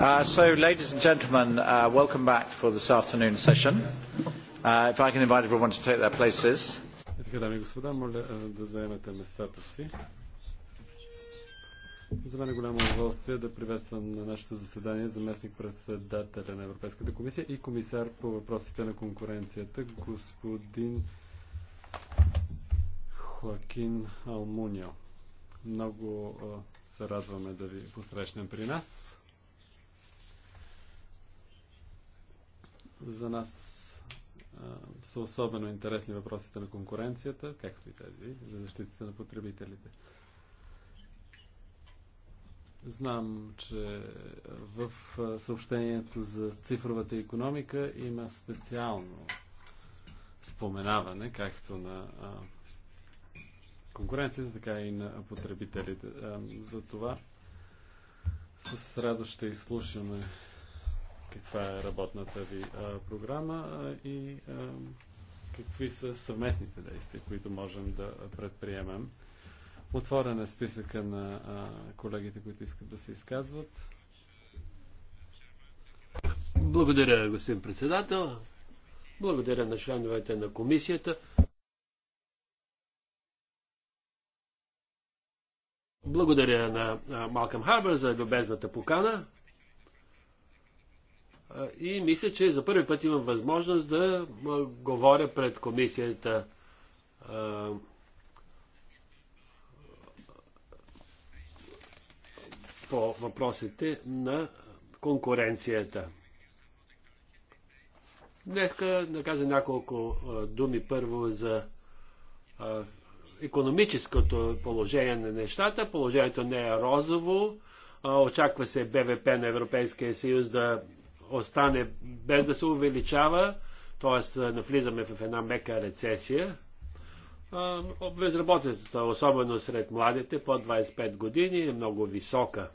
Uh, so, ladies and gentlemen, uh, welcome back for this afternoon session. Uh, if I can invite everyone to take their places. Е, За мен е голямо удоволствие да приветствам на нашето заседание заместник председателя на Европейската комисия и комисар по въпросите на конкуренцията, господин Хоакин Алмунио. Много е, се радваме да ви посрещнем при нас. За нас са особено интересни въпросите на конкуренцията, както и тези за защитата на потребителите. Знам, че в съобщението за цифровата економика има специално споменаване, както на конкуренцията, така и на потребителите. За това с радост ще изслушаме каква е работната ви а, програма и а, какви са съвместните действия, които можем да предприемем. Отворен е списъка на а, колегите, които искат да се изказват. Благодаря, господин председател. Благодаря на членовете на комисията. Благодаря на Малкам Харбър за любезната покана. И мисля, че за първи път имам възможност да говоря пред комисията по въпросите на конкуренцията. Нека да кажа няколко думи първо за економическото положение на нещата. Положението не е розово. Очаква се БВП на Европейския съюз да остане без да се увеличава, т.е. навлизаме в една мека рецесия. Безработицата, особено сред младите по 25 години, е много висока.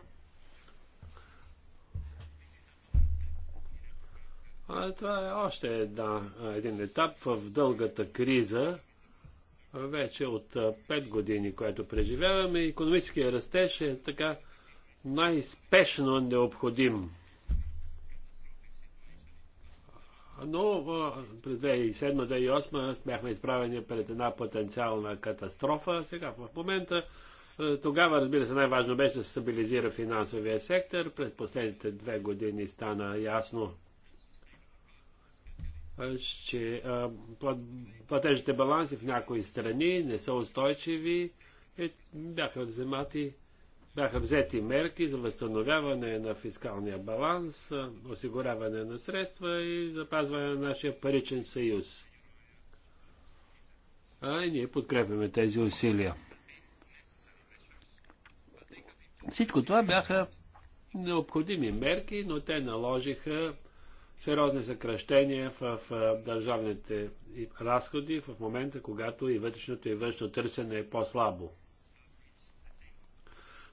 А това е още една, един етап в дългата криза, вече от 5 години, което преживяваме. Економическия растеж е така най-спешно необходим. Но през 2007-2008 бяхме изправени пред една потенциална катастрофа. Сега в момента тогава, разбира се, най-важно беше да се стабилизира финансовия сектор. През последните две години стана ясно, че платежните баланси в някои страни не са устойчиви и е, бяха вземати бяха взети мерки за възстановяване на фискалния баланс, осигуряване на средства и запазване на нашия паричен съюз. А и ние подкрепяме тези усилия. Всичко това бяха необходими мерки, но те наложиха сериозни съкръщения в, в държавните разходи в момента, когато и вътрешното и външно търсене е по-слабо.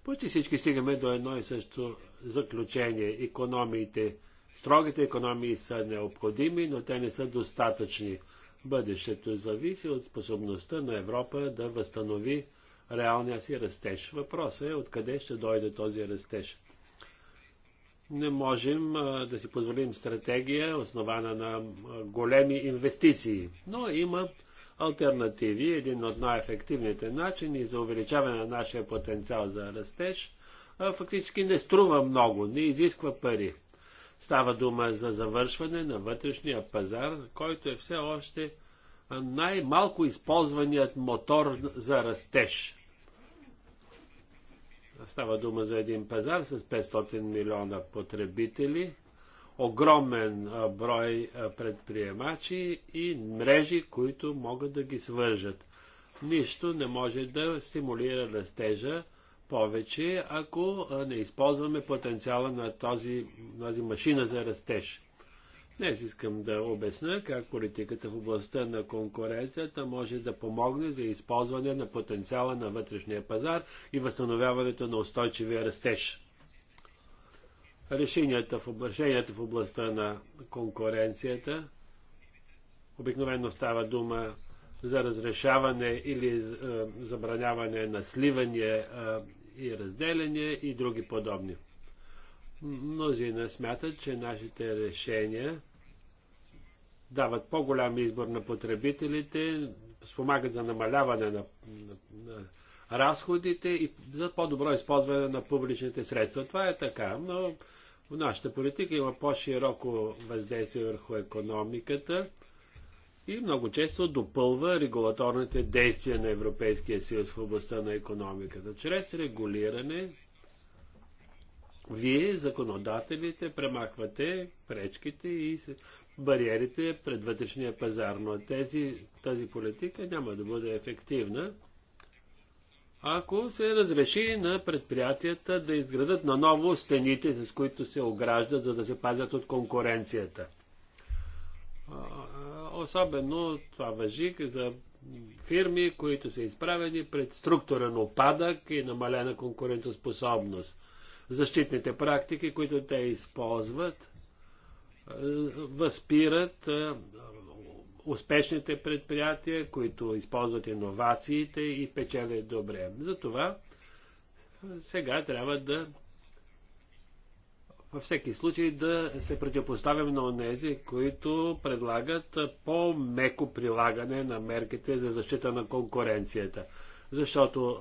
Почти всички стигаме до едно и също заключение. Економиите, строгите економии са необходими, но те не са достатъчни. Бъдещето зависи от способността на Европа да възстанови реалния си растеж. Въпросът е откъде ще дойде този растеж. Не можем а, да си позволим стратегия, основана на а, големи инвестиции, но има альтернативи. Един от най-ефективните начини за увеличаване на нашия потенциал за растеж фактически не струва много, не изисква пари. Става дума за завършване на вътрешния пазар, който е все още най-малко използваният мотор за растеж. Става дума за един пазар с 500 милиона потребители – огромен брой предприемачи и мрежи, които могат да ги свържат. Нищо не може да стимулира растежа повече, ако не използваме потенциала на този, тази машина за растеж. Днес искам да обясня как политиката в областта на конкуренцията може да помогне за използване на потенциала на вътрешния пазар и възстановяването на устойчивия растеж решенията в, област, решенията в областта на конкуренцията. Обикновено става дума за разрешаване или е, забраняване на сливане и разделяне и други подобни. Мнозина смятат, че нашите решения дават по-голям избор на потребителите, спомагат за намаляване на, на, на разходите и за по-добро използване на публичните средства. Това е така, но Нашата политика има по-широко въздействие върху економиката и много често допълва регулаторните действия на Европейския съюз в областта на економиката. Чрез регулиране вие, законодателите, премахвате пречките и бариерите пред вътрешния пазар, но тези, тази политика няма да бъде ефективна, ако се разреши на предприятията да изградат наново стените, с които се ограждат, за да се пазят от конкуренцията. Особено това въжи за фирми, които са изправени пред структурен опадък и намалена конкурентоспособност. Защитните практики, които те използват, възпират успешните предприятия, които използват иновациите и печелят добре. Затова сега трябва да във всеки случай да се противопоставим на онези, които предлагат по-меко прилагане на мерките за защита на конкуренцията. Защото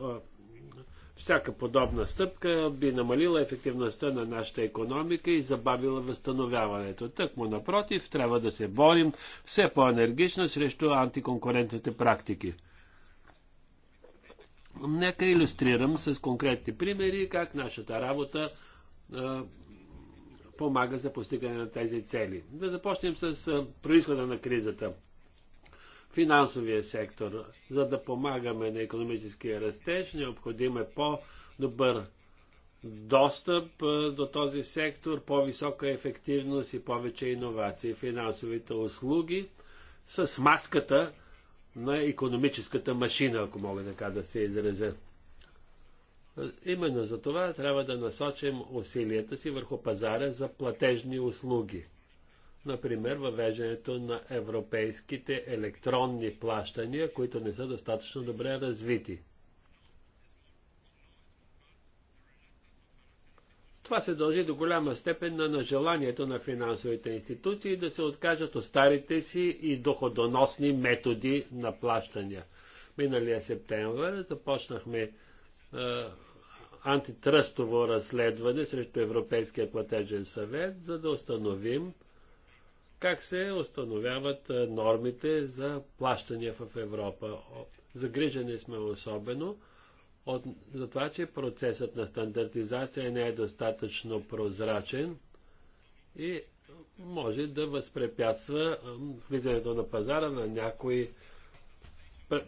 всяка подобна стъпка би намалила ефективността на нашата економика и забавила възстановяването. Так му напротив, трябва да се борим все по-енергично срещу антиконкурентните практики. Нека иллюстрирам с конкретни примери как нашата работа а, помага за постигане на тези цели. Да започнем с а, происхода на кризата финансовия сектор. За да помагаме на економическия растеж, необходим е по-добър достъп до този сектор, по-висока ефективност и повече иновации. Финансовите услуги с маската на економическата машина, ако мога така да се изразя. Именно за това трябва да насочим усилията си върху пазара за платежни услуги – Например, въвеждането на европейските електронни плащания, които не са достатъчно добре развити. Това се дължи до голяма степен на нежеланието на финансовите институции да се откажат от старите си и доходоносни методи на плащания. Миналия септември започнахме е, антитръстово разследване срещу Европейския платежен съвет, за да установим как се установяват нормите за плащания в Европа. Загрижени сме особено от, за това, че процесът на стандартизация не е достатъчно прозрачен и може да възпрепятства влизането на пазара на някои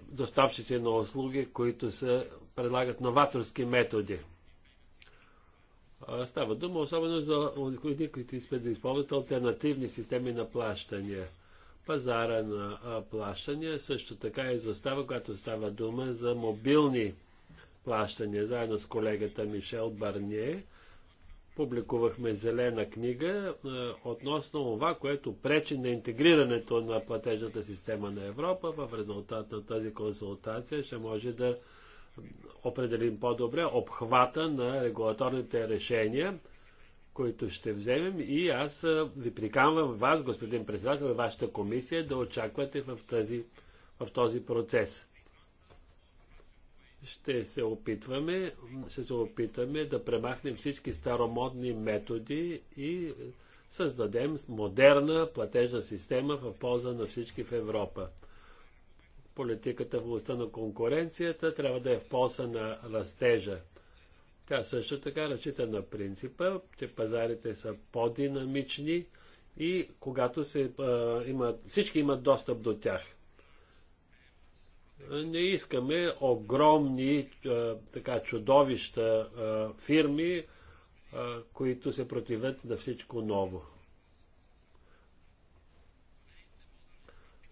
доставчици на услуги, които са, предлагат новаторски методи. Става дума особено за които искат да използват альтернативни системи на плащания. Пазара на плащане, също така и застава, когато става дума за мобилни плащания. Заедно с колегата Мишел Барние публикувахме зелена книга относно това, което пречи на интегрирането на платежната система на Европа. В резултат на тази консултация ще може да определим по-добре обхвата на регулаторните решения, които ще вземем и аз ви приканвам вас, господин председател, вашата комисия да очаквате в, тази, в този процес. Ще се опитваме, ще се опитаме да премахнем всички старомодни методи и създадем модерна платежна система в полза на всички в Европа политиката в областта на конкуренцията трябва да е в полза на растежа. Тя също така разчита на принципа, че пазарите са по-динамични и когато се, а, имат, всички имат достъп до тях. Не искаме огромни а, така чудовища а, фирми, а, които се противят на всичко ново.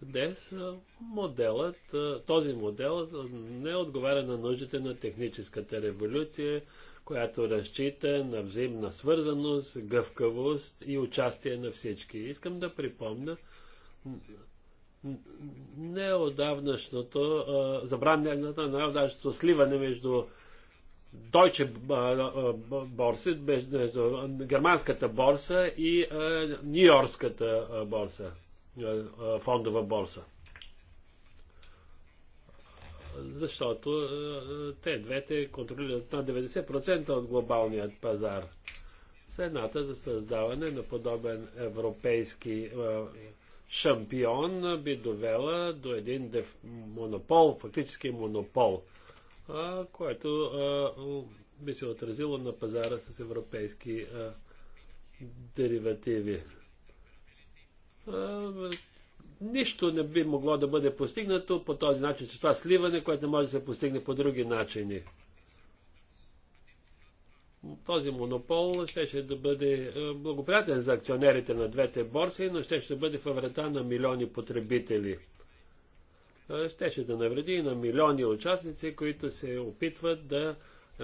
Днес моделът, този модел не отговаря на нуждите на техническата революция, която разчита на взаимна свързаност, гъвкавост и участие на всички. Искам да припомня неодавнашното, забранената неодавнашното сливане между Deutsche борси, между германската борса и нью-йоркската борса. Е, е, фондова борса. Защото е, те двете контролират на 90% от глобалният пазар. Сената за създаване на подобен европейски шампион би довела до един деф... монопол, фактически монопол, което би се отразило на пазара с европейски деривативи. Е, нищо не би могло да бъде постигнато по този начин, че това сливане, което не може да се постигне по други начини. Този монопол ще да бъде е, благоприятен за акционерите на двете борси, но ще да бъде във врата на милиони потребители. Е, щеше да навреди и на милиони участници, които се опитват да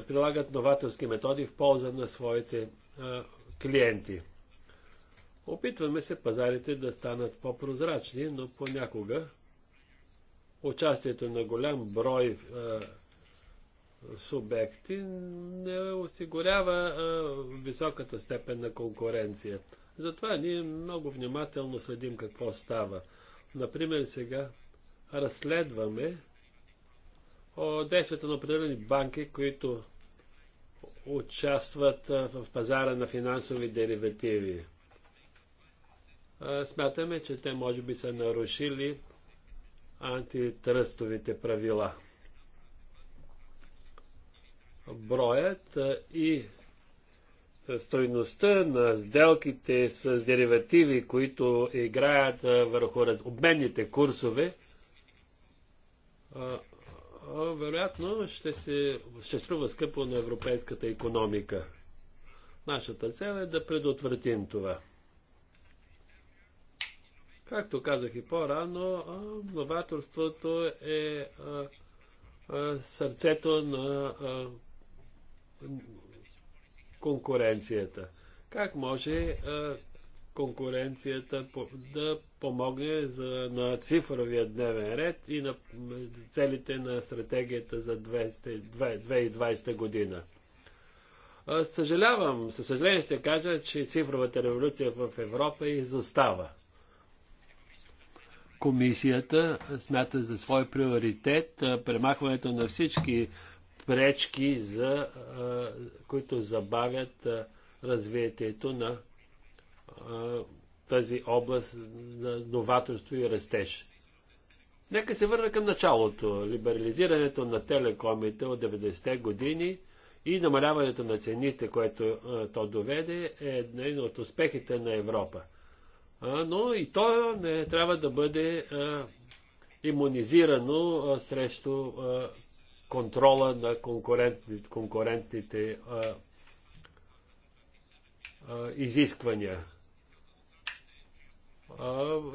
прилагат новаторски методи в полза на своите клиенти. Опитваме се пазарите да станат по-прозрачни, но понякога участието на голям брой а, субекти не осигурява а, високата степен на конкуренция. Затова ние много внимателно следим какво става. Например, сега разследваме действията на определени банки, които участват в пазара на финансови деривативи смятаме, че те може би са нарушили антитръстовите правила. Броят и стойността на сделките с деривативи, които играят върху обменните курсове, вероятно ще, се, ще струва скъпо на европейската економика. Нашата цел е да предотвратим това. Както казах и по-рано, новаторството е сърцето на конкуренцията. Как може конкуренцията да помогне за, на цифровия дневен ред и на целите на стратегията за 20, 2020 година. Съжалявам, със съжаление ще кажа, че цифровата революция в Европа изостава комисията смята за свой приоритет премахването на всички пречки, за, които забавят развитието на тази област на новаторство и растеж. Нека се върна към началото. Либерализирането на телекомите от 90-те години и намаляването на цените, което то доведе, е един от успехите на Европа но и то не трябва да бъде иммунизирано срещу контрола на конкурентните, конкурентните изисквания.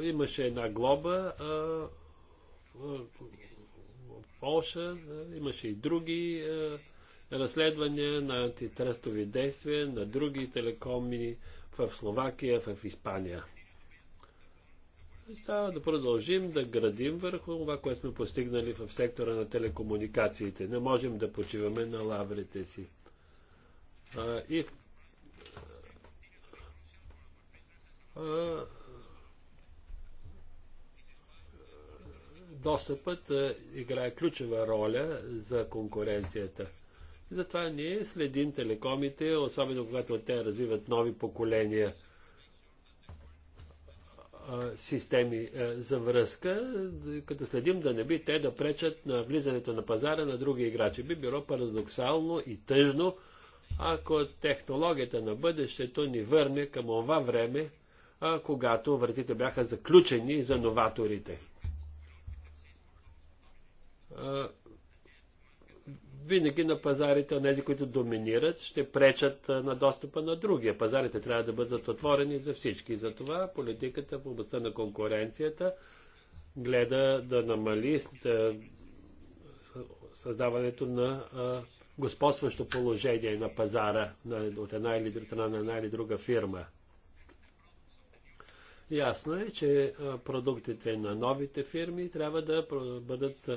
Имаше една глоба в Полша, имаше и други разследвания на антитръстови действия на други телекоми в Словакия, в Испания. Трябва да продължим да градим върху това, което сме постигнали в сектора на телекомуникациите. Не можем да почиваме на лаврите си. А, и а, достъпът а, играе ключова роля за конкуренцията. затова ние следим телекомите, особено когато те развиват нови поколения – системи за връзка, като следим да не би те да пречат на влизането на пазара на други играчи. Би било парадоксално и тъжно, ако технологията на бъдещето ни върне към това време, когато вратите бяха заключени за новаторите винаги на пазарите, тези, които доминират, ще пречат на достъпа на другия. Пазарите трябва да бъдат отворени за всички. Затова политиката в областта на конкуренцията гледа да намали създаването на господстващо положение на пазара от една или друга страна на една или друга фирма. Ясно е, че продуктите на новите фирми трябва да бъдат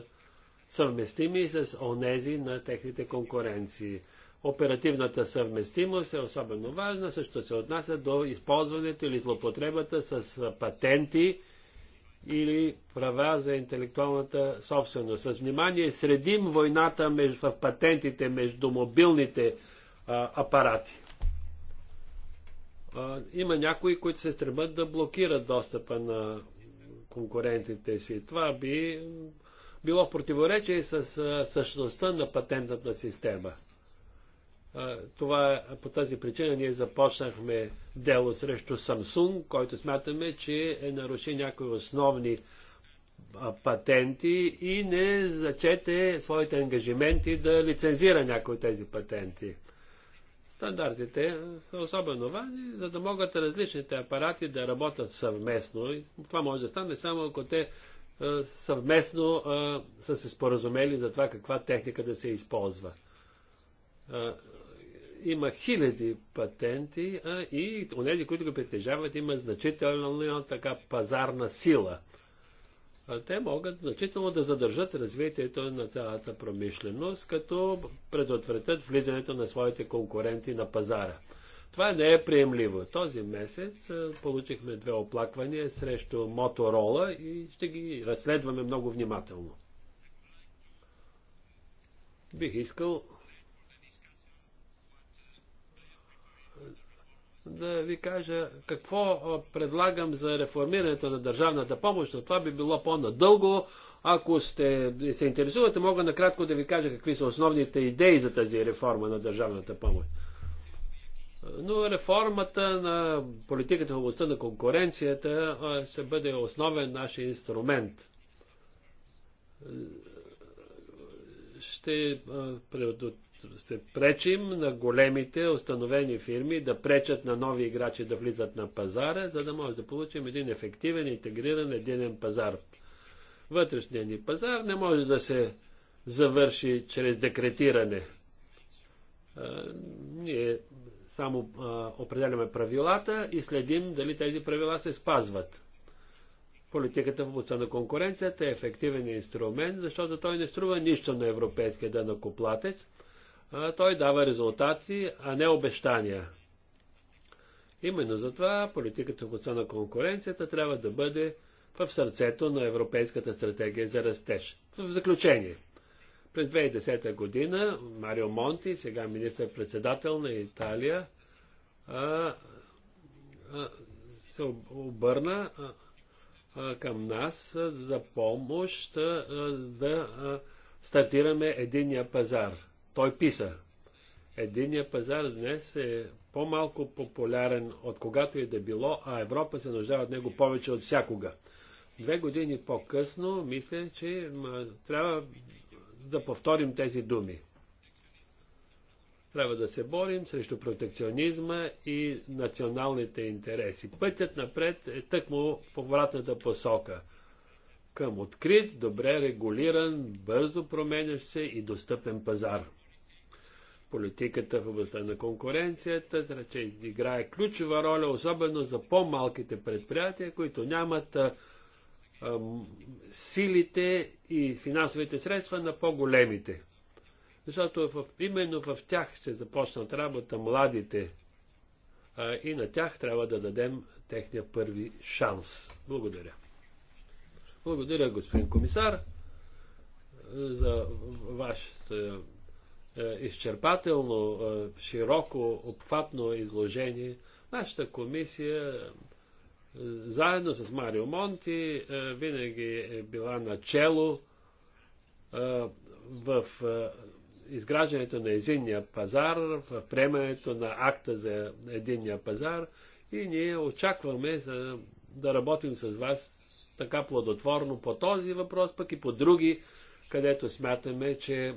съвместими с онези на техните конкуренции. Оперативната съвместимост е особено важна, също се отнася до използването или злопотребата с патенти или права за интелектуалната собственост. С внимание средим войната между, в патентите между мобилните а, апарати. А, има някои, които се стремат да блокират достъпа на конкурентите си. Това би било в противоречие с същността на патентната система. Това, по тази причина ние започнахме дело срещу Samsung, който смятаме, че е наруши някои основни патенти и не зачете своите ангажименти да лицензира някои от тези патенти. Стандартите са особено важни, за да могат различните апарати да работят съвместно. И това може да стане само ако те съвместно са се споразумели за това каква техника да се използва. има хиляди патенти и онези, които го притежават, има значителна така пазарна сила. те могат значително да задържат развитието на цялата промишленост, като предотвратят влизането на своите конкуренти на пазара. Това не е приемливо. Този месец получихме две оплаквания срещу Моторола и ще ги разследваме много внимателно. Бих искал да ви кажа какво предлагам за реформирането на държавната помощ, но това би било по-надълго. Ако сте, се интересувате, мога накратко да ви кажа какви са основните идеи за тази реформа на държавната помощ. Но реформата на политиката в областта на конкуренцията ще бъде основен наш инструмент. Ще, ще пречим на големите установени фирми да пречат на нови играчи да влизат на пазара, за да може да получим един ефективен, интегриран, единен пазар. Вътрешният ни пазар не може да се завърши чрез декретиране. ние само а, определяме правилата и следим дали тези правила се спазват. Политиката в областта на конкуренцията е ефективен инструмент, защото той не струва нищо на европейския данъкоплатец. А, той дава резултати, а не обещания. Именно затова политиката в областта на конкуренцията трябва да бъде в сърцето на Европейската стратегия за растеж. В заключение – през 2010 година Марио Монти, сега министър-председател на Италия, а, а, се обърна а, а, към нас а, за помощ а, да а, стартираме единия пазар. Той писа. Единия пазар днес е по-малко популярен от когато и да било, а Европа се нуждае от него повече от всякога. Две години по-късно мисля, че трябва да повторим тези думи. Трябва да се борим срещу протекционизма и националните интереси. Пътят напред е тъкмо по вратната посока към открит, добре регулиран, бързо променящ се и достъпен пазар. Политиката в областта на конкуренцията зрече, играе ключова роля, особено за по-малките предприятия, които нямат силите и финансовите средства на по-големите. Защото в, именно в тях ще започнат работа младите а, и на тях трябва да дадем техния първи шанс. Благодаря. Благодаря, господин комисар, за вашето е, изчерпателно, е, широко, обхватно изложение. Нашата комисия заедно с Марио Монти е, винаги е била начело е, в е, изграждането на единния пазар, в приемането на акта за единния пазар и ние очакваме да работим с вас така плодотворно по този въпрос, пък и по други, където смятаме, че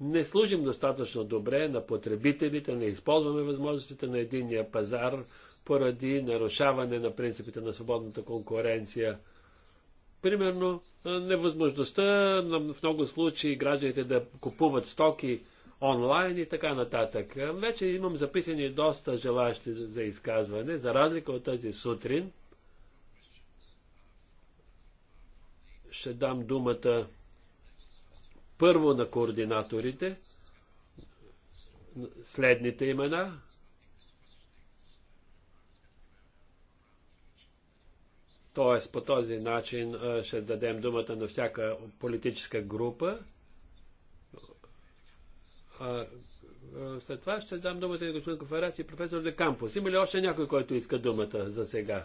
не служим достатъчно добре на потребителите, не използваме възможностите на единния пазар поради нарушаване на принципите на свободната конкуренция. Примерно, невъзможността в много случаи гражданите да купуват стоки онлайн и така нататък. Вече имам записани доста желащи за изказване, за разлика от тази сутрин. Ще дам думата първо на координаторите, следните имена, Т.е. по този начин ще дадем думата на всяка политическа група. След това ще дам думата на господин Коферас и професор Декампус. Има ли още някой, който иска думата за сега?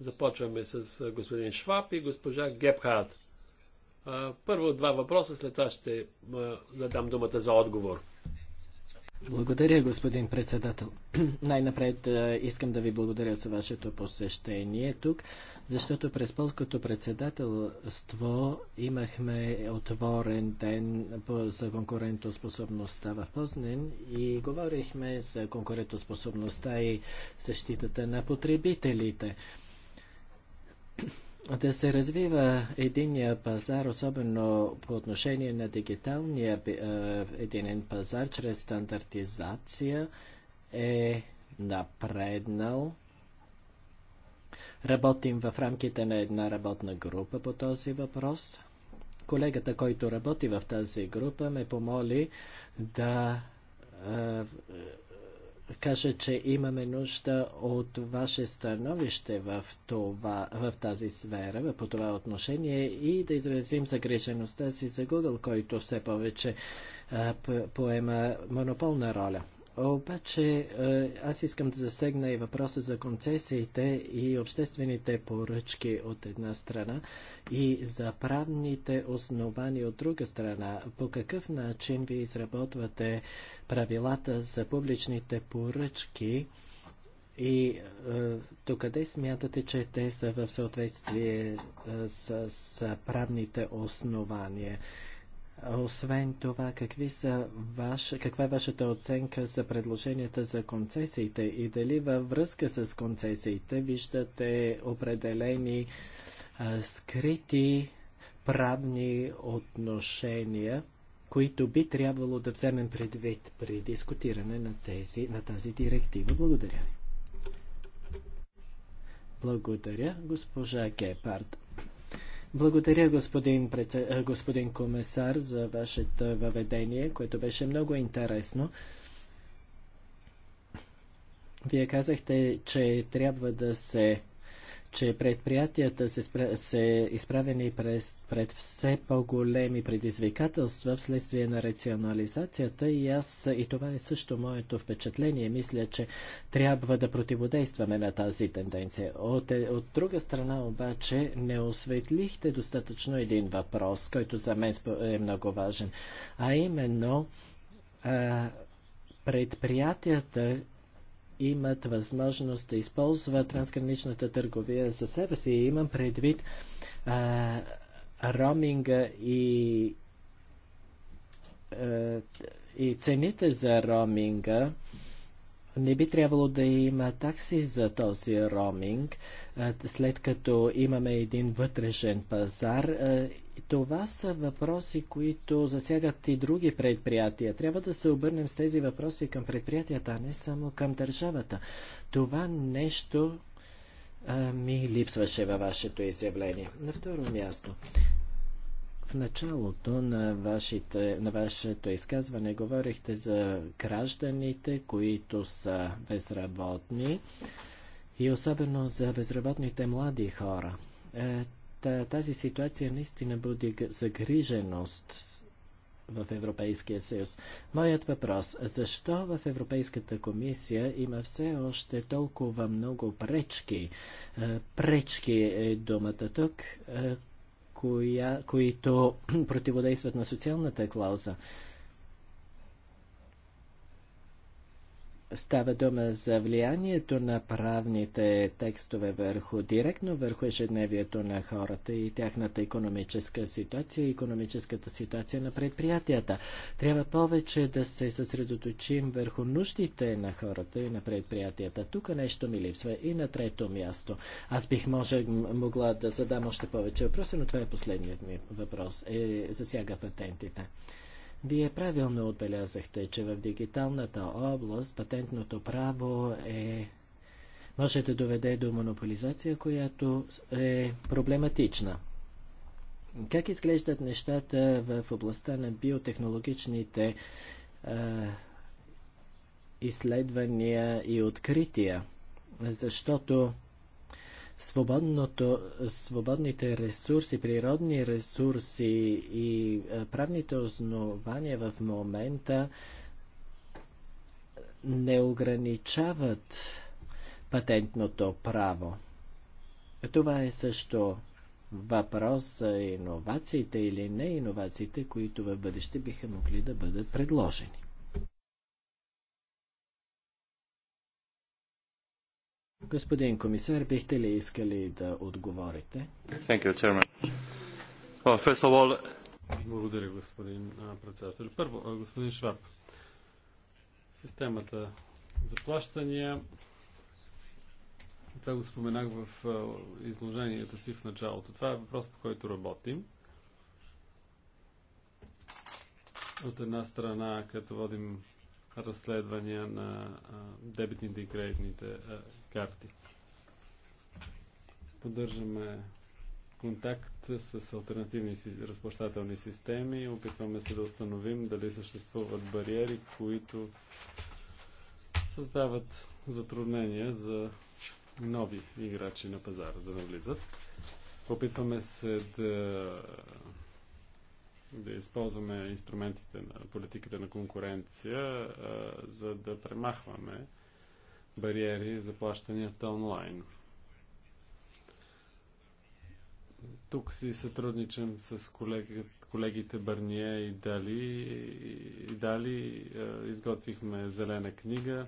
Започваме с господин Шваб и госпожа Гепхард. Първо два въпроса, след това ще дам думата за отговор. Благодаря, господин председател. Най-напред искам да ви благодаря за вашето посещение тук, защото през полското председателство имахме отворен ден за конкурентоспособността в Познен и говорихме за конкурентоспособността и защитата на потребителите да се развива единия пазар, особено по отношение на дигиталния е, единен пазар, чрез стандартизация е напреднал. Работим в рамките на една работна група по този въпрос. Колегата, който работи в тази група, ме помоли да е, кажа, че имаме нужда от ваше становище в, това, в тази сфера, по това отношение и да изразим загрижеността си за Google, който все повече а, поема монополна роля. Обаче е, аз искам да засегна и въпроса за концесиите и обществените поръчки от една страна и за правните основания от друга страна. По какъв начин ви изработвате правилата за публичните поръчки и до е, докъде смятате, че те са в съответствие е, с правните основания? Освен това, какви са ваш, каква е вашата оценка за предложенията за концесиите и дали във връзка с концесиите виждате определени а, скрити правни отношения, които би трябвало да вземем предвид при дискутиране на, тези, на тази директива? Благодаря ви. Благодаря, госпожа Гепард. Благодаря, господин, преце... господин комисар, за вашето въведение, което беше много интересно. Вие казахте, че трябва да се че предприятията се, спра... се изправени през... пред все по-големи предизвикателства вследствие на рационализацията и аз, и това е също моето впечатление, мисля, че трябва да противодействаме на тази тенденция. От, от друга страна обаче не осветлихте достатъчно един въпрос, който за мен е много важен, а именно а, предприятията, имат възможност да използват трансграничната търговия за себе си. Имам предвид а, роминга и, а, и цените за роминга. Не би трябвало да има такси за този роминг, след като имаме един вътрешен пазар това са въпроси, които засягат и други предприятия. Трябва да се обърнем с тези въпроси към предприятията, а не само към държавата. Това нещо а, ми липсваше във вашето изявление. На второ място. В началото на, вашите, на вашето изказване говорихте за гражданите, които са безработни и особено за безработните млади хора е, тази ситуация наистина буди загриженост в Европейския съюз. Моят въпрос – защо в Европейската комисия има все още толкова много пречки? Е, пречки е думата тук, е, коя, които противодействат на социалната клауза. Става дума за влиянието на правните текстове върху директно върху ежедневието на хората и тяхната економическа ситуация и економическата ситуация на предприятията. Трябва повече да се съсредоточим върху нуждите на хората и на предприятията. Тук нещо ми липсва и на трето място. Аз бих може, могла да задам още повече въпроси, но това е последният ми въпрос. Е, засяга патентите. Вие правилно отбелязахте, че в дигиталната област патентното право е може да доведе до монополизация, която е проблематична. Как изглеждат нещата в областта на биотехнологичните а, изследвания и открития? Защото свободното, свободните ресурси, природни ресурси и е, правните основания в момента не ограничават патентното право. Това е също въпрос за иновациите или не иновациите, които в бъдеще биха могли да бъдат предложени. Господин комисар, бихте ли искали да отговорите? Thank you, chairman. Well, first of all... Благодаря, господин председател. Първо, господин Шваб, системата за плащания, това го споменах в изложението си в началото. Това е въпрос, по който работим. От една страна, като водим разследвания на дебетните и кредитните карти. Поддържаме контакт с альтернативни разплащателни системи. Опитваме се да установим дали съществуват бариери, които създават затруднения за нови играчи на пазара да навлизат. Опитваме се да да използваме инструментите на политиката на конкуренция, а, за да премахваме бариери за плащанията онлайн. Тук си сътрудничам с колегите Бърния и Дали. И Дали а, изготвихме зелена книга,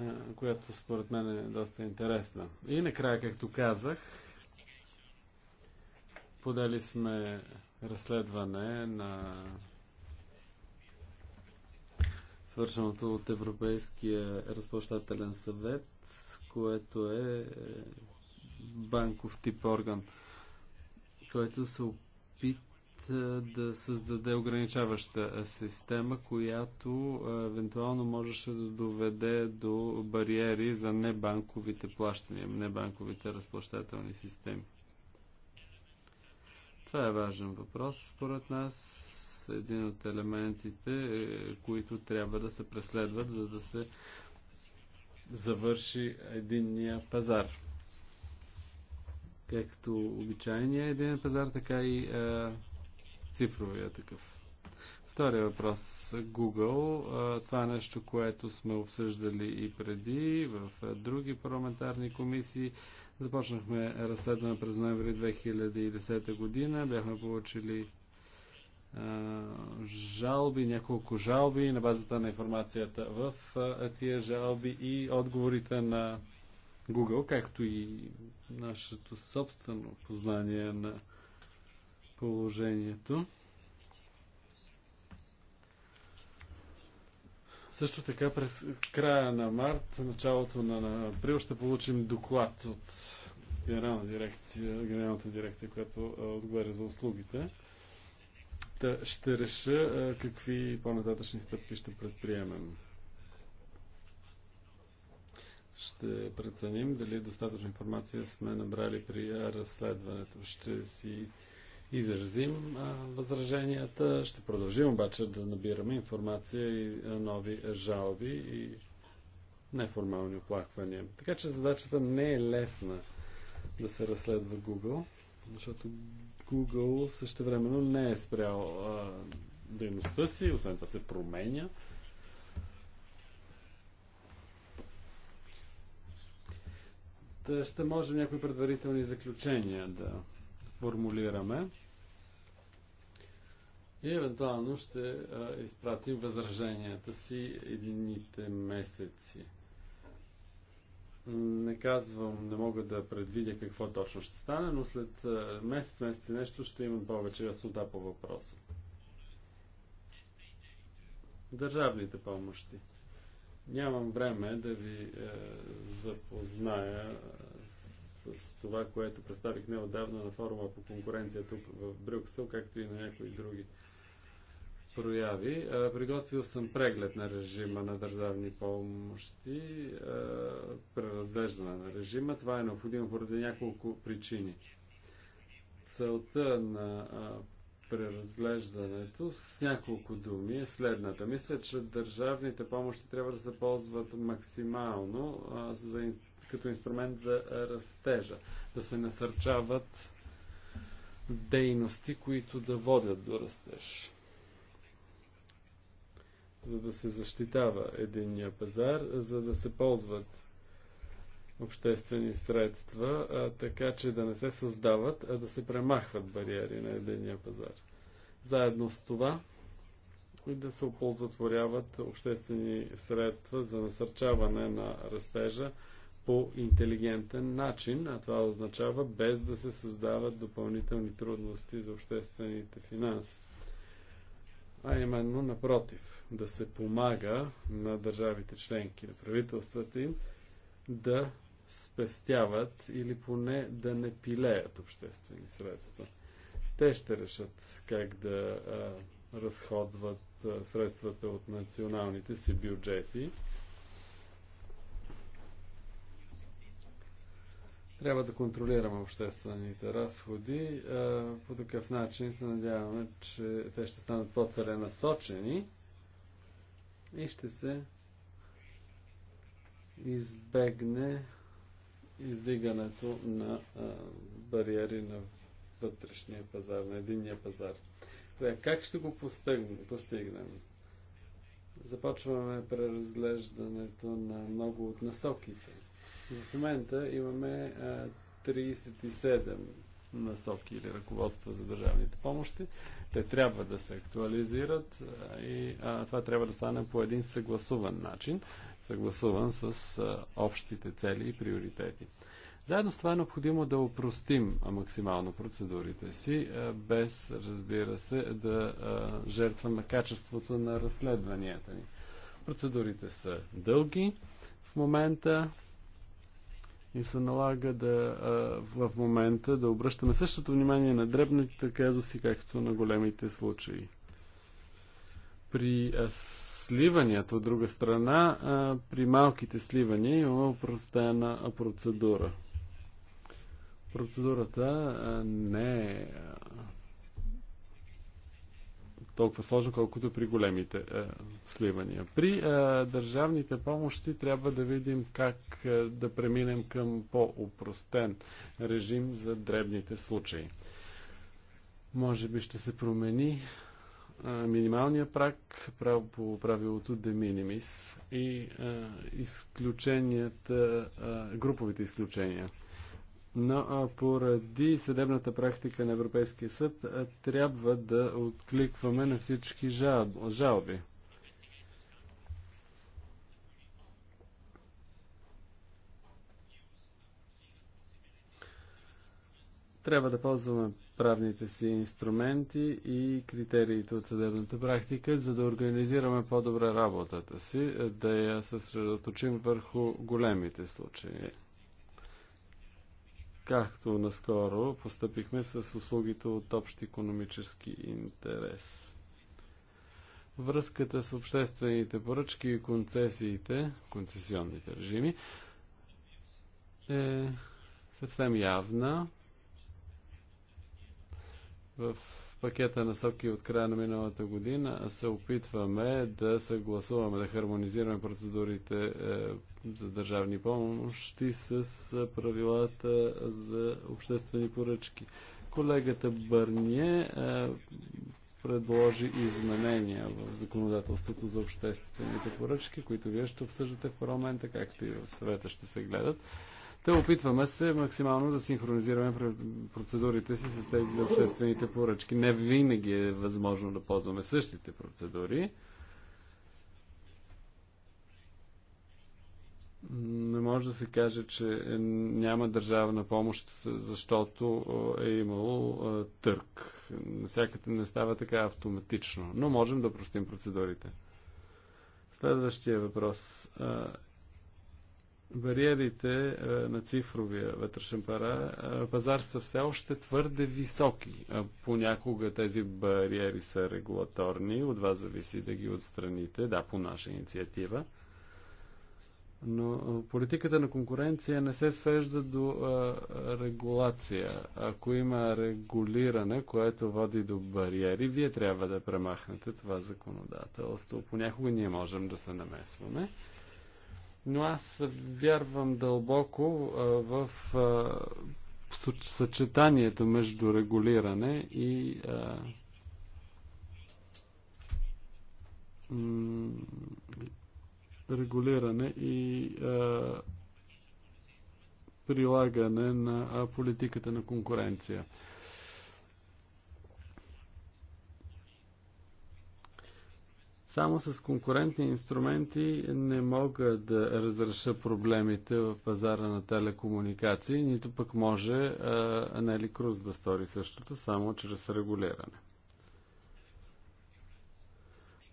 а, която според мен е доста интересна. И накрая, както казах, Подали сме разследване на свършеното от Европейския разплащателен съвет, което е банков тип орган, който се опита да създаде ограничаваща система, която евентуално можеше да доведе до бариери за небанковите плащания, небанковите разплащателни системи. Това е важен въпрос, според нас. Един от елементите, е, които трябва да се преследват, за да се завърши единния пазар. Както обичайния един пазар, така и е, цифровия такъв. Втория въпрос. Google. Е, това е нещо, което сме обсъждали и преди в е, други парламентарни комисии. Започнахме разследване през ноември 2010 година. Бяхме получили а, жалби, няколко жалби на базата на информацията в а, тия жалби и отговорите на Google, както и нашето собствено познание на положението. Също така през края на март, началото на, април ще получим доклад от генерална дирекция, генералната дирекция, която отговаря за услугите. Та ще реша какви по-нататъчни стъпки ще предприемем. Ще преценим дали достатъчно информация сме набрали при разследването. Ще си изразим възраженията. Ще продължим обаче да набираме информация и нови жалби и неформални оплаквания. Така че задачата не е лесна да се разследва Google, защото Google също времено не е спрял дейността си, освен това се променя. ще можем някои предварителни заключения да формулираме и евентуално ще изпратим възраженията си едините месеци. Не казвам, не мога да предвидя какво точно ще стане, но след месец, месец и нещо ще имам повече яснота по въпроса. Държавните помощи. Нямам време да ви е, запозная с това, което представих неодавна на форума по конкуренция тук в Брюксел, както и на някои други прояви. Приготвил съм преглед на режима на държавни помощи, преразглеждане на режима. Това е необходимо поради няколко причини. Целта на преразглеждането с няколко думи е следната. Мисля, че държавните помощи трябва да се ползват максимално за, като инструмент за растежа, да се насърчават дейности, които да водят до растеж за да се защитава единния пазар, за да се ползват обществени средства, а, така че да не се създават, а да се премахват бариери на единния пазар. Заедно с това и да се оползотворяват обществени средства за насърчаване на растежа по интелигентен начин, а това означава без да се създават допълнителни трудности за обществените финанси а именно напротив, да се помага на държавите членки, на правителствата им, да спестяват или поне да не пилеят обществени средства. Те ще решат как да а, разходват а, средствата от националните си бюджети Трябва да контролираме обществените разходи. Е, по такъв начин се надяваме, че те ще станат по-целенасочени и ще се избегне издигането на е, бариери на вътрешния пазар, на единния пазар. как ще го постигнем? Започваме преразглеждането на много от насоките. В момента имаме 37 насоки или ръководства за държавните помощи. Те трябва да се актуализират и това трябва да стане по един съгласуван начин, съгласуван с общите цели и приоритети. Заедно с това е необходимо да упростим максимално процедурите си, без, разбира се, да жертваме качеството на разследванията ни. Процедурите са дълги в момента, и се налага да в момента да обръщаме същото внимание на дребните казуси, както на големите случаи. При сливанията, от друга страна, при малките сливания имаме упростена процедура. Процедурата не е толкова сложно, колкото при големите е, сливания. При е, държавните помощи трябва да видим как е, да преминем към по-упростен режим за дребните случаи. Може би ще се промени е, минималния прак право по правилото de minimis и е, изключенията, е, груповите изключения но поради съдебната практика на Европейския съд трябва да откликваме на всички жалби. Трябва да ползваме правните си инструменти и критериите от съдебната практика, за да организираме по-добре работата си, да я съсредоточим върху големите случаи както наскоро постъпихме с услугите от общ економически интерес. Връзката с обществените поръчки и концесиите, концесионните режими, е съвсем явна. В пакета насоки от края на миналата година се опитваме да съгласуваме, да хармонизираме процедурите е, за държавни помощи с правилата за обществени поръчки. Колегата Бърние предложи изменения в законодателството за обществените поръчки, които вие ще обсъждате в парламента, както и в съвета ще се гледат. Те опитваме се максимално да синхронизираме процедурите си с тези за обществените поръчки. Не винаги е възможно да ползваме същите процедури. Не може да се каже, че е, няма държавна помощ, защото е, е имало е, търк. Всякъде не става така автоматично, но можем да простим процедурите. Следващия въпрос. Бариерите на цифровия вътрешен пара, пазар са все още твърде високи. Понякога тези бариери са регулаторни, от вас зависи да ги отстраните, да, по наша инициатива – но политиката на конкуренция не се свежда до а, регулация. Ако има регулиране, което води до бариери, вие трябва да премахнете това законодателство. Понякога ние можем да се намесваме. Но аз вярвам дълбоко а, в а, съчетанието между регулиране и а, регулиране и а, прилагане на политиката на конкуренция. Само с конкурентни инструменти не мога да разреша проблемите в пазара на телекомуникации, нито пък може Анели Круз да стори същото, само чрез регулиране.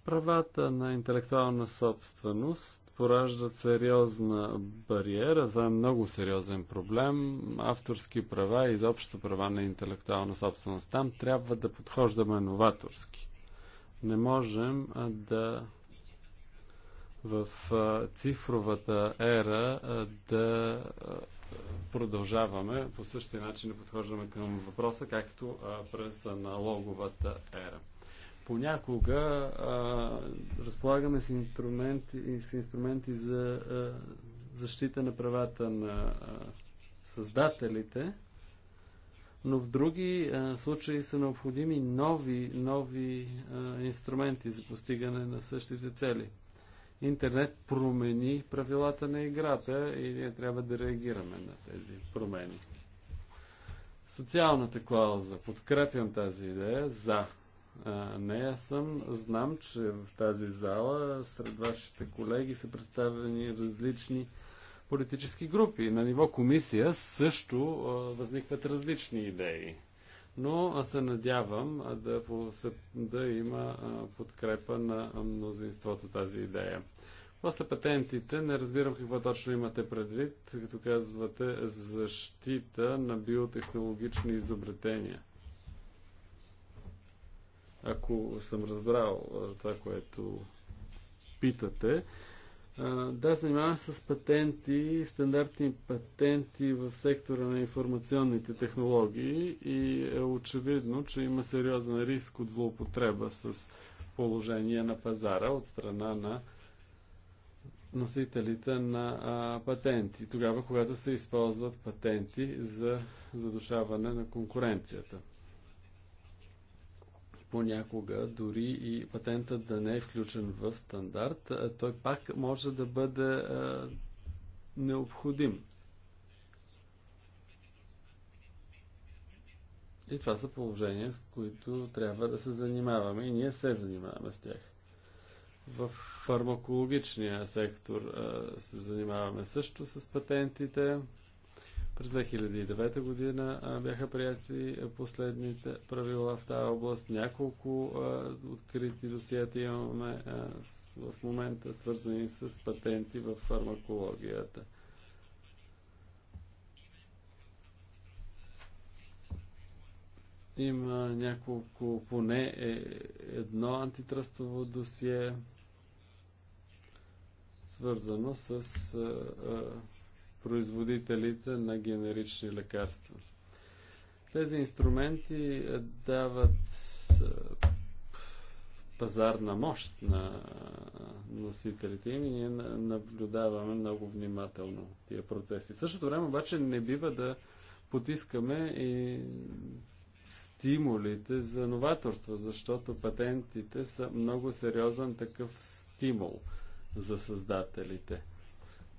Правата на интелектуална собственост пораждат сериозна бариера. Това е много сериозен проблем. Авторски права и изобщо права на интелектуална собственост. Там трябва да подхождаме новаторски. Не можем да в цифровата ера да продължаваме по същия начин да подхождаме към въпроса, както през аналоговата ера понякога а, разполагаме с инструменти, с инструменти за а, защита на правата на а, създателите, но в други а, случаи са необходими нови, нови а, инструменти за постигане на същите цели. Интернет промени правилата на играта и ние трябва да реагираме на тези промени. Социалната клауза. Подкрепям тази идея за не, аз съм. Знам, че в тази зала сред вашите колеги са представени различни политически групи. На ниво комисия също а, възникват различни идеи. Но аз се надявам а, да, да има а, подкрепа на мнозинството тази идея. После патентите не разбирам какво точно имате предвид, като казвате защита на биотехнологични изобретения. Ако съм разбрал това, което питате, да, занимавам се с патенти, стандартни патенти в сектора на информационните технологии и е очевидно, че има сериозен риск от злоупотреба с положение на пазара от страна на носителите на а, патенти, тогава когато се използват патенти за задушаване на конкуренцията понякога дори и патентът да не е включен в стандарт, той пак може да бъде а, необходим. И това са положения, с които трябва да се занимаваме и ние се занимаваме с тях. В фармакологичния сектор а, се занимаваме също с патентите. През 2009 година бяха прияти последните правила в тази област. Няколко открити досията имаме в момента, свързани с патенти в фармакологията. Има няколко, поне е, едно антитръстово досие, свързано с производителите на генерични лекарства. Тези инструменти е, дават е, пазарна мощ на е, носителите им и ние наблюдаваме много внимателно тия процеси. В същото време обаче не бива да потискаме и стимулите за новаторство, защото патентите са много сериозен такъв стимул за създателите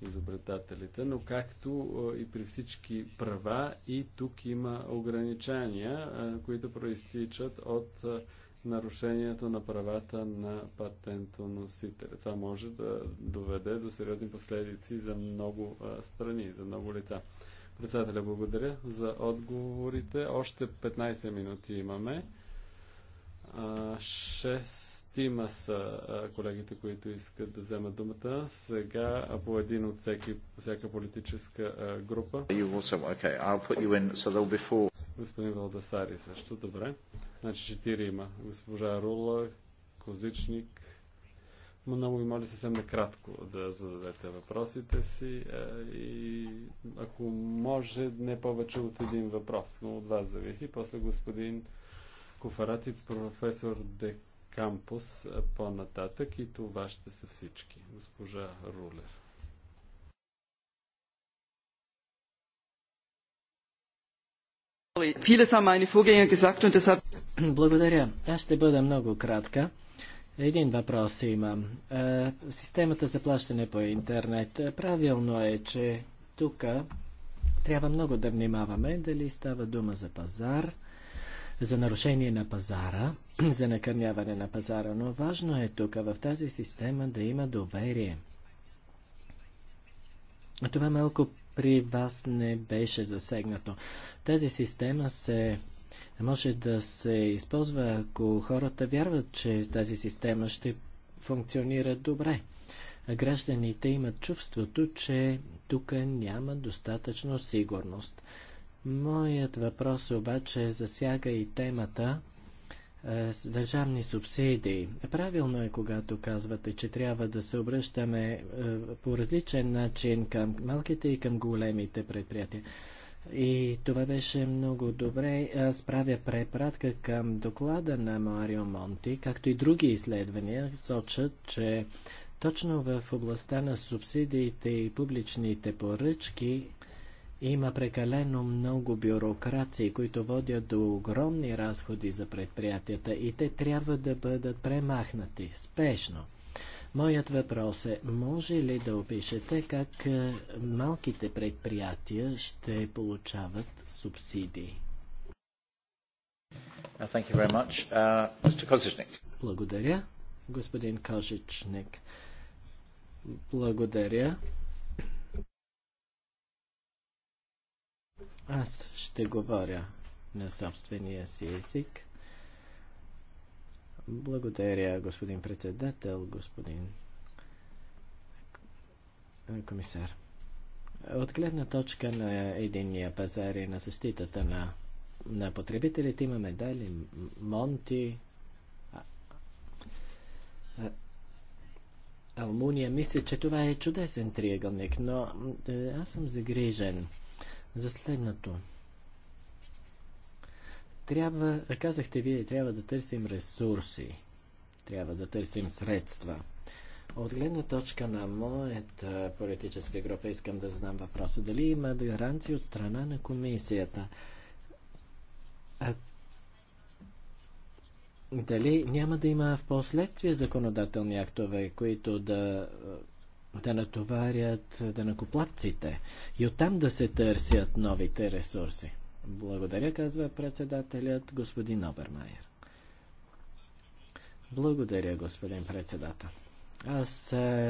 изобретателите, но както и при всички права и тук има ограничения, които проистичат от нарушението на правата на патентоносителя. Това може да доведе до сериозни последици за много страни, за много лица. Председателя, благодаря за отговорите. Още 15 минути имаме. 6 Шестима са колегите, които искат да вземат думата. Сега по един от всеки, всяка политическа група. Господин Валдасари също, добре. Значи четири има. Госпожа Рула, Козичник. Много ви моля съвсем накратко да зададете въпросите си и ако може не повече от един въпрос, но от вас зависи. После господин Кофарати, професор Дек кампус по-нататък и това ще са всички. Госпожа Рулер. Благодаря. Аз ще бъда много кратка. Един въпрос имам. Е, системата за плащане по интернет. Е, правилно е, че тук трябва много да внимаваме дали става дума за пазар, за нарушение на пазара, за накърняване на пазара, но важно е тук в тази система да има доверие. Това малко при вас не беше засегнато. Тази система се може да се използва, ако хората вярват, че тази система ще функционира добре. Гражданите имат чувството, че тук няма достатъчно сигурност. Моят въпрос обаче засяга и темата е, с държавни субсидии. Правилно е, когато казвате, че трябва да се обръщаме е, по различен начин към малките и към големите предприятия. И това беше много добре. Аз правя препратка към доклада на Марио Монти, както и други изследвания сочат, че точно в областта на субсидиите и публичните поръчки има прекалено много бюрокрации, които водят до огромни разходи за предприятията и те трябва да бъдат премахнати спешно. Моят въпрос е, може ли да опишете как е, малките предприятия ще получават субсидии? Uh, uh Благодаря, господин Кожичник. Благодаря. Аз ще говоря на собствения си език. Благодаря, господин председател, господин комисар. От гледна точка на единния пазар и на защитата на, на потребителите имаме дали Монти, Алмуния. Мисля, че това е чудесен триъгълник, но е, аз съм загрижен за следното. Трябва, казахте вие, трябва да търсим ресурси. Трябва да търсим средства. От гледна точка на моята политическа група искам да задам въпроса. Дали има гаранции от страна на комисията? А... Дали няма да има в последствие законодателни актове, които да да натоварят накоплатците и оттам да се търсят новите ресурси. Благодаря, казва председателят господин Обермайер. Благодаря, господин председател. Аз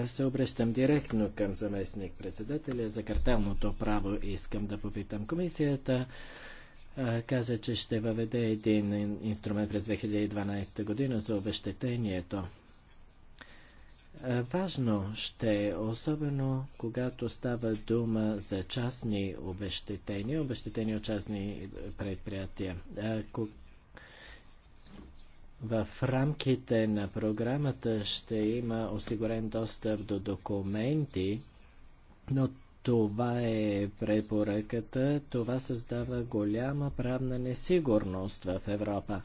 се обръщам директно към заместник председателя за картелното право. Искам да попитам комисията. Каза, че ще въведе един инструмент през 2012 година за обещетението. Важно ще е, особено когато става дума за частни обещетения, обещетения от частни е, предприятия. Ако в рамките на програмата ще има осигурен достъп до документи, но това е препоръката, това създава голяма правна несигурност в Европа.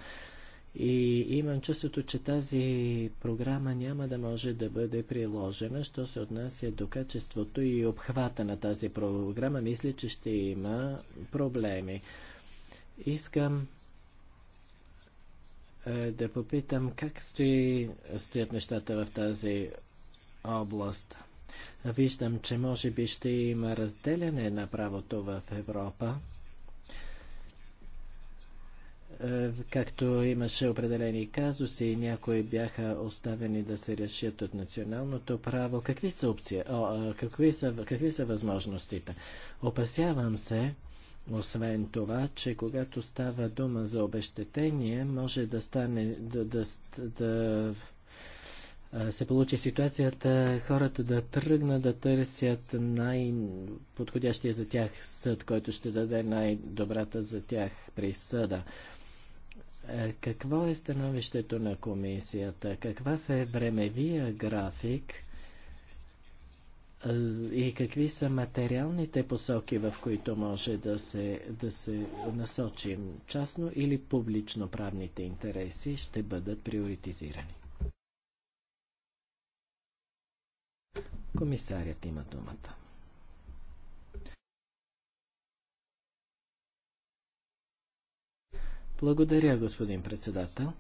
И имам чувството, че тази програма няма да може да бъде приложена, що се отнася до качеството и обхвата на тази програма. Мисля, че ще има проблеми. Искам е, да попитам как стои, стоят нещата в тази област. Виждам, че може би ще има разделяне на правото в Европа. Е, както имаше определени казуси, някои бяха оставени да се решат от националното право. Какви са, опция, о, какви са, какви са възможностите? Опасявам се, освен това, че когато става дума за обещетение, може да стане да, да, да се получи ситуацията хората да тръгнат да търсят най-подходящия за тях съд, който ще даде най-добрата за тях присъда. Е, какво е становището на комисията? Каква е времевия график? Е, и какви са материалните посоки, в които може да се, да се насочим? Частно или публично правните интереси ще бъдат приоритизирани? Комисарят има думата. Благодаря, господин председател.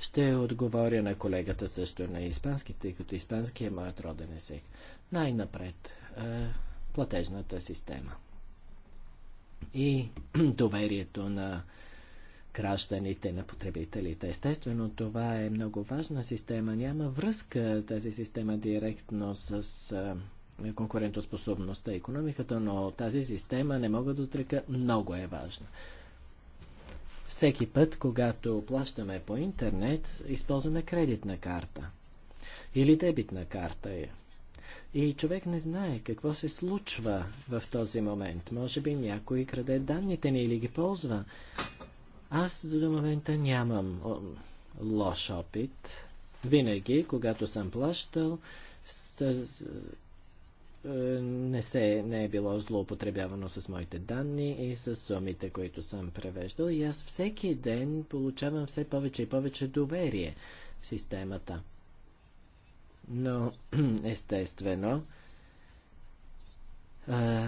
Ще отговоря на колегата също на испански, тъй като испански е моят роден език. Най-напред е, платежната система. И доверието на гражданите, на потребителите. Естествено, това е много важна система. Няма връзка тази система директно с е, конкурентоспособността и економиката, но тази система не мога да отрека, много е важна. Всеки път, когато плащаме по интернет, използваме кредитна карта или дебитна карта е. И човек не знае какво се случва в този момент. Може би някой краде данните ни или ги ползва. Аз до момента нямам лош опит. Винаги, когато съм плащал, е, не, се, не е било злоупотребявано с моите данни и с сумите, които съм превеждал. И аз всеки ден получавам все повече и повече доверие в системата. Но, естествено, е,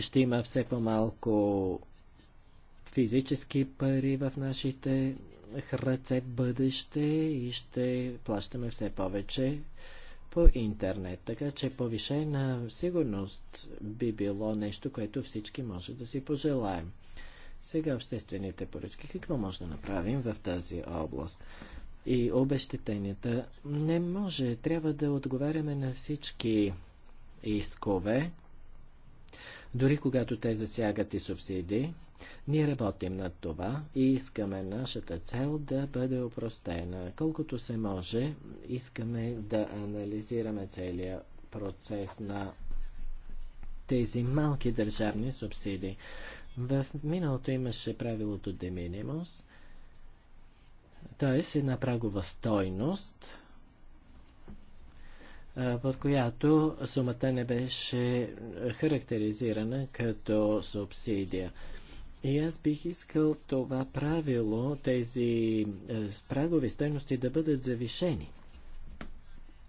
ще има все по-малко физически пари в нашите ръце в бъдеще и ще плащаме все повече по интернет. Така че повишена сигурност би било нещо, което всички може да си пожелаем. Сега обществените поръчки. Какво може да направим в тази област? И обещетенията. Не може. Трябва да отговаряме на всички искове, дори когато те засягат и субсидии. Ние работим над това и искаме нашата цел да бъде опростена. Колкото се може, искаме да анализираме целия процес на тези малки държавни субсидии. В миналото имаше правилото de minimis, т.е. една прагова стойност, под която сумата не беше характеризирана като субсидия. И аз бих искал това правило, тези е, прагови стойности да бъдат завишени.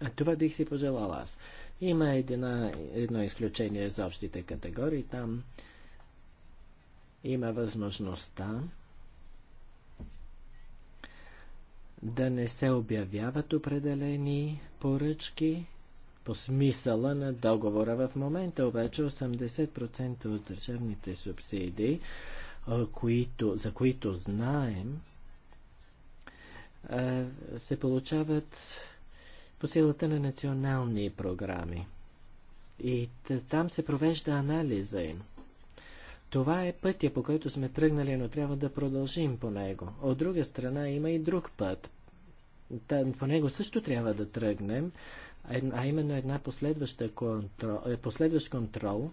А това бих си пожелал аз. Има една, едно изключение за общите категории. Там има възможността да не се обявяват определени поръчки по смисъла на договора. В момента обаче 80% от държавните субсидии, които, за които знаем, се получават по силата на национални програми. И там се провежда анализа им. Това е пътя, по който сме тръгнали, но трябва да продължим по него. От друга страна има и друг път. по него също трябва да тръгнем, а именно една последваща контрол, е, последващ контрол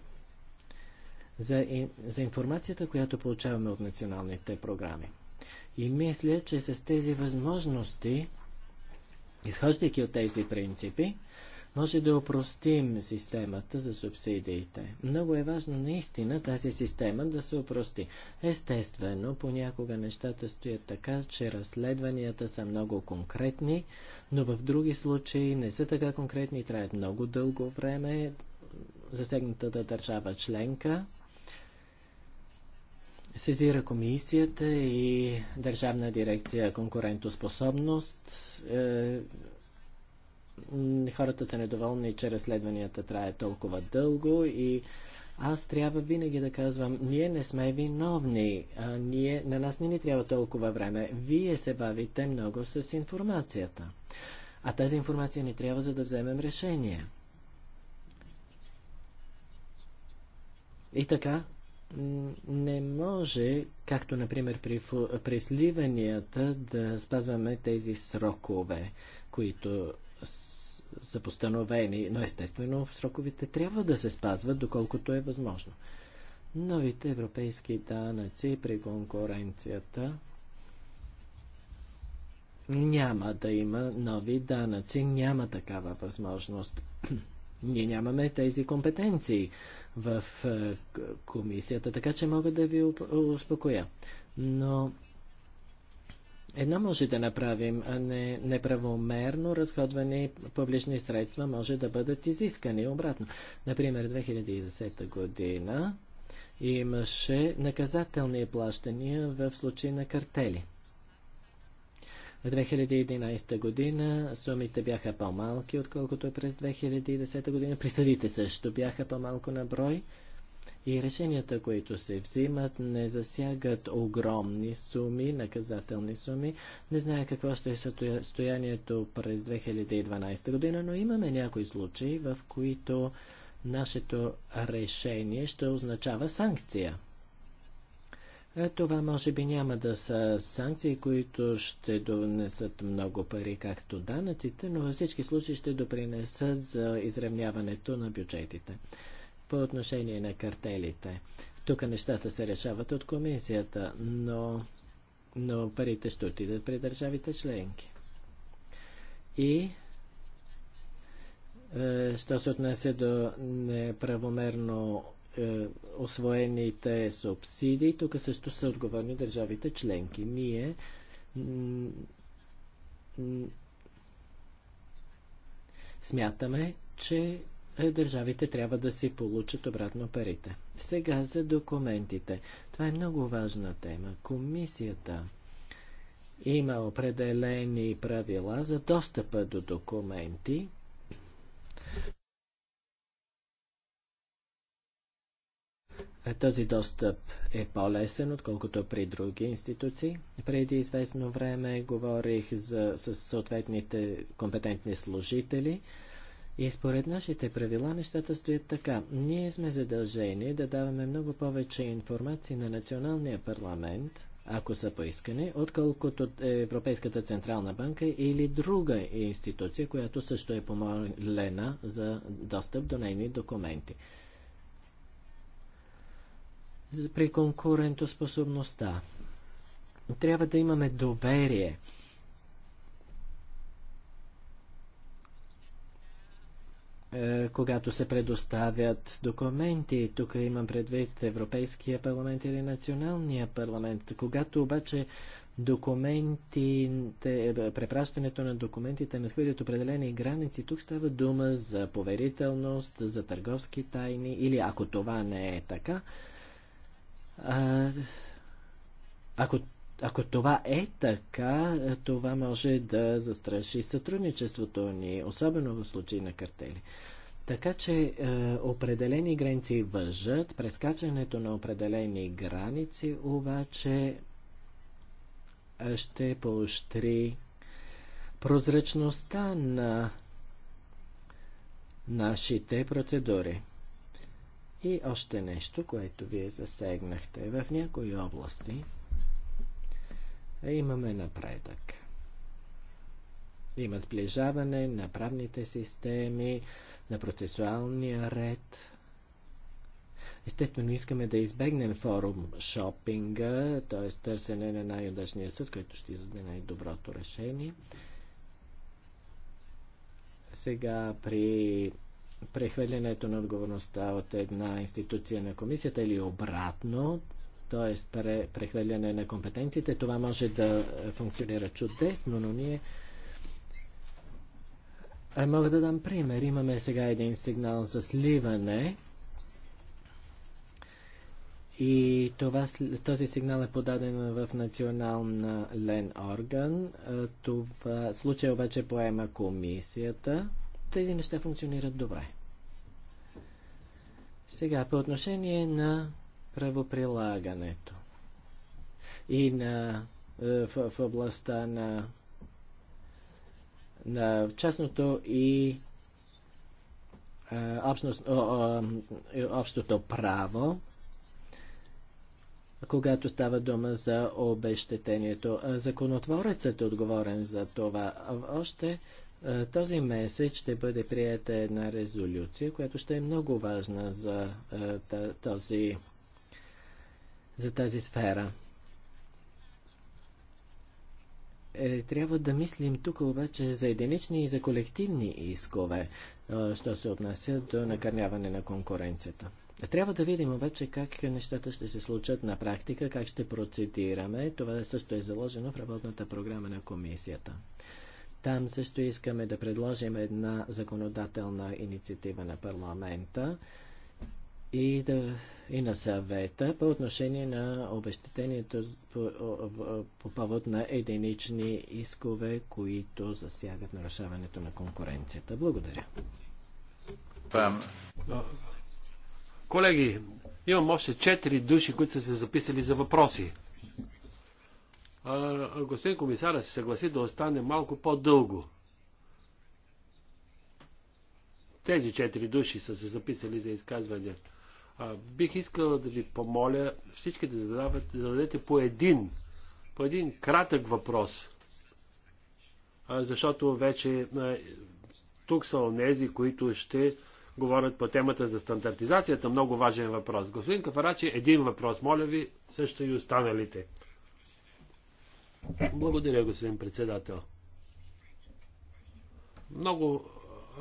за, за информацията, която получаваме от националните програми. И мисля, че с тези възможности, изхождайки от тези принципи, може да опростим системата за субсидиите. Много е важно наистина тази система да се опрости. Естествено, понякога нещата стоят така, че разследванията са много конкретни, но в други случаи не са така конкретни, траят много дълго време. Засегнатата държава членка сезира комисията и Държавна дирекция конкурентоспособност. Е, хората са недоволни, че разследванията трае толкова дълго и аз трябва винаги да казвам, ние не сме виновни, а ние, на нас не ни трябва толкова време. Вие се бавите много с информацията. А тази информация ни трябва, за да вземем решение. И така, не може, както например при, при сливанията, да спазваме тези срокове, които са постановени, но естествено сроковите трябва да се спазват, доколкото е възможно. Новите европейски данъци при конкуренцията няма да има нови данъци, няма такава възможност. Ние нямаме тези компетенции в е, комисията, така че мога да ви успокоя. Но Едно може да направим, не, неправомерно разходване публични средства може да бъдат изискани обратно. Например, 2010 година имаше наказателни плащания в случай на картели. В 2011 година сумите бяха по-малки, отколкото през 2010 година. Присъдите също бяха по-малко на брой. И решенията, които се взимат, не засягат огромни суми, наказателни суми. Не зная какво ще е състоянието през 2012 година, но имаме някои случаи, в които нашето решение ще означава санкция. Е, това може би няма да са санкции, които ще донесат много пари, както данъците, но във всички случаи ще допринесат за изравняването на бюджетите по отношение на картелите. Тук нещата се решават от комисията, но, но парите ще отидат при държавите членки. И е, що се отнесе до неправомерно е, освоените субсидии, тук също са отговорни държавите членки. Ние смятаме, че е, държавите трябва да си получат обратно парите. Сега за документите. Това е много важна тема. Комисията има определени правила за достъпа до документи. Този достъп е по-лесен, отколкото при други институции. Преди известно време говорих за, с съответните компетентни служители. И според нашите правила нещата стоят така. Ние сме задължени да даваме много повече информации на националния парламент, ако са поискани, отколкото Европейската Централна банка или друга институция, която също е помолена за достъп до нейни документи. При конкурентоспособността трябва да имаме доверие – Е, когато се предоставят документи. Тук имам предвид Европейския парламент или Националния парламент. Когато обаче документите, е, препращането на документите хвилят определени граници, тук става дума за поверителност, за търговски тайни или ако това не е така, а, ако ако това е така, това може да застраши сътрудничеството ни, особено в случай на картели. Така че е, определени граници въжат, прескачането на определени граници обаче е, ще поощри прозрачността на нашите процедури. И още нещо, което вие засегнахте в някои области – е, имаме напредък. Има сближаване на правните системи, на процесуалния ред. Естествено, искаме да избегнем форум шопинга, т.е. търсене на най-удачния съд, който ще издаде най-доброто решение. Сега при прехвърлянето на отговорността от една институция на комисията или обратно, т.е. прехвърляне на компетенциите. Това може да е, функционира чудесно, но ние а е, мога да дам пример. Имаме сега един сигнал за сливане. И това, този сигнал е подаден в национална лен орган. Е, това случай обаче поема комисията. Тези неща функционират добре. Сега, по отношение на правоприлагането и на, е, в, в областта на, на частното и е, е, общото право, когато става дума за обещетението. Законотворецът е отговорен за това. Още този месец ще бъде прията една резолюция, която ще е много важна за този за тази сфера. Е, трябва да мислим тук обаче за единични и за колективни искове, що се отнася до накърняване на конкуренцията. Трябва да видим обаче как нещата ще се случат на практика, как ще процедираме. Това също е заложено в работната програма на комисията. Там също искаме да предложим една законодателна инициатива на парламента и, да, и на съвета по отношение на обещетението по, по повод на единични искове, които засягат нарушаването на конкуренцията. Благодаря. Колеги, имам още четири души, които са се записали за въпроси. А, господин комисар, се съгласи да остане малко по-дълго. Тези четири души са се записали за изказванията. А, бих искал да ви помоля всички да задавате, зададете по един, по един кратък въпрос. А, защото вече а, тук са онези, които ще говорят по темата за стандартизацията. Много важен въпрос. Господин Кафарачи, един въпрос. Моля ви, също и останалите. Благодаря, господин председател. Много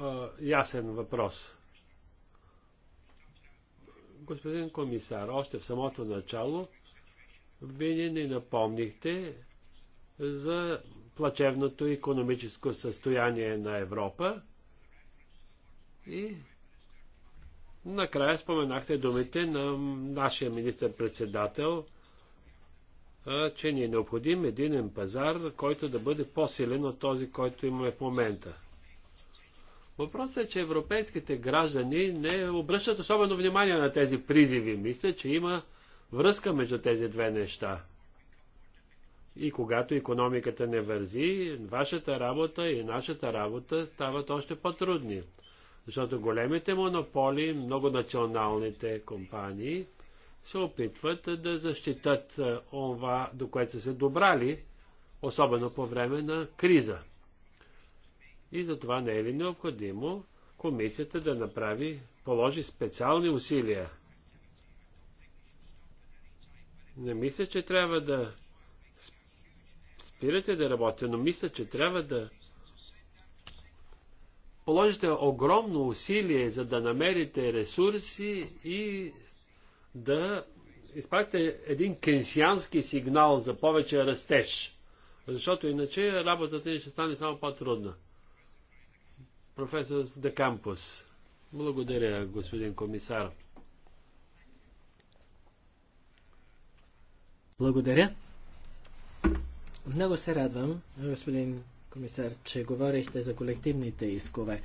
а, ясен въпрос. Господин комисар, още в самото начало вие ни напомнихте за плачевното економическо състояние на Европа и накрая споменахте думите на нашия министр-председател, че ни е необходим единен пазар, който да бъде по-силен от този, който имаме в момента. Въпросът е, че европейските граждани не обръщат особено внимание на тези призиви. Мисля, че има връзка между тези две неща. И когато економиката не вързи, вашата работа и нашата работа стават още по-трудни. Защото големите монополи, многонационалните компании се опитват да защитат е, онва, до което са се добрали, особено по време на криза. И затова не е ли необходимо комисията да направи, положи специални усилия? Не мисля, че трябва да спирате да работите, но мисля, че трябва да положите огромно усилие, за да намерите ресурси и да изпратите един кенсиански сигнал за повече растеж. Защото иначе работата ни ще стане само по-трудна професор Декампус. Благодаря, господин комисар. Благодаря. Много се радвам, господин комисар, че говорихте за колективните искове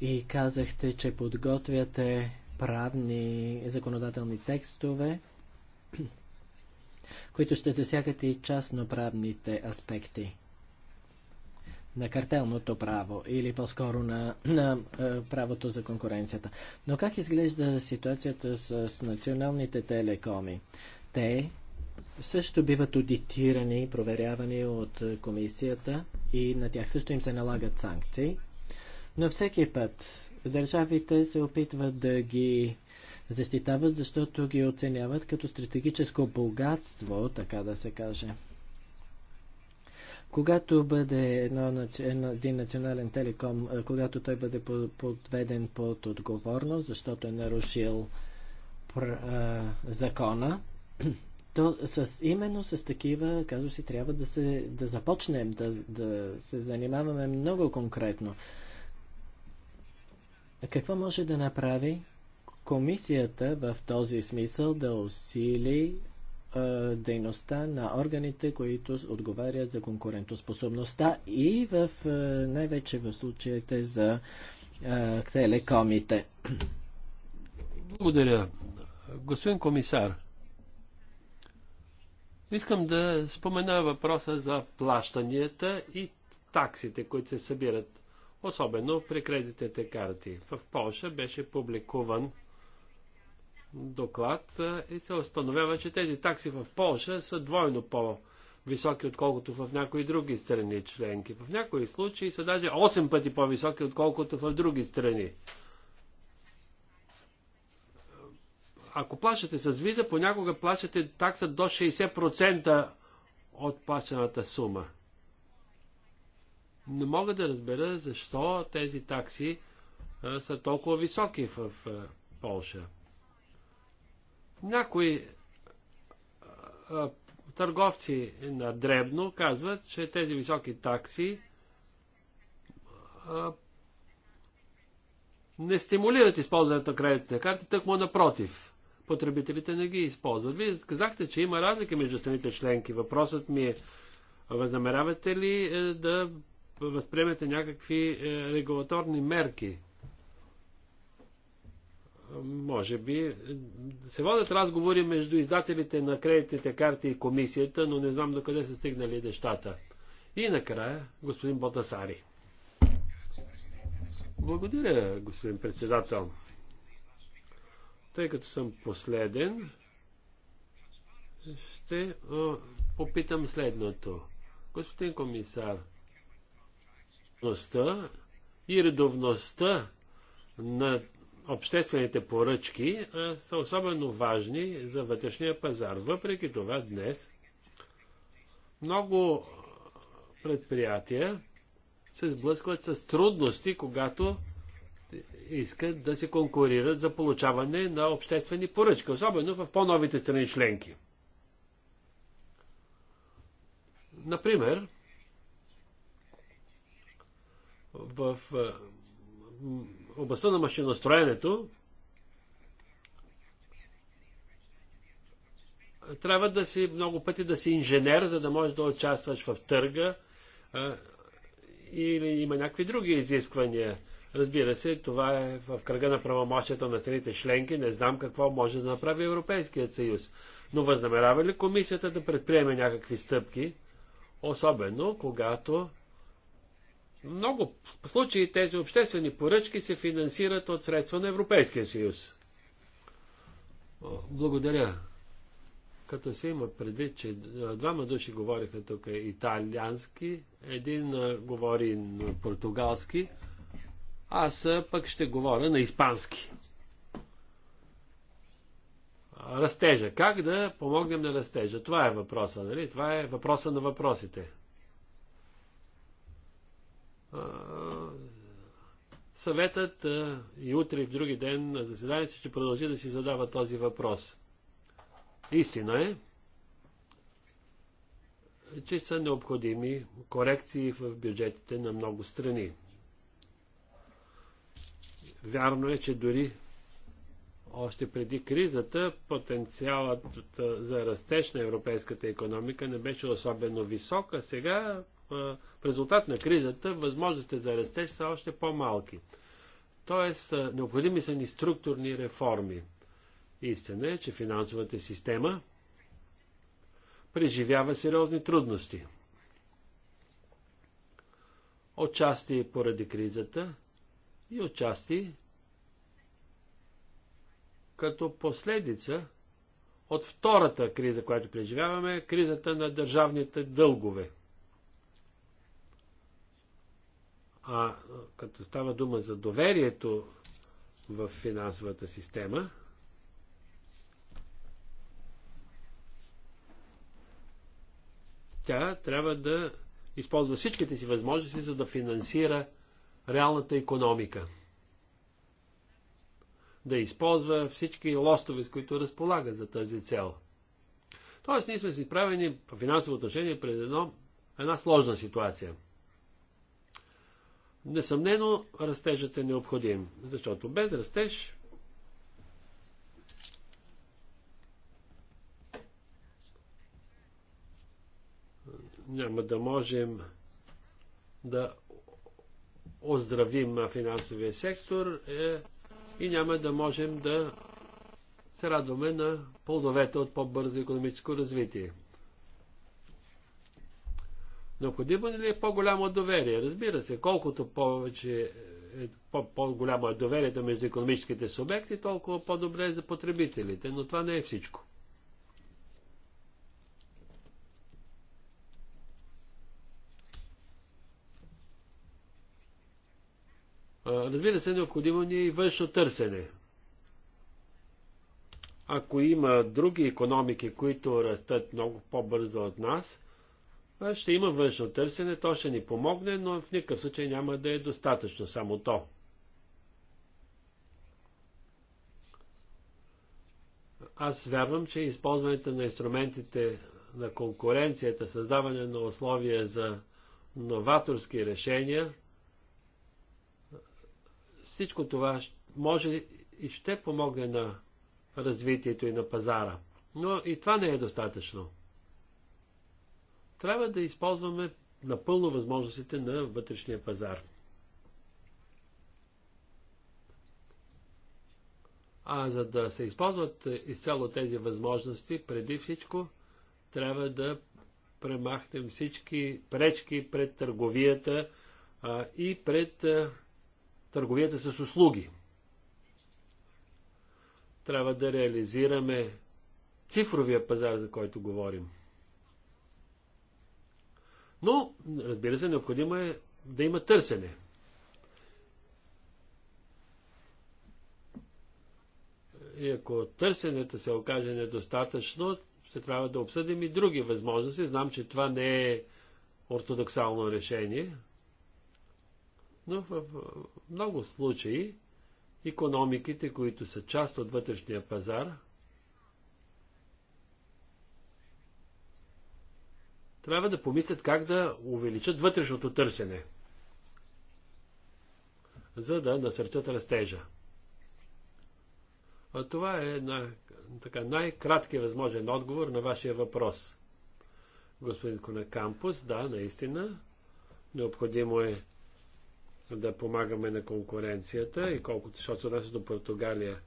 и казахте, че подготвяте правни законодателни текстове, които ще засягат и частноправните аспекти на картелното право или по-скоро на, на е, правото за конкуренцията. Но как изглежда ситуацията с, с националните телекоми? Те също биват аудитирани, проверявани от комисията и на тях също им се налагат санкции. Но всеки път държавите се опитват да ги защитават, защото ги оценяват като стратегическо богатство, така да се каже. Когато бъде едно, едно, един национален телеком, когато той бъде подведен под отговорност, защото е нарушил пр, а, закона, то с, именно с такива казуси трябва да, се, да започнем, да, да се занимаваме много конкретно. Какво може да направи комисията в този смисъл да усили дейността на органите, които отговарят за конкурентоспособността и в, най-вече в случаите за телекомите. Благодаря. Господин комисар, искам да спомена въпроса за плащанията и таксите, които се събират, особено при кредитните карти. В Польша беше публикуван доклад и се установява, че тези такси в Польша са двойно по-високи, отколкото в някои други страни членки. В някои случаи са даже 8 пъти по-високи, отколкото в други страни. Ако плащате с виза, понякога плащате такса до 60% от плащаната сума. Не мога да разбера защо тези такси са толкова високи в Польша. Полша. Някои а, търговци на дребно казват, че тези високи такси а, не стимулират използването на кредитните карти, тък му напротив. Потребителите не ги използват. Вие казахте, че има разлика между страните членки. Въпросът ми е, възнамерявате ли е, да възприемете някакви е, регулаторни мерки? може би се водят разговори между издателите на кредитните карти и комисията, но не знам докъде са стигнали нещата. И накрая, господин Ботасари. Благодаря, господин председател. Тъй като съм последен, ще попитам следното. Господин комисар, и редовността на обществените поръчки е, са особено важни за вътрешния пазар. Въпреки това днес много предприятия се сблъскват с трудности, когато искат да се конкурират за получаване на обществени поръчки, особено в по-новите страни членки. Например, в е, областта на машиностроенето трябва да си много пъти да си инженер, за да можеш да участваш в търга а, или има някакви други изисквания. Разбира се, това е в кръга на правомощията на страните членки. Не знам какво може да направи Европейският съюз. Но възнамерява ли комисията да предприеме някакви стъпки, особено когато много случаи тези обществени поръчки се финансират от средства на Европейския съюз. Благодаря. Като се има предвид, че двама души говориха тук италиански, един говори на португалски, аз пък ще говоря на испански. Растежа. Как да помогнем на растежа? Това е въпроса, нали? Това е въпроса на въпросите съветът и утре и в други ден на заседанието ще продължи да си задава този въпрос. Истина е, че са необходими корекции в бюджетите на много страни. Вярно е, че дори още преди кризата потенциалът за растеж на европейската економика не беше особено висок, а сега в резултат на кризата възможностите за растеж са още по-малки. Тоест, необходими са ни структурни реформи. Истина е, че финансовата система преживява сериозни трудности. Отчасти поради кризата и отчасти като последица от втората криза, която преживяваме, кризата на държавните дългове. А като става дума за доверието в финансовата система, тя трябва да използва всичките си възможности, за да финансира реалната економика. Да използва всички лостове, с които разполага за тази цел. Тоест, ние сме си изправени по финансово отношение пред едно, една сложна ситуация – Несъмнено, растежът е необходим, защото без растеж няма да можем да оздравим финансовия сектор е, и няма да можем да се радваме на плодовете от по-бързо економическо развитие. Необходимо ли е по-голямо доверие? Разбира се, колкото повече е, по-голямо е доверието между економическите субекти, толкова по-добре е за потребителите, но това не е всичко. Разбира се, необходимо ни е и външно търсене. Ако има други економики, които растат много по-бързо от нас, ще има външно търсене, то ще ни помогне, но в никакъв случай няма да е достатъчно само то. Аз вярвам, че използването на инструментите на конкуренцията, създаване на условия за новаторски решения, всичко това може и ще помогне на развитието и на пазара. Но и това не е достатъчно. Трябва да използваме напълно възможностите на вътрешния пазар. А за да се използват изцяло тези възможности, преди всичко трябва да премахнем всички пречки пред търговията а, и пред а, търговията с услуги. Трябва да реализираме цифровия пазар, за който говорим. Но, разбира се, необходимо е да има търсене. И ако търсенето се окаже недостатъчно, ще трябва да обсъдим и други възможности. Знам, че това не е ортодоксално решение, но в много случаи економиките, които са част от вътрешния пазар, трябва да помислят как да увеличат вътрешното търсене, за да насърчат растежа. А това е на, така, най-краткият възможен отговор на вашия въпрос. Господин Конакампус, да, наистина, необходимо е да помагаме на конкуренцията и колкото, защото се отнася до Португалия.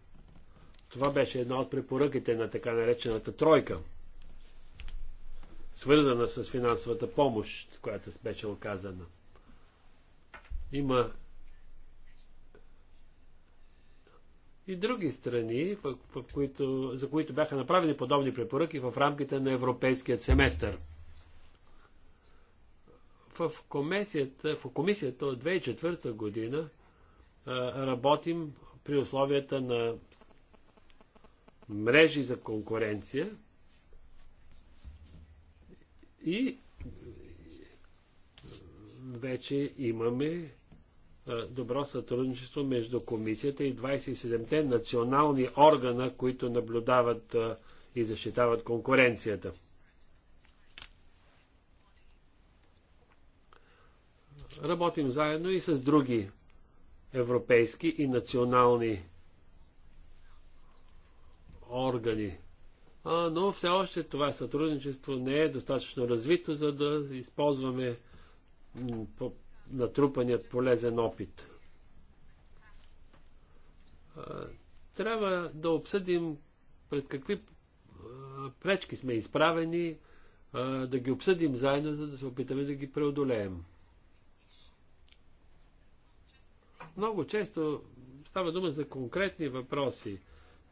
Това беше една от препоръките на така наречената тройка – свързана с финансовата помощ, която беше оказана. Има и други страни, в, в които, за които бяха направени подобни препоръки в рамките на европейския семестър. В комисията, в комисията от 2004 година а, работим при условията на мрежи за конкуренция, и вече имаме добро сътрудничество между комисията и 27-те национални органа, които наблюдават и защитават конкуренцията. Работим заедно и с други европейски и национални органи но все още това сътрудничество не е достатъчно развито, за да използваме натрупаният полезен опит. Трябва да обсъдим пред какви пречки сме изправени, да ги обсъдим заедно, за да се опитаме да ги преодолеем. Много често става дума за конкретни въпроси –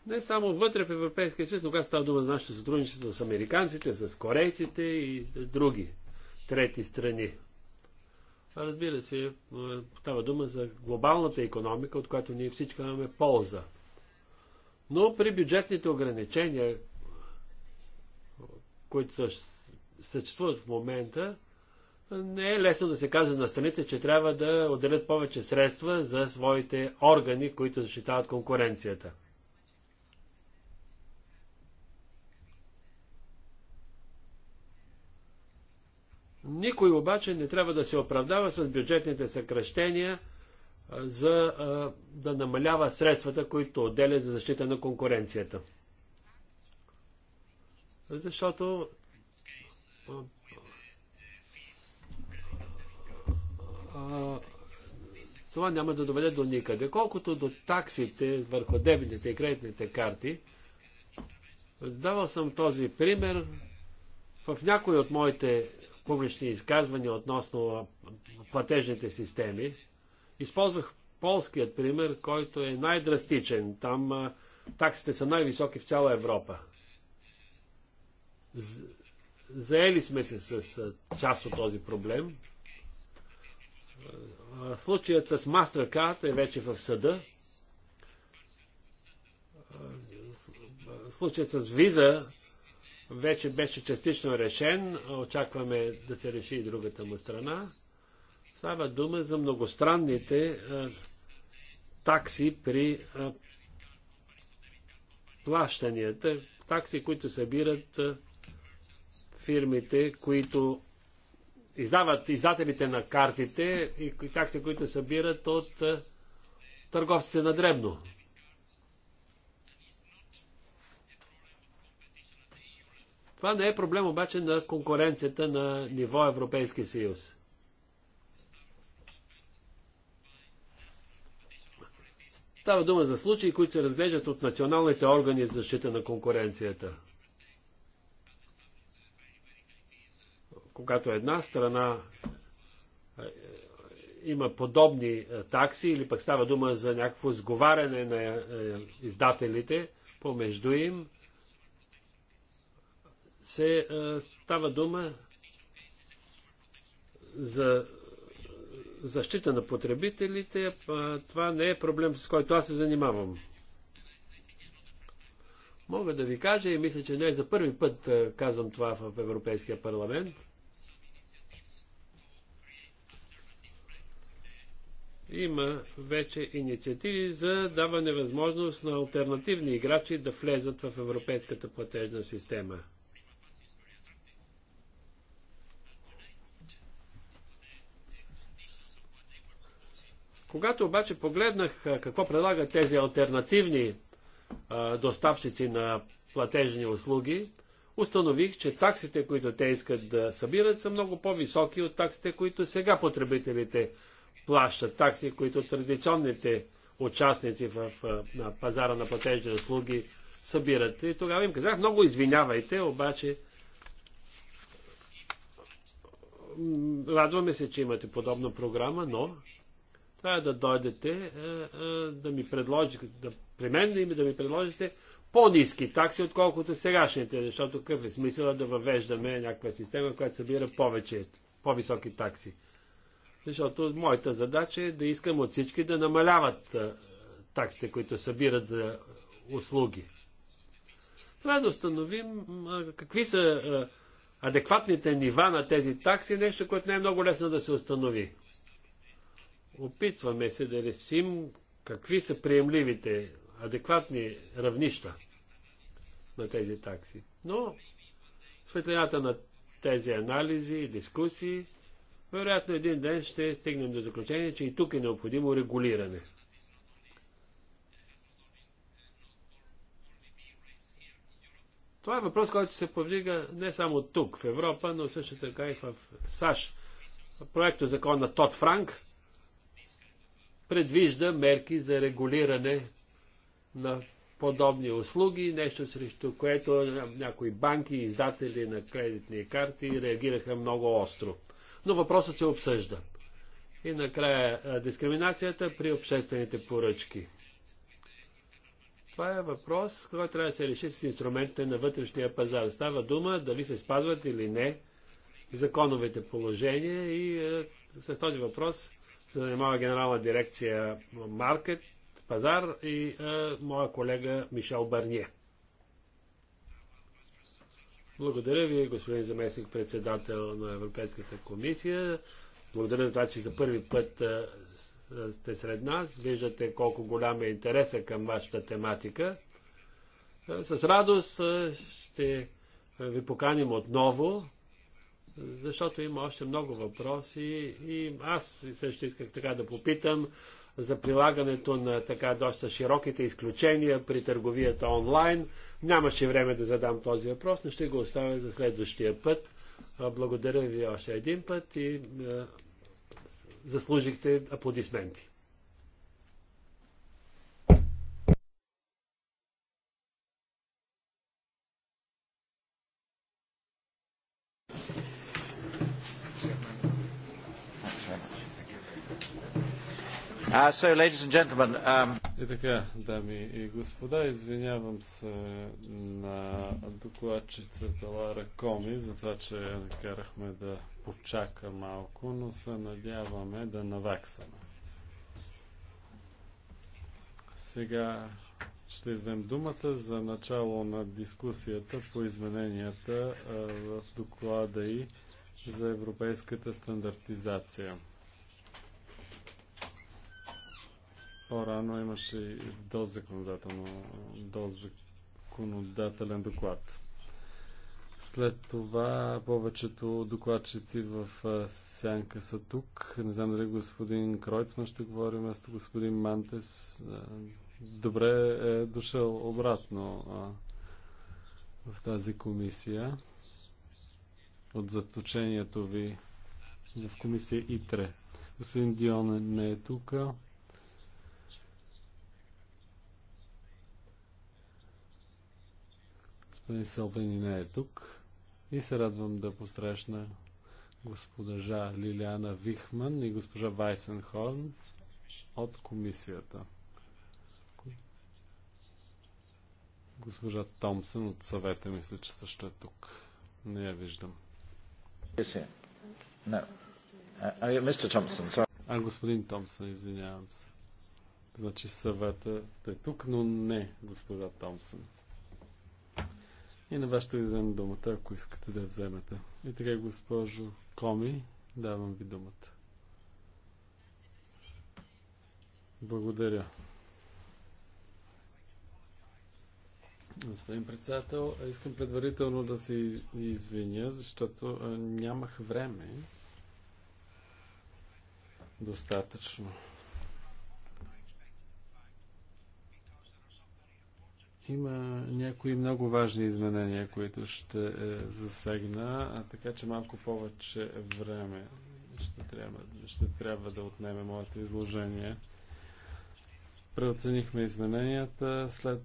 не само вътре в Европейския съюз, но когато става дума за нашето сътрудничество с американците, с корейците и други трети страни. разбира се, става дума за глобалната економика, от която ние всички имаме полза. Но при бюджетните ограничения, които съществуват в момента, не е лесно да се каже на страните, че трябва да отделят повече средства за своите органи, които защитават конкуренцията. Никой обаче не трябва да се оправдава с бюджетните съкръщения, за да намалява средствата, които отделя за защита на конкуренцията. Защото това няма да доведе до никъде. Колкото до таксите върху дебитните и кредитните карти, давал съм този пример в някои от моите публични изказвания относно платежните системи, използвах полският пример, който е най-драстичен. Там таксите са най-високи в цяла Европа. Заели сме се с част от този проблем. случаят с MasterCard е вече в съда. Случаят с виза вече беше частично решен. Очакваме да се реши и другата му страна. Става дума за многостранните а, е, такси при а, е, плащанията. Такси, които събират а, е, фирмите, които издават издателите на картите и такси, които събират от търговците на дребно. Това не е проблем обаче на конкуренцията на ниво Европейски съюз. Става дума за случаи, които се разглеждат от националните органи за защита на конкуренцията. Когато една страна е, е, има подобни е, такси или пък става дума за някакво сговаряне на издателите помежду им, се става дума за защита на потребителите. Това не е проблем, с който аз се занимавам. Мога да ви кажа и мисля, че не е за първи път казвам това в Европейския парламент. Има вече инициативи за даване възможност на альтернативни играчи да влезат в европейската платежна система. Когато обаче погледнах какво предлагат тези альтернативни доставчици на платежни услуги, установих, че таксите, които те искат да събират, са много по-високи от таксите, които сега потребителите плащат. Такси, които традиционните участници в, на пазара на платежни услуги събират. И тогава им казах, много извинявайте, обаче радваме се, че имате подобна програма, но трябва да дойдете е, е, да ми предложите, да, при мен да, да ми предложите по-низки такси, отколкото сегашните, защото какъв е смисъла да въвеждаме някаква система, която събира повече, по-високи такси. Защото моята задача е да искам от всички да намаляват е, таксите, които събират за услуги. Трябва да установим какви са адекватните нива на тези такси, нещо, което не е много лесно да се установи. Опитваме се да решим какви са приемливите, адекватни равнища на тези такси. Но светлината на тези анализи и дискусии, вероятно един ден ще стигнем до заключение, че и тук е необходимо регулиране. Това е въпрос, който се повдига не само тук, в Европа, но също така и в САЩ. Проекто закон на Тод Франк предвижда мерки за регулиране на подобни услуги, нещо срещу което някои банки, издатели на кредитни карти реагираха много остро. Но въпросът се обсъжда. И накрая дискриминацията при обществените поръчки. Това е въпрос, който трябва да се реши с инструментите на вътрешния пазар. Става дума дали се спазват или не законовите положения и с този въпрос се занимава генерална дирекция маркет, пазар и а, моя колега Мишел Барние. Благодаря ви, господин заместник председател на Европейската комисия. Благодаря за това, че за първи път а, сте сред нас. Виждате колко голям е интереса към вашата тематика. А, с радост а, ще ви поканим отново защото има още много въпроси и аз също исках така да попитам за прилагането на така доста широките изключения при търговията онлайн. Нямаше време да задам този въпрос, но ще го оставя за следващия път. Благодаря ви още един път и заслужихте аплодисменти. Uh, um, и така, дами и господа, извинявам се на докладчицата Лара Коми за това, че карахме да почака малко, но се надяваме да наваксаме. Сега ще издам думата за начало на дискусията по измененията в доклада и за европейската стандартизация. По-рано имаше и до дозаконодателен доклад. След това повечето докладчици в сянка са тук. Не знам дали господин Кройцман ще говори вместо господин Мантес. Добре е дошъл обратно в тази комисия от заточението ви в комисия ИТРЕ. Господин Дион не е тук. Господин Сълбени не е тук и се радвам да посрещна госпожа Лилиана Вихман и госпожа Вайсенхорн от комисията. Госпожа Томсън от съвета мисля, че също е тук. Не я виждам. Uh, uh, а, господин Томсън, извинявам се. Значи съвета е тук, но не госпожа Томсън. И на вас ще ви дам думата, ако искате да я вземете. И така, госпожо Коми, давам ви думата. Благодаря. Господин председател, искам предварително да се извиня, защото нямах време достатъчно. Има някои много важни изменения, които ще е, засегна, а така че малко повече време ще трябва, ще трябва да отнеме моето изложение. Преоценихме измененията след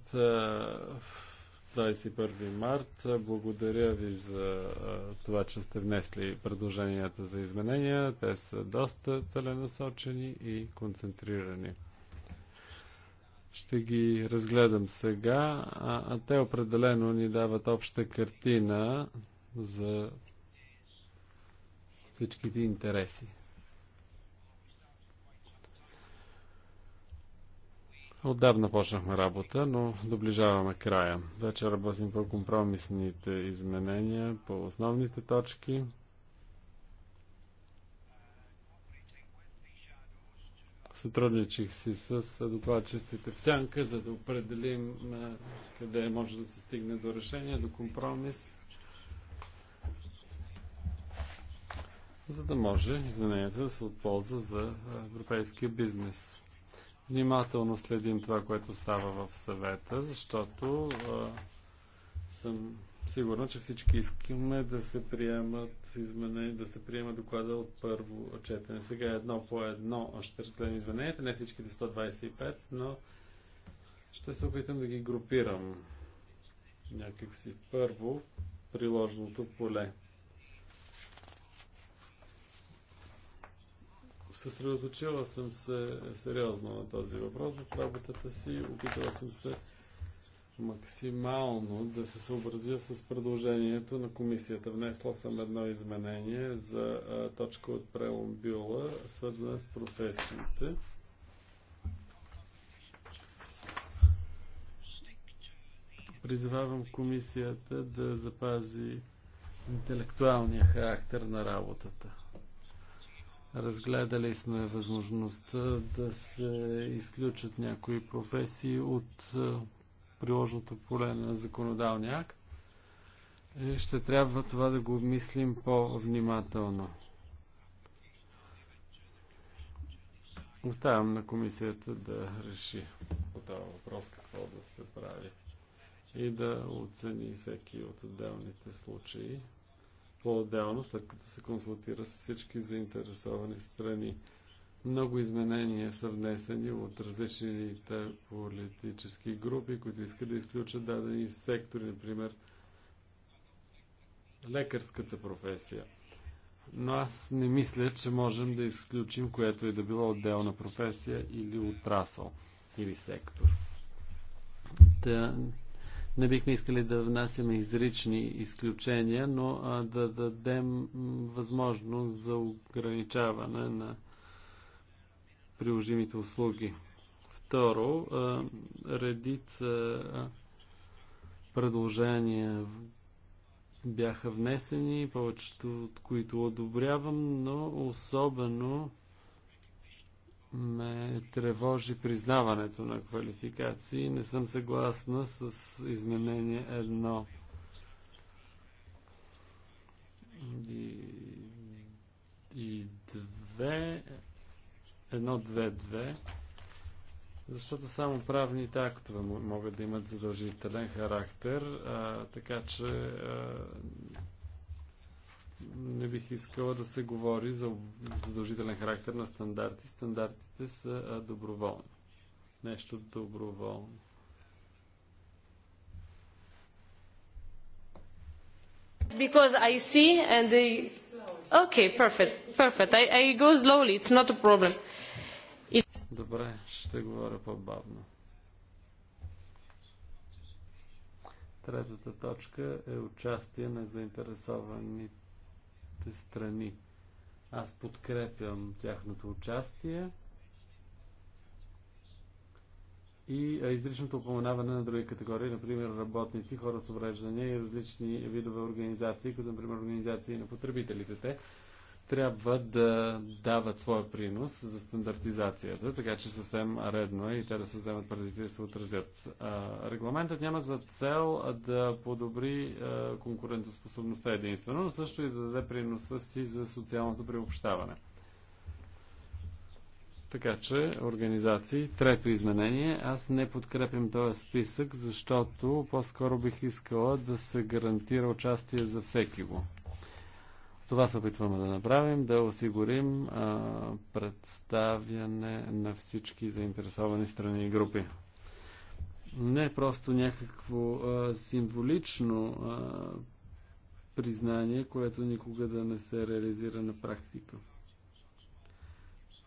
21 е, март. Благодаря ви за е, това, че сте внесли предложенията за изменения. Те са доста целенасочени и концентрирани. Ще ги разгледам сега, а, а те определено ни дават обща картина за всичките интереси. Отдавна почнахме работа, но доближаваме края. Вече работим по компромисните изменения, по основните точки. Сътрудничих си с докладчиците в сянка, за да определим къде може да се стигне до решение, до компромис, за да може измененията да се отползва за европейския бизнес. Внимателно следим това, което става в съвета, защото съм сигурна, че всички искаме да се приемат измене, да се приема доклада от първо четене. Сега е едно по едно ще разгледам измененията, не всичките 125, но ще се опитам да ги групирам някакси. Първо, приложното поле. Съсредоточила съм се сериозно на този въпрос в работата си, опитала съм се максимално да се съобразя с предложението на комисията. Внесла съм едно изменение за а, точка от преломбила, свързана с професиите. Призвавам комисията да запази интелектуалния характер на работата. Разгледали сме възможността да се изключат някои професии от приложното поле на законодалния акт, е, ще трябва това да го обмислим по-внимателно. Оставям на комисията да реши по този въпрос какво да се прави и да оцени всеки от отделните случаи по-отделно, след като се консултира с всички заинтересовани страни. Много изменения са внесени от различните политически групи, които искат да изключат дадени сектори, например лекарската професия. Но аз не мисля, че можем да изключим което и е да било отделна професия или отрасъл или сектор. Да, не бихме искали да внасяме изрични изключения, но а, да дадем възможност за ограничаване на приложимите услуги. Второ, редица предложения бяха внесени, повечето от които одобрявам, но особено ме тревожи признаването на квалификации. Не съм съгласна с изменение едно. И, и две 1.2.2, защото само правните актове могат да имат задължителен характер, а, така че а, не бих искала да се говори за задължителен характер на стандарти. Стандартите са а, доброволни. Нещо доброволно. because I see and they. Okay, perfect, perfect. I, I go slowly. It's not a problem. Добре, ще говоря по-бавно. Третата точка е участие на заинтересованите страни. Аз подкрепям тяхното участие и изричното упоменаване на други категории, например работници, хора с увреждания и различни видове организации, като например организации на потребителите. Те трябва да дават своя принос за стандартизацията, така че съвсем редно е и те да се вземат преди да се отразят. Регламентът няма за цел да подобри конкурентоспособността единствено, но също и да даде приноса си за социалното приобщаване. Така че, организации, трето изменение, аз не подкрепям този списък, защото по-скоро бих искала да се гарантира участие за всеки го. Това се опитваме да направим, да осигурим а, представяне на всички заинтересовани страни и групи. Не просто някакво а, символично а, признание, което никога да не се реализира на практика.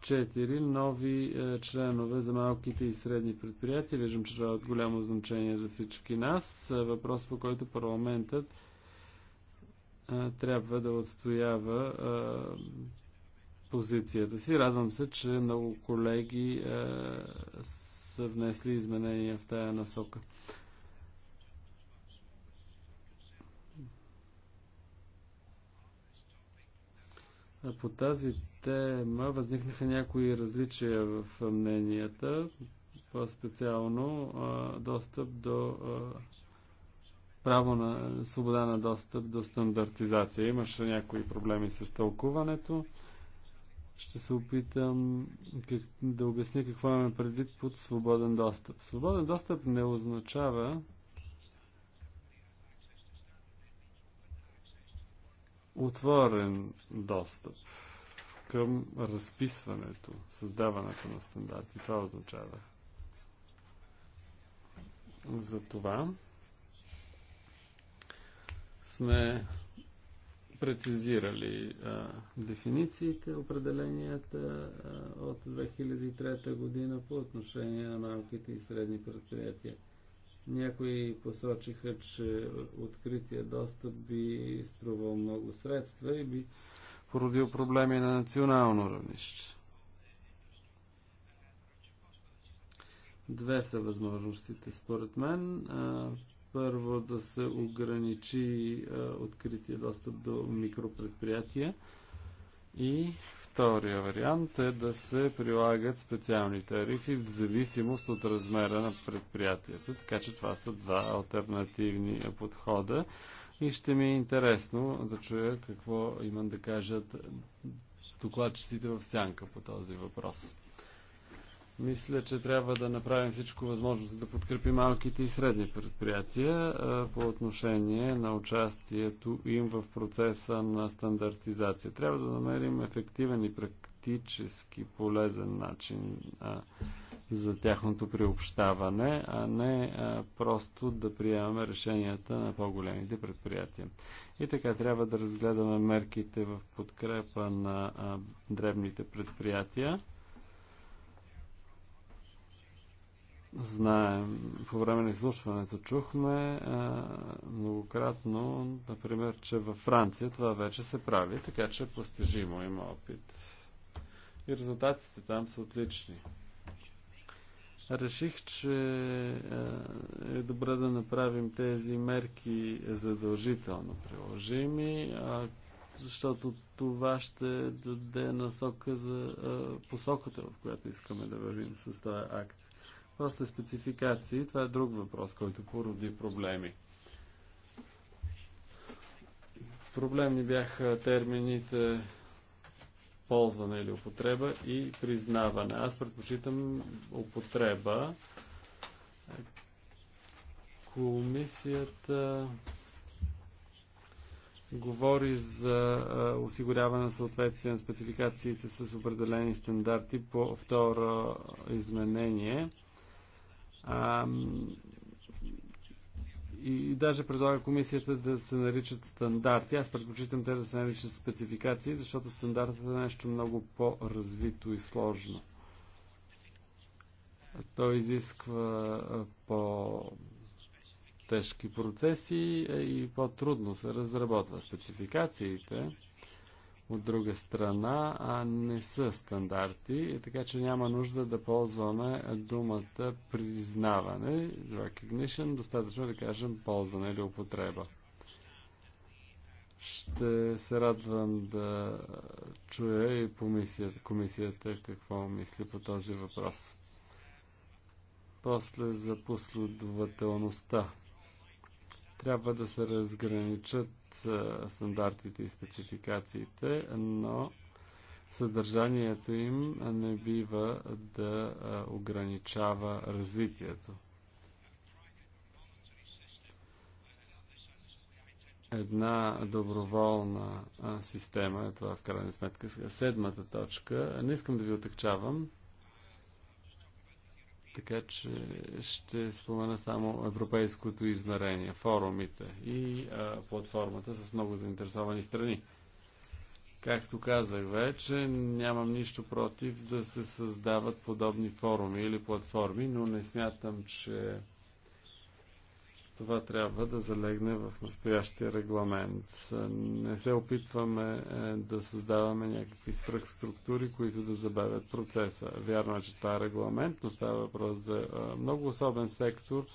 Четири нови а, членове за малките и средни предприятия. Виждам, че това е от голямо значение за всички нас. Въпрос, по който парламентът трябва да отстоява позицията си. Радвам се, че много колеги са внесли изменения в тая насока. По тази тема възникнаха някои различия в мненията, по-специално достъп до а, право на свобода на достъп до стандартизация. Имаше някои проблеми с тълкуването. Ще се опитам как, да обясня какво имаме предвид под свободен достъп. Свободен достъп не означава отворен достъп към разписването, създаването на стандарти. Това означава. За това сме прецизирали а, дефинициите, определенията а, от 2003 година по отношение на малките и средни предприятия. Някои посочиха, че открития достъп би струвал много средства и би породил проблеми на национално равнище. Две са възможностите, според мен. А, първо да се ограничи а, открития достъп до микропредприятия. И втория вариант е да се прилагат специални тарифи в зависимост от размера на предприятието. Така че това са два альтернативни подхода. И ще ми е интересно да чуя какво имам да кажат докладчиците в сянка по този въпрос. Мисля, че трябва да направим всичко възможно, за да подкрепим малките и средни предприятия по отношение на участието им в процеса на стандартизация. Трябва да намерим ефективен и практически полезен начин за тяхното приобщаване, а не просто да приемаме решенията на по-големите предприятия. И така трябва да разгледаме мерките в подкрепа на дребните предприятия знаем, по време на изслушването чухме а, многократно, например, че във Франция това вече се прави, така че е постижимо, има опит. И резултатите там са отлични. Реших, че е добре да направим тези мерки задължително приложими, защото това ще даде насока за посоката, в която искаме да вървим с този акт. После спецификации, това е друг въпрос, който породи проблеми. Проблемни бяха термините ползване или употреба и признаване. Аз предпочитам употреба. Комисията говори за осигуряване на съответствие на спецификациите с определени стандарти по второ изменение и даже предлага комисията да се наричат стандарти. Аз предпочитам те да се наричат спецификации, защото стандартът е нещо много по-развито и сложно. Той изисква по тежки процеси и по-трудно се разработва спецификациите от друга страна а не са стандарти, така че няма нужда да ползваме думата признаване, recognition, достатъчно да кажем ползване или употреба. Ще се радвам да чуя и комисията, комисията какво мисли по този въпрос. После за последователността. Трябва да се разграничат е, стандартите и спецификациите, но съдържанието им не бива да е, ограничава развитието. Една доброволна е, система, това в крайна сметка седмата точка, не искам да ви отъкчавам, така че ще спомена само европейското измерение, форумите и а, платформата с много заинтересовани страни. Както казах вече, нямам нищо против да се създават подобни форуми или платформи, но не смятам, че това трябва да залегне в настоящия регламент. Не се опитваме е, да създаваме някакви свръхструктури, които да забавят процеса. Вярно е, че това е регламент, но става въпрос за е, много особен сектор,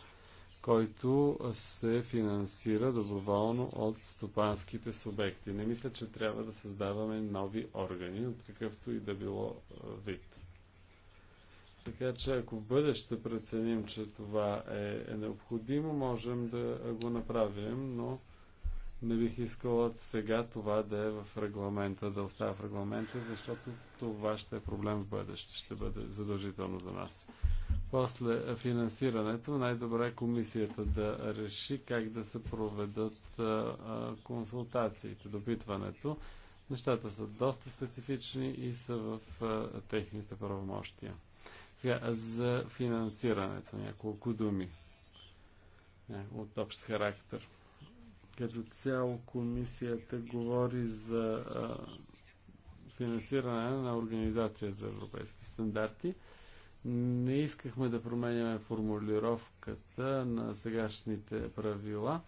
който се финансира доброволно от стопанските субекти. Не мисля, че трябва да създаваме нови органи от какъвто и да било е, вид. Така че ако в бъдеще преценим, че това е, е необходимо, можем да го направим, но не бих искала сега това да е в регламента, да остава в регламента, защото това ще е проблем в бъдеще, ще бъде задължително за нас. После е, финансирането, най-добре е комисията да реши как да се проведат а, е, е, консултациите, допитването. Нещата са доста специфични и са в а, техните правомощия. Сега за финансирането няколко думи е, от общ характер. Като цяло комисията говори за а, финансиране на Организация за европейски стандарти. Не искахме да променяме формулировката на сегашните правила,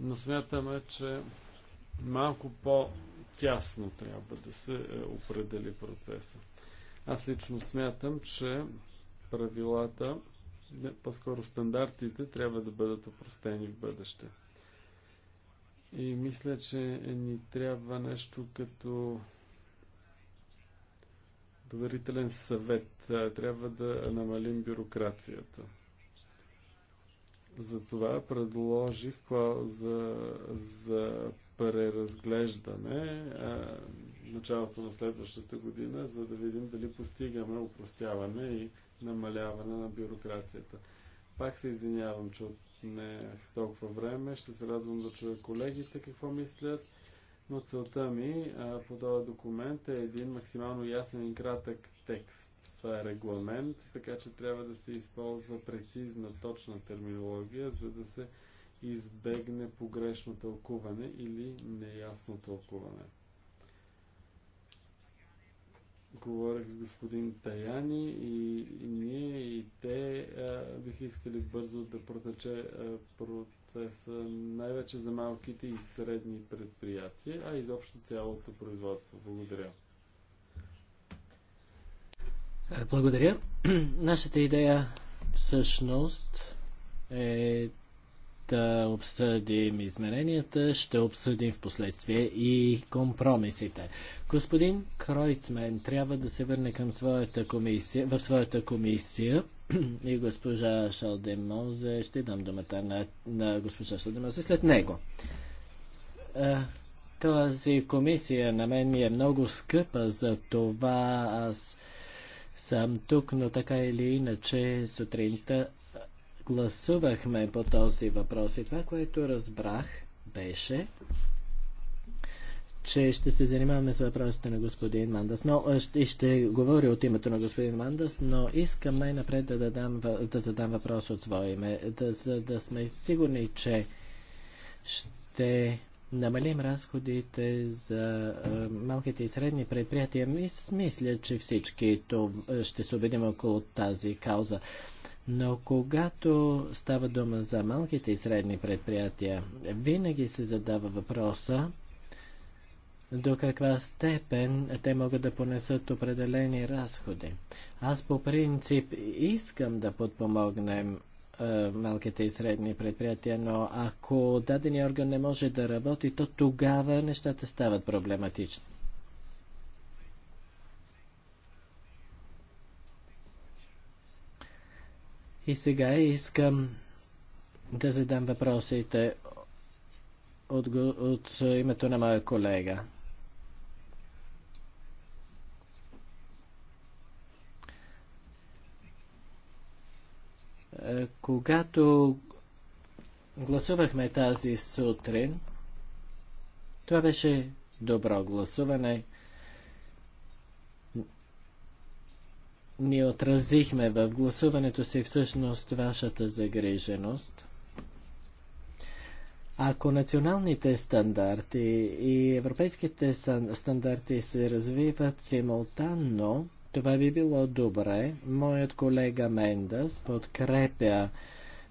но смятаме, че малко по-тясно трябва да се е, определи процеса. Аз лично смятам, че правилата, по-скоро стандартите, трябва да бъдат опростени в бъдеще. И мисля, че ни трябва нещо като доверителен съвет. Трябва да намалим бюрокрацията. Затова предложих за, за преразглеждане началото на следващата година, за да видим дали постигаме упростяване и намаляване на бюрокрацията. Пак се извинявам, че отнех толкова време. Ще се радвам да чуя колегите какво мислят. Но целта ми а, по този документ е един максимално ясен и кратък текст. Това е регламент, така че трябва да се използва прецизна, точна терминология, за да се избегне погрешно тълкуване или неясно тълкуване. Говорих с господин Таяни и, и ние, и те а, бих искали бързо да протече а, процеса най-вече за малките и средни предприятия, а изобщо цялото производство. Благодаря. Благодаря. Нашата идея всъщност е да обсъдим измененията, ще обсъдим в последствие и компромисите. Господин Кройцмен трябва да се върне към своята комисия, в своята комисия и госпожа Шалдемозе, ще дам думата на, на госпожа Шалдемозе след него. Тази комисия на мен ми е много скъпа, за това аз съм тук, но така или иначе сутринта гласувахме по този въпрос и това, което разбрах беше, че ще се занимаваме с въпросите на господин Мандас, но ще, ще говоря от името на господин Мандас, но искам най-напред да, дадам, да задам въпрос от свое име, да, за да сме сигурни, че ще намалим разходите за малките и средни предприятия. Мисля, че всички ще се убедим около тази кауза. Но когато става дума за малките и средни предприятия, винаги се задава въпроса до каква степен те могат да понесат определени разходи. Аз по принцип искам да подпомогнем е, малките и средни предприятия, но ако дадения орган не може да работи, то тогава нещата стават проблематични. И сега искам да задам въпросите от, от името на моя колега. Е, когато гласувахме тази сутрин, това беше добро гласуване. Ние отразихме в гласуването си всъщност вашата загриженост. Ако националните стандарти и европейските стандарти се развиват симултанно, това би било добре. Моят колега Мендас подкрепя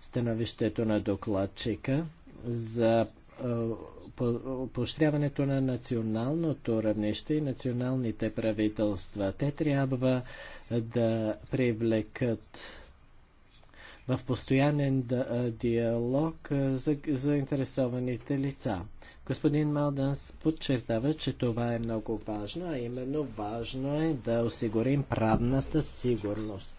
становището на докладчика за поощряването на националното равнище и националните правителства. Те трябва да привлекат в постоянен диалог за заинтересованите лица. Господин Малданс подчертава, че това е много важно, а именно важно е да осигурим правната сигурност.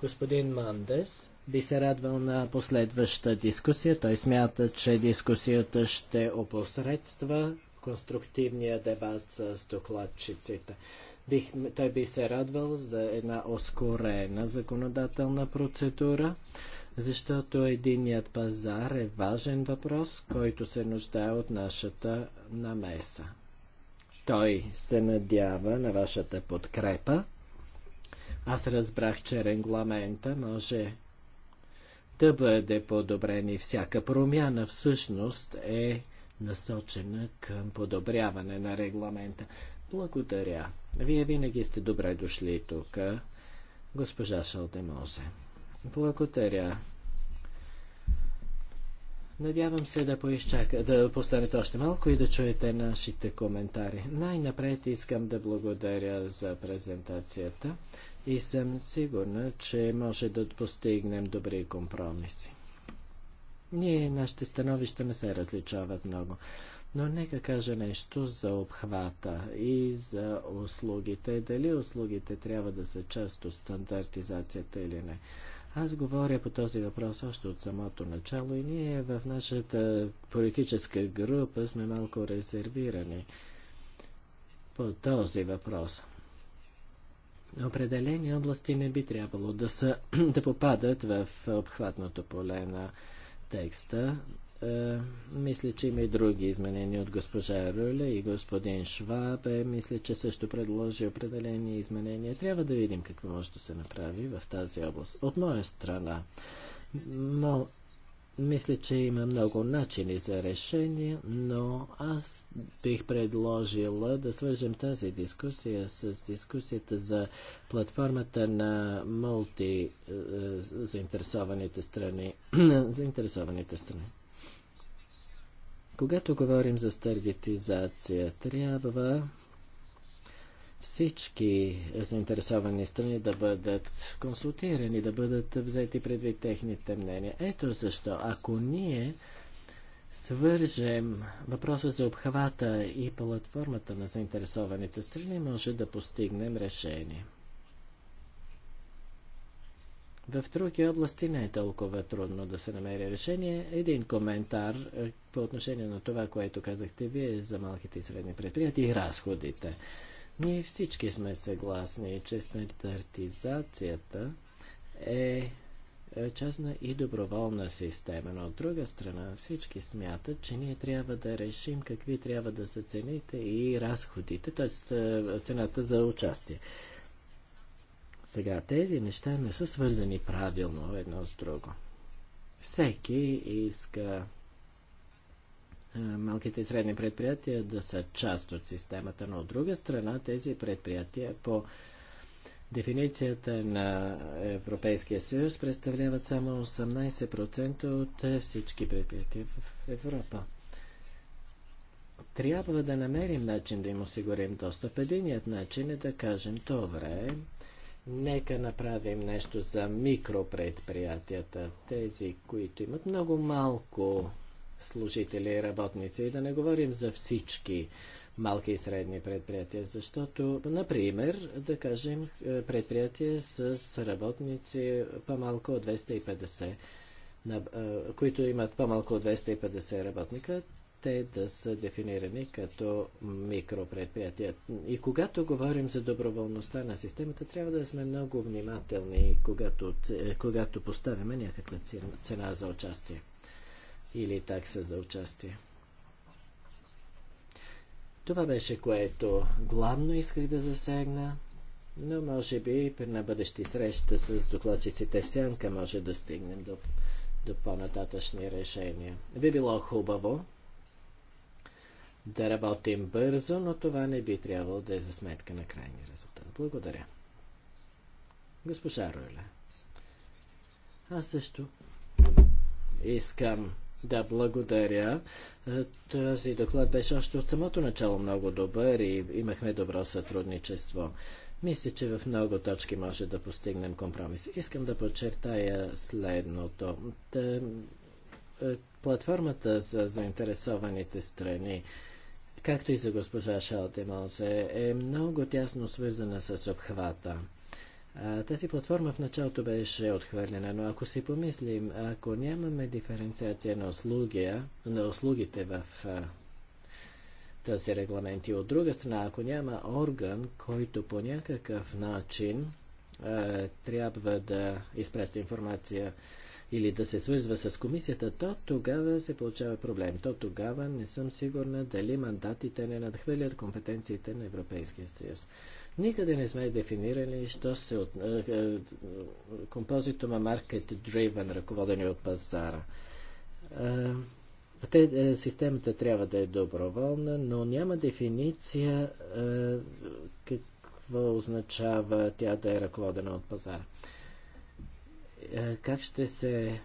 Господин Мандес би се радвал на последваща дискусия. Той смята, че дискусията ще опосредства конструктивния дебат с докладчиците. Бих, той би се радвал за една ускорена законодателна процедура, защото единият пазар е важен въпрос, който се нуждае от нашата намеса. Той се надява на вашата подкрепа. Аз разбрах, че регламента може да бъде подобрен и всяка промяна всъщност е насочена към подобряване на регламента. Благодаря. Вие винаги сте добре дошли тук, госпожа Шалдемозе. Благодаря. Надявам се да, поизчака, да постанете още малко и да чуете нашите коментари. Най-напред искам да благодаря за презентацията и съм сигурна, че може да постигнем добри компромиси. Ние, нашите становища не се различават много. Но нека кажа нещо за обхвата и за услугите. Дали услугите трябва да са част от стандартизацията или не. Аз говоря по този въпрос още от самото начало и ние в нашата политическа група сме малко резервирани по този въпрос определени области не би трябвало да, са, да попадат в обхватното поле на текста. Е, мисля, че има и други изменения от госпожа Руля и господин Шваб. Е, мисля, че също предложи определени изменения. Трябва да видим какво може да се направи в тази област. От моя страна, но мисля, че има много начини за решение, но аз бих предложила да свържем тази дискусия с дискусията за платформата на мулти е, заинтересованите страни. заинтересованите страни. Когато говорим за стъргетизация, трябва всички заинтересовани страни да бъдат консултирани, да бъдат взети предвид техните мнения. Ето защо, ако ние свържем въпроса за обхвата и платформата на заинтересованите страни, може да постигнем решение. В други области не е толкова трудно да се намери решение. Един коментар е, по отношение на това, което казахте вие за малките и средни предприятия и разходите. Ние всички сме съгласни, че стандартизацията е, е частна и доброволна система, но от друга страна всички смятат, че ние трябва да решим какви трябва да са цените и разходите, т.е. Е, цената за участие. Сега, тези неща не са свързани правилно едно с друго. Всеки иска е, малките и средни предприятия да са част от системата, но от друга страна тези предприятия по дефиницията на Европейския съюз представляват само 18% от е, всички предприятия в Европа. Трябва да намерим начин да им осигурим достъп. Единият начин е да кажем, добре, нека направим нещо за микропредприятията, тези, които имат много малко служители и работници. И да не говорим за всички малки и средни предприятия, защото, например, да кажем, е, предприятие с работници по-малко от 250, е, които имат по-малко от 250 работника, те да са дефинирани като микропредприятия. И когато говорим за доброволността на системата, трябва да сме много внимателни, когато, е, когато поставяме някаква цена за участие или такса за участие. Това беше, което главно исках да засегна, но може би при на бъдещи срещи с докладчиците в сянка може да стигнем до, до по-нататъчни решения. Би било хубаво да работим бързо, но това не би трябвало да е за сметка на крайния резултат. Благодаря. Госпожа Ройле, аз също искам да, благодаря. Е, този доклад беше още от самото начало много добър и имахме добро сътрудничество. Мисля, че в много точки може да постигнем компромис. Искам да подчертая следното. Е, платформата за заинтересованите страни, както и за госпожа Шалтемонсе, е много тясно свързана с обхвата. Тази платформа в началото беше отхвърлена, но ако си помислим, ако нямаме диференциация на, услуги, на услугите в този регламент и от друга страна, ако няма орган, който по някакъв начин а, трябва да изпраща информация или да се свързва с комисията, то тогава се получава проблем. То тогава не съм сигурна дали мандатите не надхвърлят компетенциите на Европейския съюз. Никъде не сме дефинирали, що се от... Е, е, композитума Market Driven, ръководени от пазара. Е, те, системата трябва да е доброволна, но няма дефиниция какво означава тя да е ръководена от пазара. Как ще се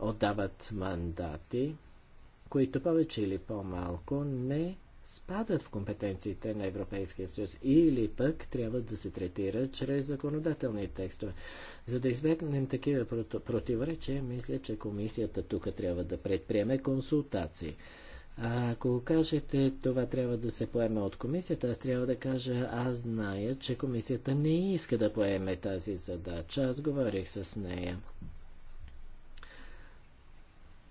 отдават мандати, които повече или по-малко не спадат в компетенциите на Европейския съюз или пък трябва да се третира чрез законодателни текстове. За да избегнем такива противоречия, мисля, че комисията тук трябва да предприеме консултации. А ако кажете, това трябва да се поеме от комисията, аз трябва да кажа, аз зная, че комисията не иска да поеме тази задача. Аз говорих с нея.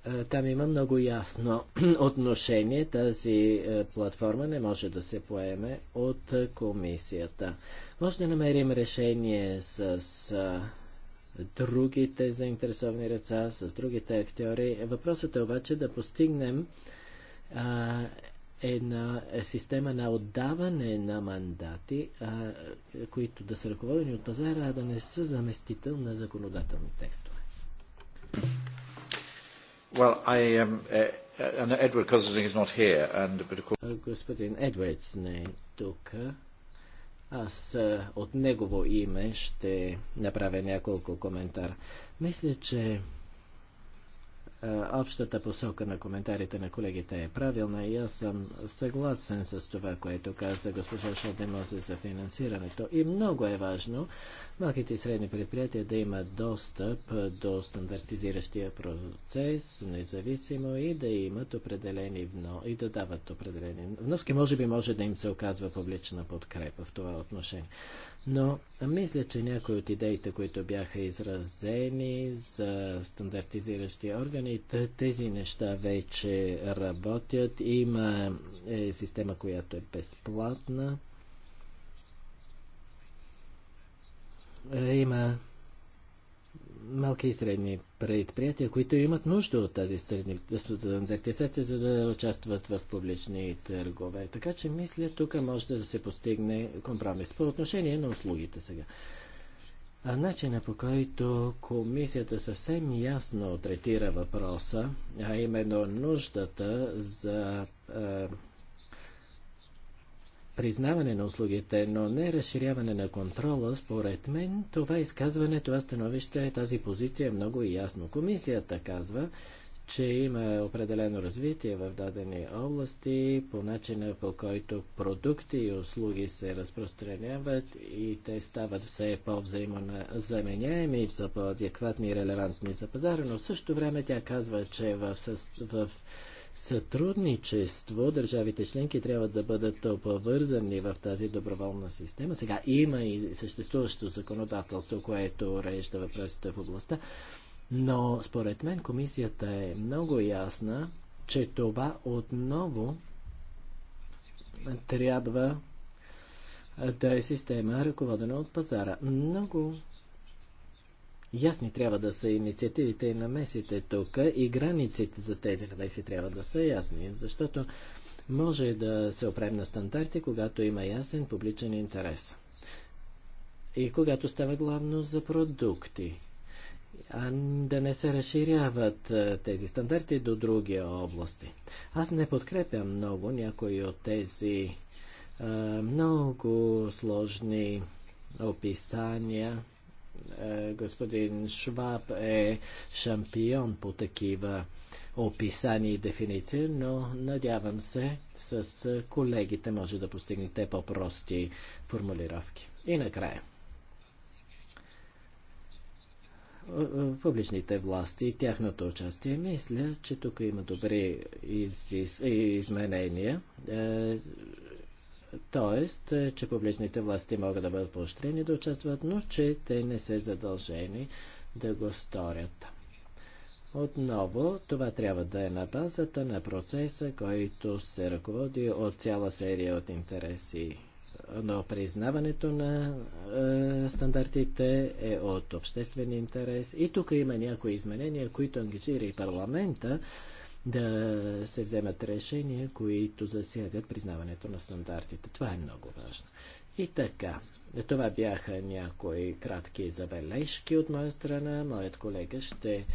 Е, там има много ясно отношение. Тази е, платформа не може да се поеме от е, комисията. Може да намерим решение с другите заинтересовани ръца, с другите актьори. Въпросът е обаче да постигнем а, една система на отдаване на мандати, а, които да са ръководени от пазара, а да не са заместител на законодателни текстове. Well, I, um, uh, and Edward Cousin is not here, and, but of course... Uh, господин Едвардс не е тук. Аз uh, от негово име ще направя няколко коментар. Мисля, че е, общата посока на коментарите на колегите е правилна и аз съм съгласен с това, което каза госпожа Шалдемозе за финансирането. И много е важно малките и средни предприятия да имат достъп до стандартизиращия процес, независимо и да имат определени вно и да дават определени вноски. Може би може да им се оказва публична подкрепа в това отношение. Но мисля, че някои от идеите, които бяха изразени за стандартизиращи органи, тези неща вече работят. Има е, система, която е безплатна. Е, има малки и средни предприятия, които имат нужда от тази стандартизация, за да участват в публични търгове. Така че, мисля, тук може да се постигне компромис. По отношение на услугите сега. А начина по който комисията съвсем ясно третира въпроса, а именно нуждата за признаване на услугите, но не разширяване на контрола, според мен, това изказване, това становище, тази позиция е много ясно. Комисията казва, че има определено развитие в дадени области, по начина по който продукти и услуги се разпространяват и те стават все по-взаимозаменяеми, и все по-адекватни и релевантни за пазара, но в същото време тя казва, че в, в сътрудничество. Държавите членки трябва да бъдат повързани в тази доброволна система. Сега има и съществуващо законодателство, което урежда въпросите в областта, но според мен комисията е много ясна, че това отново трябва да е система, ръководена от пазара. Много Ясни трябва да са инициативите и намесите тук и границите за тези намеси трябва да са ясни, защото може да се оправим на стандарти, когато има ясен публичен интерес. И когато става главно за продукти, а да не се разширяват тези стандарти до други области. Аз не подкрепям много някои от тези а, много сложни описания е, господин Шваб е шампион по такива описания и дефиниции, но надявам се с колегите може да постигнете по-прости формулировки. И накрая. Публичните власти и тяхното участие. Мисля, че тук има добри из... из... изменения. Е, Тоест, е, че публичните власти могат да бъдат поощрени да участват, но че те не са задължени да го сторят. Отново, това трябва да е на базата на процеса, който се ръководи от цяла серия от интереси. Но признаването на е, стандартите е от обществен интерес. И тук има някои изменения, които ангажира и парламента, да се вземат решения, които засягат признаването на стандартите. Това е много важно. И така, това бяха някои кратки забележки от моя страна. Моят колега ще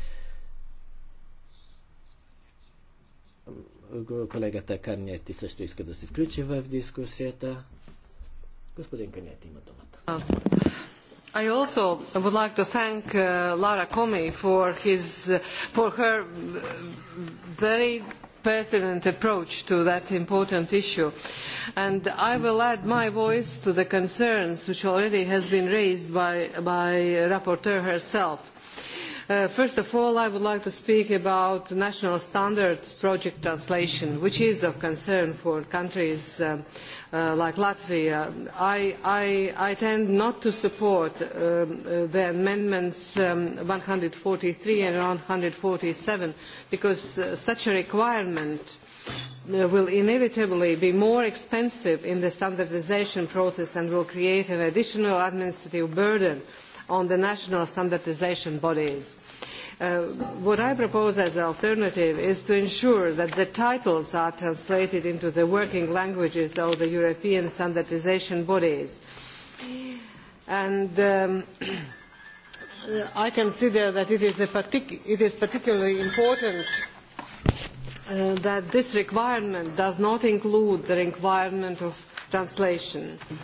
колегата Карнети също иска да се включи в дискусията. Господин Карнети има думата. I also would like to thank Lara Comi for, his, for her very pertinent approach to that important issue. And I will add my voice to the concerns which already has been raised by, by rapporteur herself first of all, I would like to speak about national standards project translation, which is of concern for countries like Latvia, I, tend not to support the amendments one hundred and forty three and one hundred and forty seven because such a requirement will inevitably be more expensive in the standardisation process and will create an additional administrative burden on the national standardisation bodies what I propose as an alternative is to ensure that the titles are translated into the working languages of the European standardisation bodies. And I consider that it is, particularly important that this requirement does not include the requirement of translation. Uh,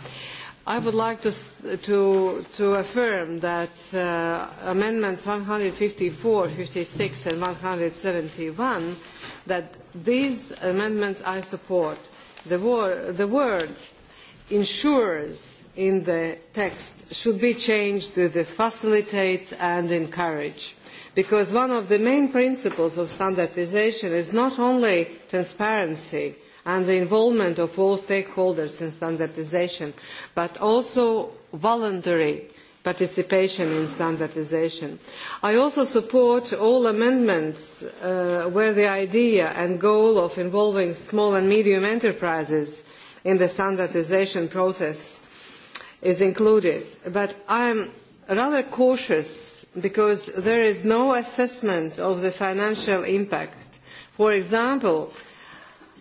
I would like to, affirm that amendments one hundred and fifty four, fifty six and one hundred and seventy one that these amendments I support. The, word ensures in the text should be changed to the facilitate and encourage because one of the main principles of standardisation is not only transparency and the involvement of all stakeholders in standardisation, but also voluntary participation in standardisation. I also support all amendments where the idea and goal of involving small and medium enterprises in the standardisation process is included. But I am rather cautious because there is no assessment of the financial impact. For example,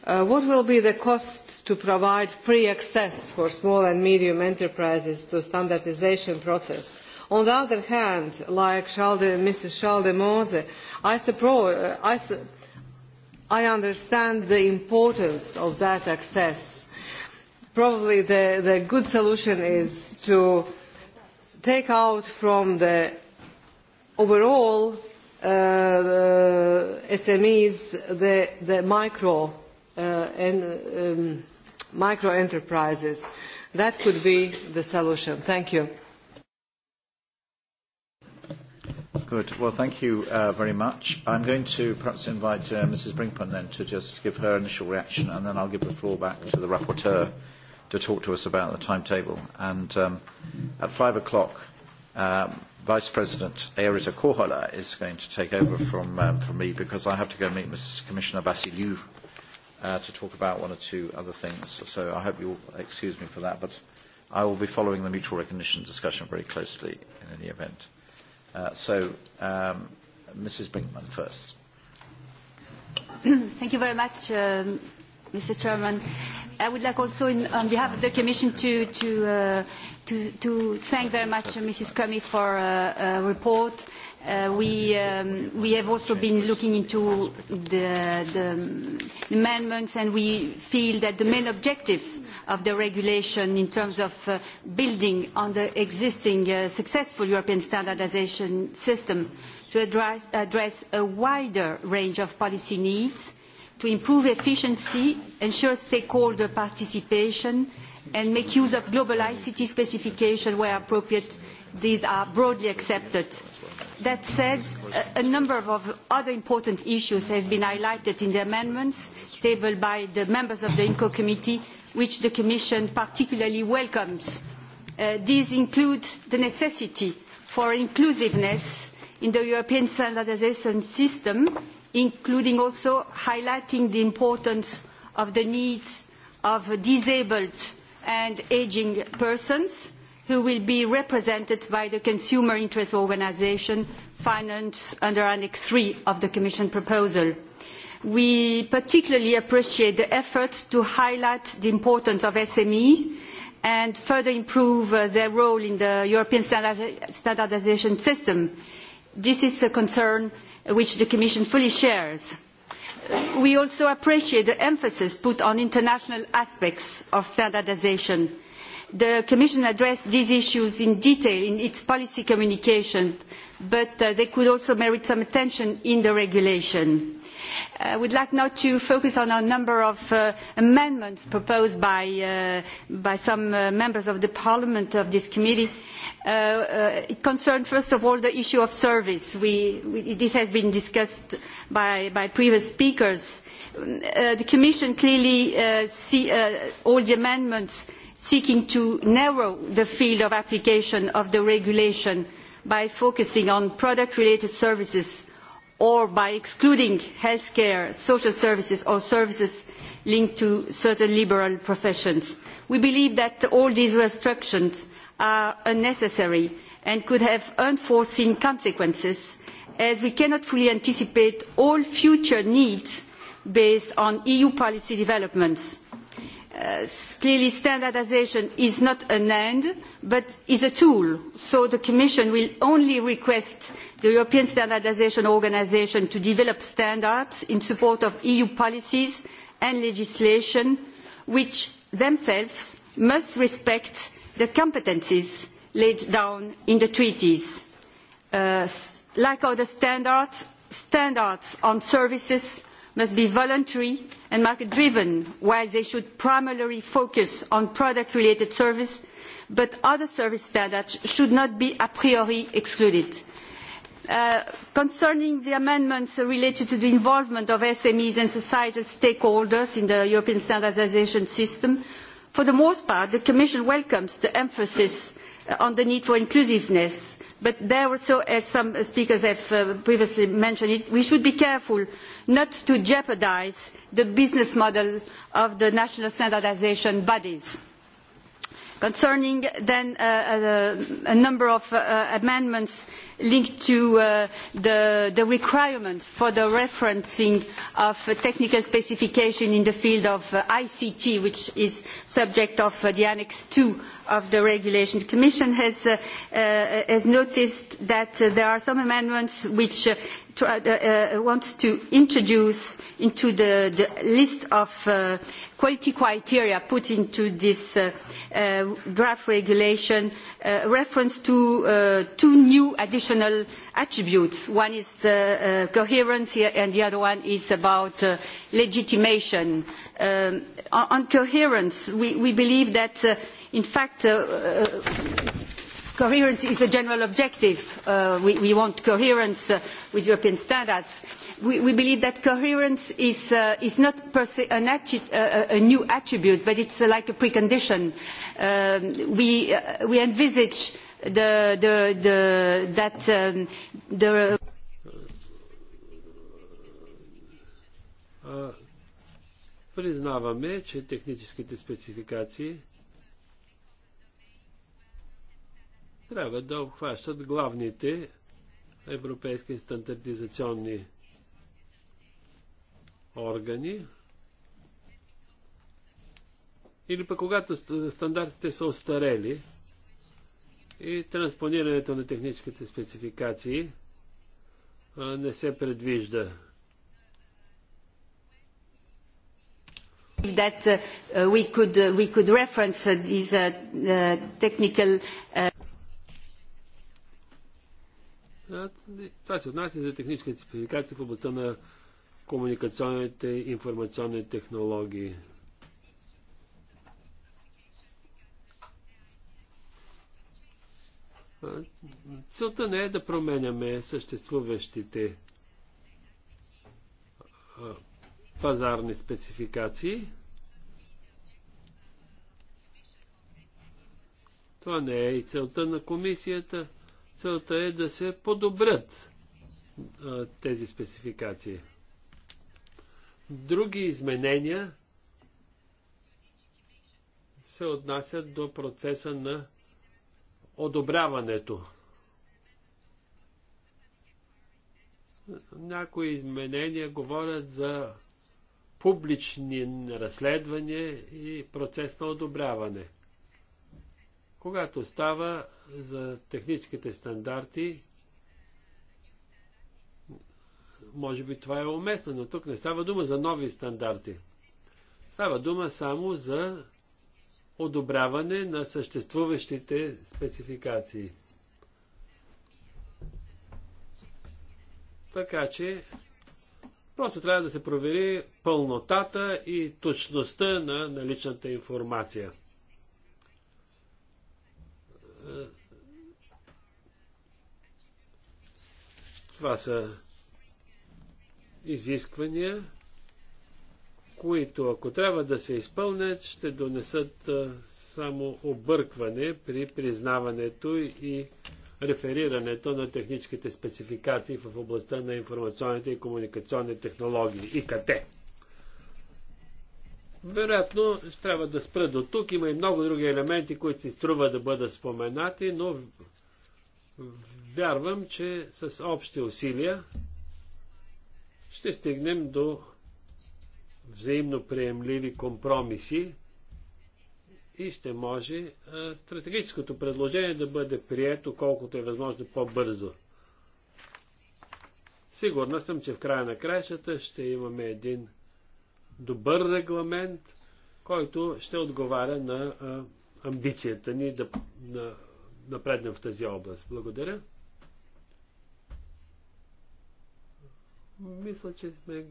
what will be the cost to provide free access for small and medium enterprises to the standardisation process? On the other hand, like Mrs. Schaldemose, I, I understand the importance of that access. Probably the, the good solution is to take out from the overall SMEs the, the micro and micro enterprises. That could be the solution. Thank you. Good. Well, thank you uh, very much. I'm going to perhaps invite uh, Mrs. Brinkman then to just give her initial reaction, and then I'll give the floor back to the rapporteur to talk to us about the timetable. And um, at five o'clock, um, Vice President Erita Kohola is going to take over from, um, from me because I have to go meet Mrs. Commissioner Vassiliou to talk about one or two other things. So I hope you'll excuse me for that, but I will be following the mutual recognition discussion very closely in any event. Uh, so um, Mrs. Brinkman first. Thank you very much, uh, Mr. Chairman. I would like also, in, on behalf of the Commission, to, to, uh, to, to thank very much Mrs. Comey for uh, uh, report We have also been looking into the amendments, and we feel that the main objectives of the regulation in terms of building on the existing successful European standardisation system to address a wider range of policy needs, to improve efficiency, ensure stakeholder participation, and make use of global ICT specification where appropriate, these are broadly accepted That said, a number of other important issues have been highlighted in the amendments tabled by the members of the INCO committee, which the Commission particularly welcomes. These include the necessity for inclusiveness in the European standardisation system, including also highlighting the importance of the needs of disabled and ageing persons, who will be represented by the consumer interest organisation financed under Annex III of the Commission proposal. We particularly appreciate the efforts to highlight the importance of SMEs and further improve their role in the European standardisation system. This is a concern which the Commission fully shares. We also appreciate the emphasis put on international aspects of standardisation The Commission addressed these issues in detail in its policy communication, but they could also merit some attention in the regulation. I would like now to focus on a number of amendments proposed by, some members of the Parliament of this committee. it concerns first of all, the issue of service. this has been discussed by, previous speakers. the Commission clearly sees all the amendments uh, seeking to narrow the field of application of the regulation by focusing on product-related services or by excluding healthcare, social services or services linked to certain liberal professions. We believe that all these restrictions are unnecessary and could have unforeseen consequences as we cannot fully anticipate all future needs based on EU policy developments clearly standardisation is not an end but is a tool so the commission will only request the european standardisation organisation to develop standards in support of eu policies and legislation which themselves must respect the competences laid down in the treaties. like other standards standards on services must be voluntary and market driven while they should primarily focus on product related services but other service standards should not be a priori excluded. concerning the amendments related to the involvement of SMEs and societal stakeholders in the European standardisation system, for the most part, the Commission welcomes the emphasis on the need for inclusiveness but there also, as some speakers have previously mentioned it, we should be careful not to jeopardise the business model of the national standardisation bodies Concerning then a number of amendments linked to the requirements for the referencing of technical specification in the field of ICT, which is subject of the Annex 2 of the regulation. The Commission has noticed that there are some amendments which want to introduce into the, list of quality criteria put into this draft regulation reference to two new additional attributes. One is coherence and the other one is about legitimation. on coherence, we, believe that in fact coherence is a general objective. we, want coherence with European standards. We, believe that coherence is, not per se an a new attribute, but it's like a precondition. we, we envisage the, the, the, that the признаваме, че техническите спецификации трябва да обхващат главните европейски стандартизационни органи. Или пък когато стандартите са остарели и транспонирането на техническите спецификации не се предвижда. that uh, we could uh, we could reference uh, these uh, uh, technical uh, това се отнася за техническа спецификация в областта на комуникационните и информационни технологии. Целта не е да променяме съществуващите пазарни спецификации. Това не е и целта на комисията. Целта е да се подобрят а, тези спецификации. Други изменения се отнасят до процеса на одобряването. Някои изменения говорят за публични разследвания и процес на одобряване – когато става за техническите стандарти, може би това е уместно, но тук не става дума за нови стандарти. Става дума само за одобряване на съществуващите спецификации. Така че просто трябва да се провери пълнотата и точността на наличната информация. Това са изисквания, които ако трябва да се изпълнят, ще донесат само объркване при признаването и реферирането на техническите спецификации в областта на информационните и комуникационни технологии и къде. Вероятно, ще трябва да спра до тук. Има и много други елементи, които си струва да бъдат споменати, но Вярвам, че с общи усилия ще стигнем до взаимно приемливи компромиси и ще може стратегическото предложение да бъде прието колкото е възможно по-бързо. Сигурна съм, че в края на краищата ще имаме един добър регламент, който ще отговаря на амбицията ни да напреднем в тази област. Благодаря. Мисля, че сме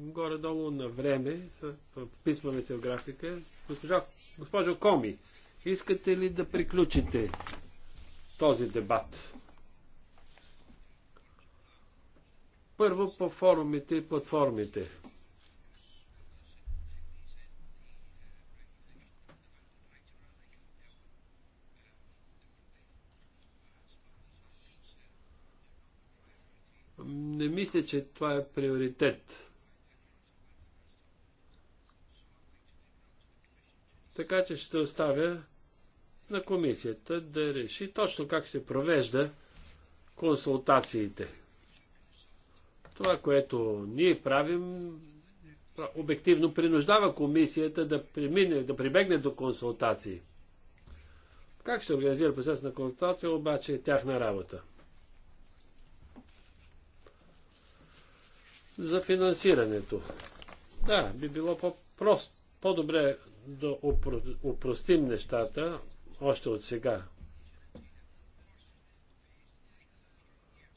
горе-долу на време. Вписваме се в графика. Госпожа, госпожо Коми, искате ли да приключите този дебат? Първо по форумите и платформите. не мисля, че това е приоритет. Така че ще оставя на комисията да реши точно как ще провежда консултациите. Това, което ние правим, обективно принуждава комисията да, примине, да прибегне до консултации. Как ще организира процес на консултация, обаче е тяхна работа. за финансирането. Да, би било по-прост, по-добре да опро... упростим нещата още от сега.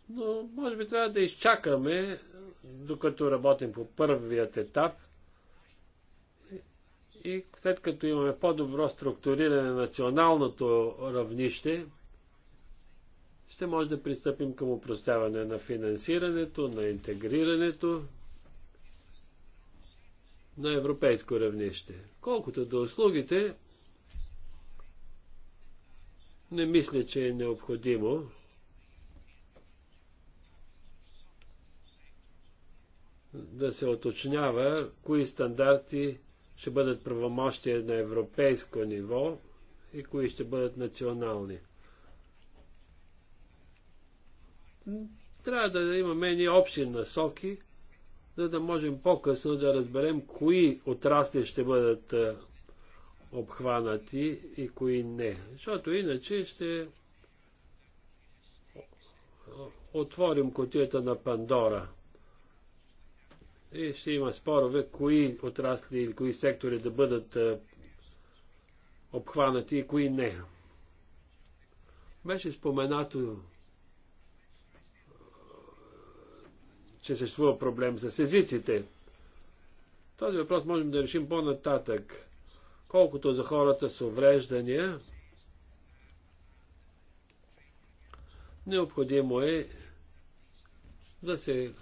Но може би трябва да изчакаме, докато работим по първият етап и след като имаме по-добро структуриране на националното равнище, ще може да пристъпим към упростяване на финансирането, на интегрирането на европейско равнище. Колкото до услугите, не мисля, че е необходимо да се оточнява кои стандарти ще бъдат правомощия на европейско ниво и кои ще бъдат национални. трябва да имаме едни общи насоки, за да можем по-късно да разберем кои отрасли ще бъдат е, обхванати и кои не. Защото иначе ще е, отворим котията на Пандора. И ще има спорове кои отрасли или кои сектори да бъдат е, обхванати и кои не. Беше споменато че съществува проблем с езиците. Този въпрос можем да решим по-нататък. Колкото за хората с увреждания, необходимо е да се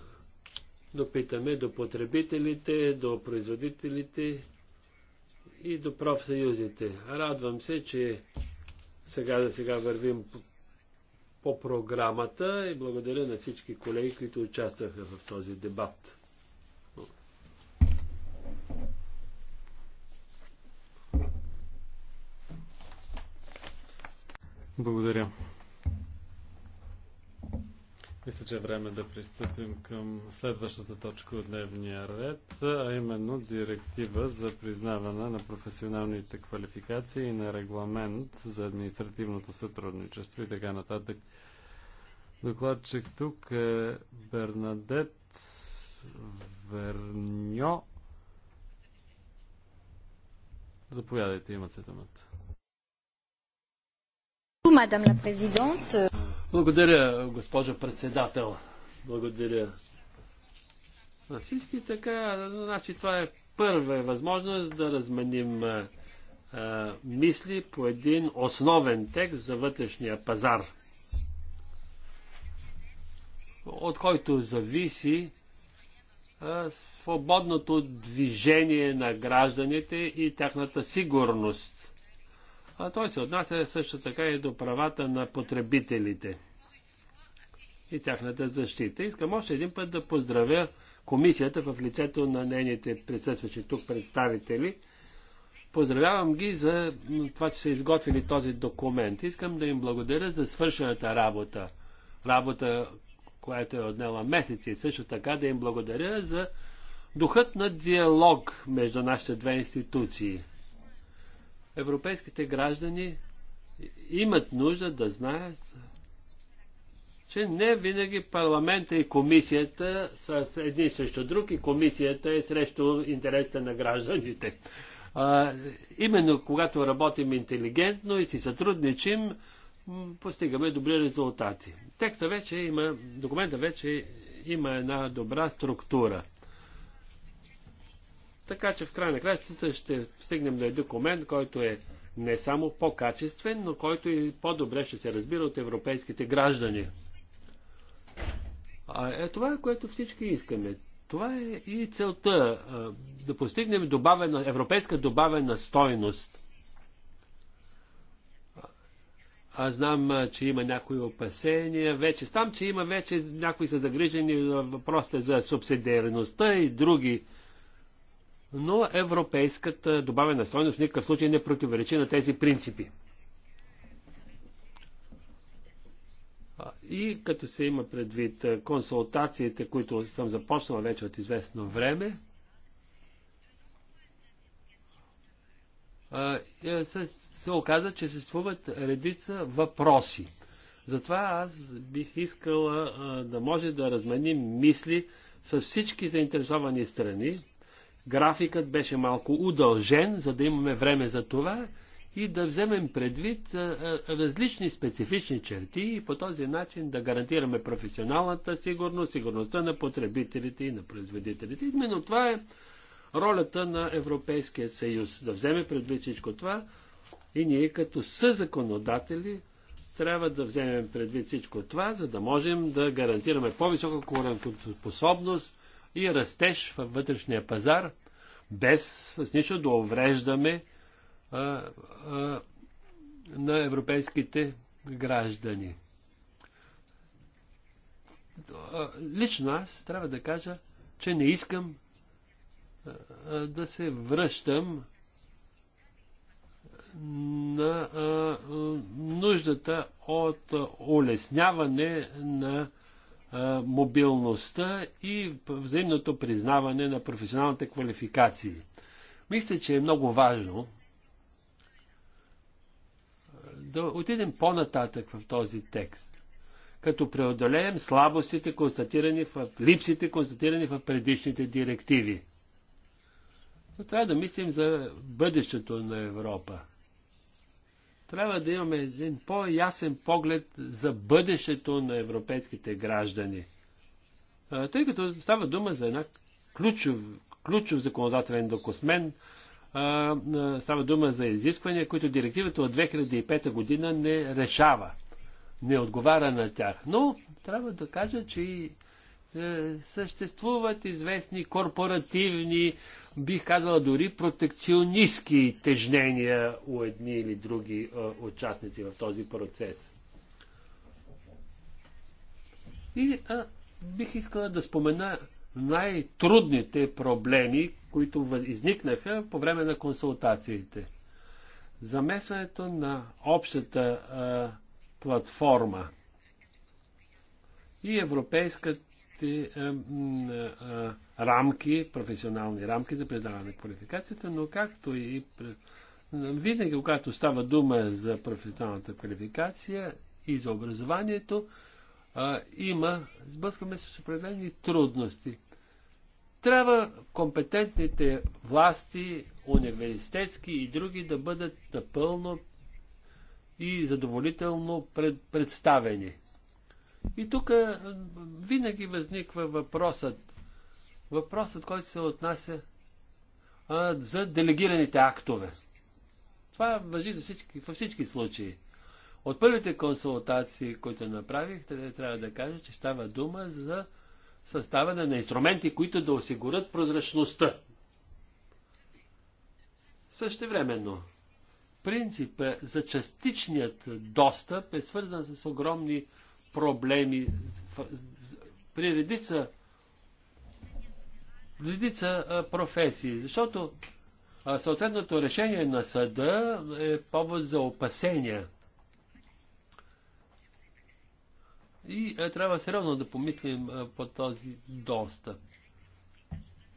допитаме до потребителите, до производителите и до профсъюзите. Радвам се, че сега за сега вървим по програмата и благодаря на всички колеги, които участваха в този дебат. Благодаря. Мисля, че е време да пристъпим към следващата точка от дневния ред, а именно директива за признаване на професионалните квалификации и на регламент за административното сътрудничество и така нататък. Докладчик тук е Бернадет Верньо. Заповядайте, имате думата. Мадам ла президент. Благодаря, госпожо председател. Благодаря на всички. Така, значи това е първа възможност да разменим а, а, мисли по един основен текст за вътрешния пазар, от който зависи а, свободното движение на гражданите и тяхната сигурност. А той се отнася също така и до правата на потребителите и тяхната защита. Искам още един път да поздравя комисията в лицето на нейните присъстващи тук представители. Поздравявам ги за това, че са изготвили този документ. Искам да им благодаря за свършената работа. Работа, която е отнела месеци. Също така да им благодаря за духът на диалог между нашите две институции европейските граждани имат нужда да знаят, че не винаги парламента и комисията са едни срещу друг и комисията е срещу интересите на гражданите. А, именно когато работим интелигентно и си сътрудничим, постигаме добри резултати. Текста вече има, документа вече има една добра структура. Така че в край на краищата ще стигнем до един документ, който е не само по-качествен, но който и по-добре ще се разбира от европейските граждани. А е това, е което всички искаме. Това е и целта да постигнем добавена, европейска добавена стойност. Аз знам, че има някои опасения. Вече знам, че има вече някои са загрижени въпросите за субсидиарността и други но европейската добавена стойност в никакъв случай не противоречи на тези принципи. И като се има предвид консултациите, които съм започнал вече от известно време, е, се оказа, че съществуват редица въпроси. Затова аз бих искала да може да разменим мисли с всички заинтересовани страни, Графикът беше малко удължен, за да имаме време за това и да вземем предвид различни специфични черти и по този начин да гарантираме професионалната сигурност, сигурността на потребителите и на производителите. Именно това е ролята на Европейския съюз. Да вземе предвид всичко това и ние като съзаконодатели трябва да вземем предвид всичко това, за да можем да гарантираме по-висока конкурентоспособност и растеж във вътрешния пазар, без с нищо да увреждаме а, а, на европейските граждани. Лично аз трябва да кажа, че не искам да се връщам на нуждата от улесняване на мобилността и взаимното признаване на професионалните квалификации. Мисля, че е много важно да отидем по-нататък в този текст, като преодолеем слабостите, констатирани в липсите, констатирани в предишните директиви. Но трябва да мислим за бъдещето на Европа. Трябва да имаме един по-ясен поглед за бъдещето на европейските граждани. Тъй като става дума за една ключов, ключов законодателен докусмен, става дума за изисквания, които директивата от 2005 година не решава, не отговаря на тях. Но трябва да кажа, че и е, съществуват известни корпоративни, бих казала дори протекционистски тежнения у едни или други е, участници в този процес. И а, бих искала да спомена най-трудните проблеми, които изникнаха по време на консултациите. Замесването на общата а, платформа и Европейската общи е, е, рамки, професионални рамки за признаване на квалификацията, но както и е, винаги, когато става дума за професионалната квалификация и за образованието, има, сблъскваме се с определени трудности. Трябва компетентните власти, университетски и други да бъдат напълно и задоволително пред, представени и тук винаги възниква въпросът, въпросът, който се отнася а, за делегираните актове. Това въжи за всички, във всички случаи. От първите консултации, които направих, трябва да кажа, че става дума за съставане на инструменти, които да осигурят прозрачността. Същевременно, принципът за частичният достъп е свързан с огромни проблеми при редица, редица професии, защото съответното решение на съда е повод за опасения. И е, трябва сериозно да помислим е, по този достъп.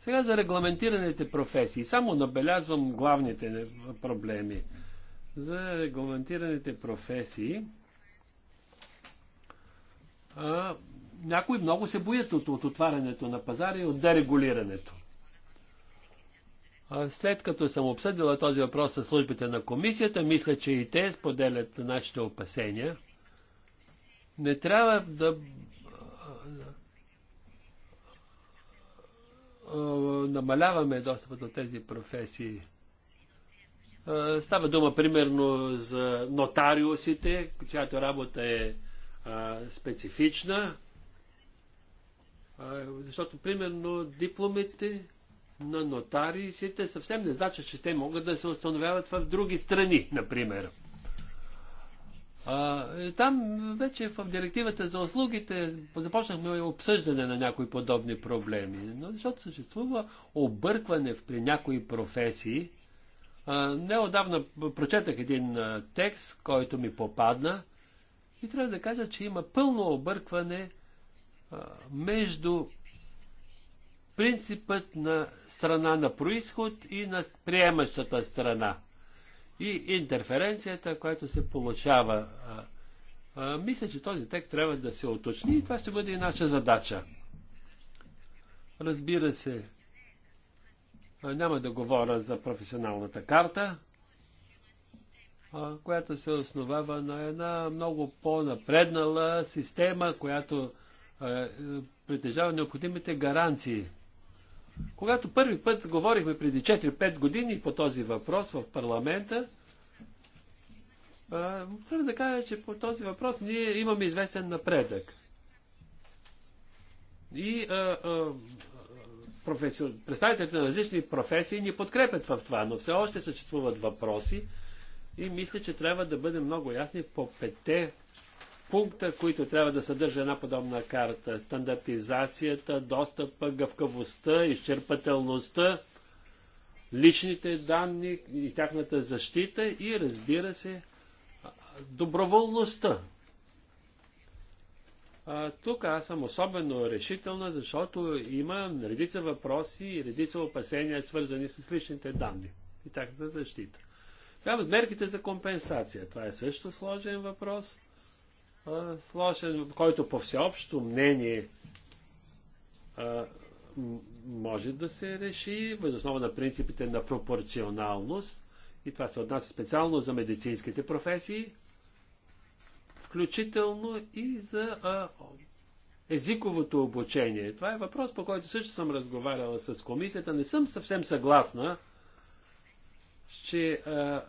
Сега за регламентираните професии. Само набелязвам главните проблеми. За регламентираните професии някои много се боят от, от отварянето на пазара и от дерегулирането. след като съм обсъдила този въпрос с службите на комисията, мисля, че и те споделят нашите опасения. Не трябва да намаляваме достъпа до тези професии. Става дума примерно за нотариусите, чиято работа е а, специфична, а, защото примерно дипломите на нотариусите съвсем не значи, че те могат да се установяват в други страни, например. А, е, там вече в директивата за услугите започнахме обсъждане на някои подобни проблеми, но защото съществува объркване при някои професии. неодавна прочетах един текст, който ми попадна и трябва да кажа, че има пълно объркване а, между принципът на страна на происход и на приемащата страна. И интерференцията, която се получава. А, а, мисля, че този текст трябва да се оточни и това ще бъде и наша задача. Разбира се, няма да говоря за професионалната карта която се основава на една много по-напреднала система, която е, притежава необходимите гаранции. Когато първи път говорихме преди 4-5 години по този въпрос в парламента, трябва да кажа, че по този въпрос ние имаме известен напредък. И а, а, професи... представителите на различни професии ни подкрепят в това, но все още съществуват въпроси, и мисля, че трябва да бъдем много ясни по пете пункта, които трябва да съдържа една подобна карта. Стандартизацията, достъпа, гъвкавостта, изчерпателността, личните данни и тяхната защита и разбира се доброволността. А, тук аз съм особено решителна, защото има редица въпроси и редица опасения, свързани с личните данни и тяхната защита. Трябва мерките за компенсация. Това е също сложен въпрос. сложен, който по всеобщо мнение може да се реши въз основа на принципите на пропорционалност. И това се отнася специално за медицинските професии, включително и за езиковото обучение. Това е въпрос, по който също съм разговаряла с комисията. Не съм съвсем съгласна че а,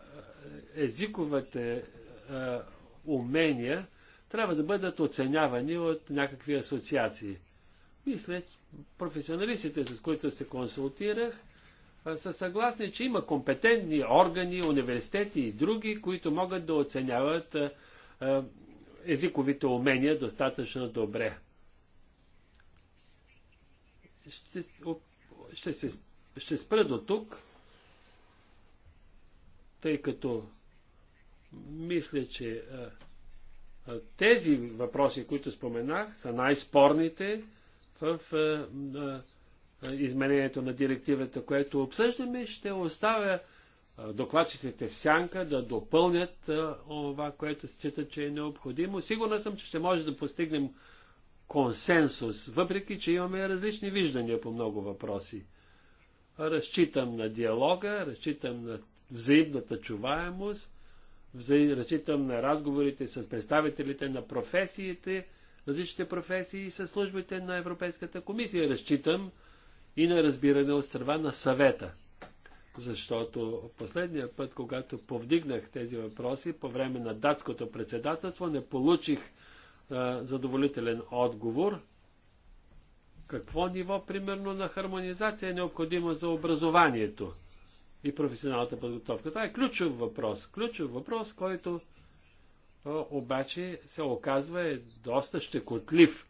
езиковите а, умения трябва да бъдат оценявани от някакви асоциации. Мисля, че професионалистите, с които се консултирах, са съгласни, че има компетентни органи, университети и други, които могат да оценяват езиковите умения достатъчно добре. Ще, ще, ще спра до тук тъй като мисля, че тези въпроси, които споменах, са най-спорните в изменението на директивата, което обсъждаме. Ще оставя докладчиците в сянка да допълнят това, което считат, че е необходимо. Сигурна съм, че ще може да постигнем консенсус, въпреки че имаме различни виждания по много въпроси. Разчитам на диалога, разчитам на взаимната чуваемост, разчитам на разговорите с представителите на професиите, различните професии и с службите на Европейската комисия. Разчитам и на разбиране от страна на съвета. Защото последния път, когато повдигнах тези въпроси по време на датското председателство, не получих а, задоволителен отговор. Какво ниво, примерно, на хармонизация е необходимо за образованието? и професионалната подготовка. Това е ключов въпрос. Ключов въпрос, който а, обаче се оказва е доста щекотлив,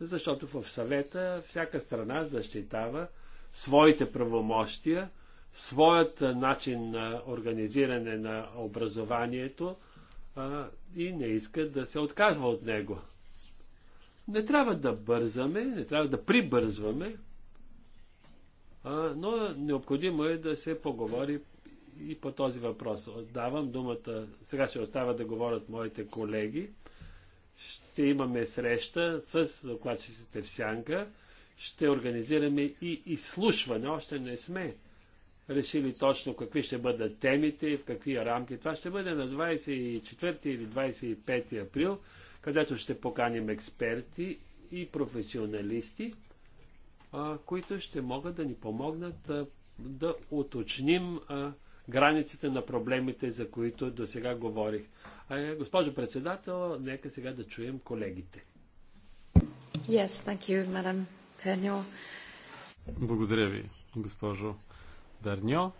защото в съвета всяка страна защитава своите правомощия, своят начин на организиране на образованието а, и не иска да се отказва от него. Не трябва да бързаме, не трябва да прибързваме, но необходимо е да се поговори и по този въпрос. Отдавам думата, сега ще оставя да говорят моите колеги. Ще имаме среща с докладчиците в Сянка. Ще организираме и изслушване. Още не сме решили точно какви ще бъдат темите и в какви рамки. Това ще бъде на 24 или 25 април, където ще поканим експерти и професионалисти които ще могат да ни помогнат да уточним границите на проблемите, за които до сега говорих. Госпожо председател, нека сега да чуем колегите. Yes, thank you, madam Благодаря ви, госпожо Дарньо.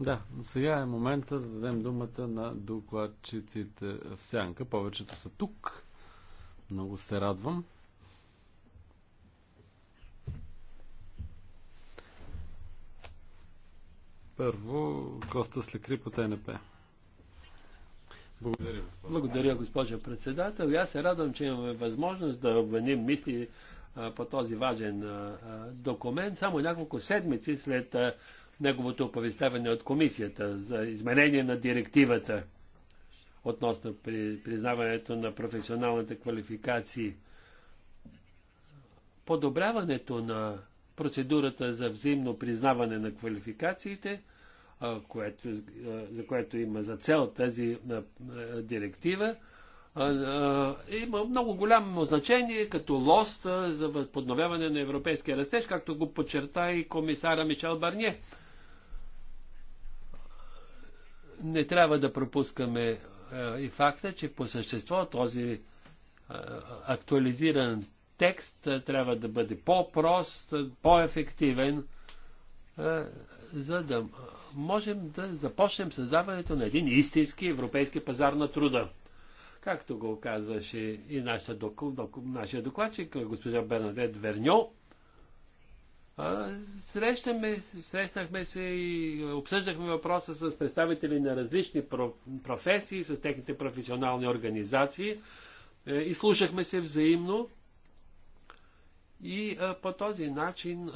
Да, сега е момента да дадем думата на докладчиците в сянка. Повечето са тук. Много се радвам. Първо, с лекри по ТНП. Благодаря, госпожа. Благодаря, госпожа председател. аз се радвам, че имаме възможност да обменим мисли а, по този важен а, документ, само няколко седмици след а, неговото оповестяване от комисията за изменение на директивата относно при, признаването на професионалните квалификации. Подобряването на процедурата за взаимно признаване на квалификациите което, за което има за цел тази директива, има много голямо значение като лост за подновяване на европейския растеж, както го подчерта и комисара Мишел Барние. Не трябва да пропускаме и факта, че по същество този актуализиран текст трябва да бъде по-прост, по-ефективен, за да можем да започнем създаването на един истински европейски пазар на труда. Както го казваше и наша нашия докладчик, госпожа Бернадет Верньо, срещаме, срещнахме се и обсъждахме въпроса с представители на различни професии, с техните професионални организации е, и слушахме се взаимно. И по този начин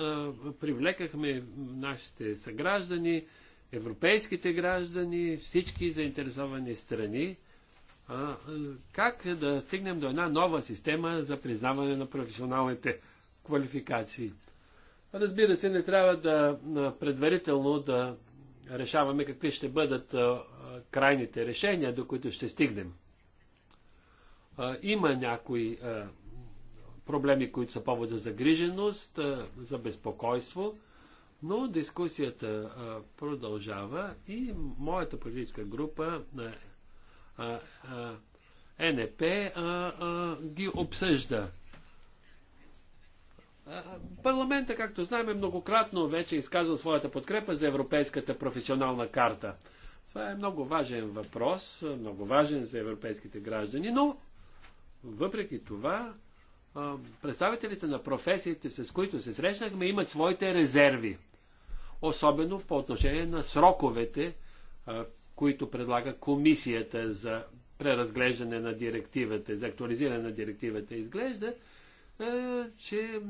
привлекахме нашите съграждани европейските граждани, всички заинтересовани страни, а, как да стигнем до една нова система за признаване на професионалните квалификации. Разбира се, не трябва да предварително да решаваме какви ще бъдат а, крайните решения, до които ще стигнем. А, има някои проблеми, които са повод за загриженост, за безпокойство. Но дискусията продължава и моята политическа група а, НП ги обсъжда. Парламента, както знаем, е многократно вече изказал своята подкрепа за Европейската професионална карта. Това е много важен въпрос, много важен за европейските граждани, но въпреки това представителите на професиите, с които се срещнахме, имат своите резерви. Особено по отношение на сроковете, които предлага комисията за преразглеждане на директивата, за актуализиране на директивата. Изглежда, че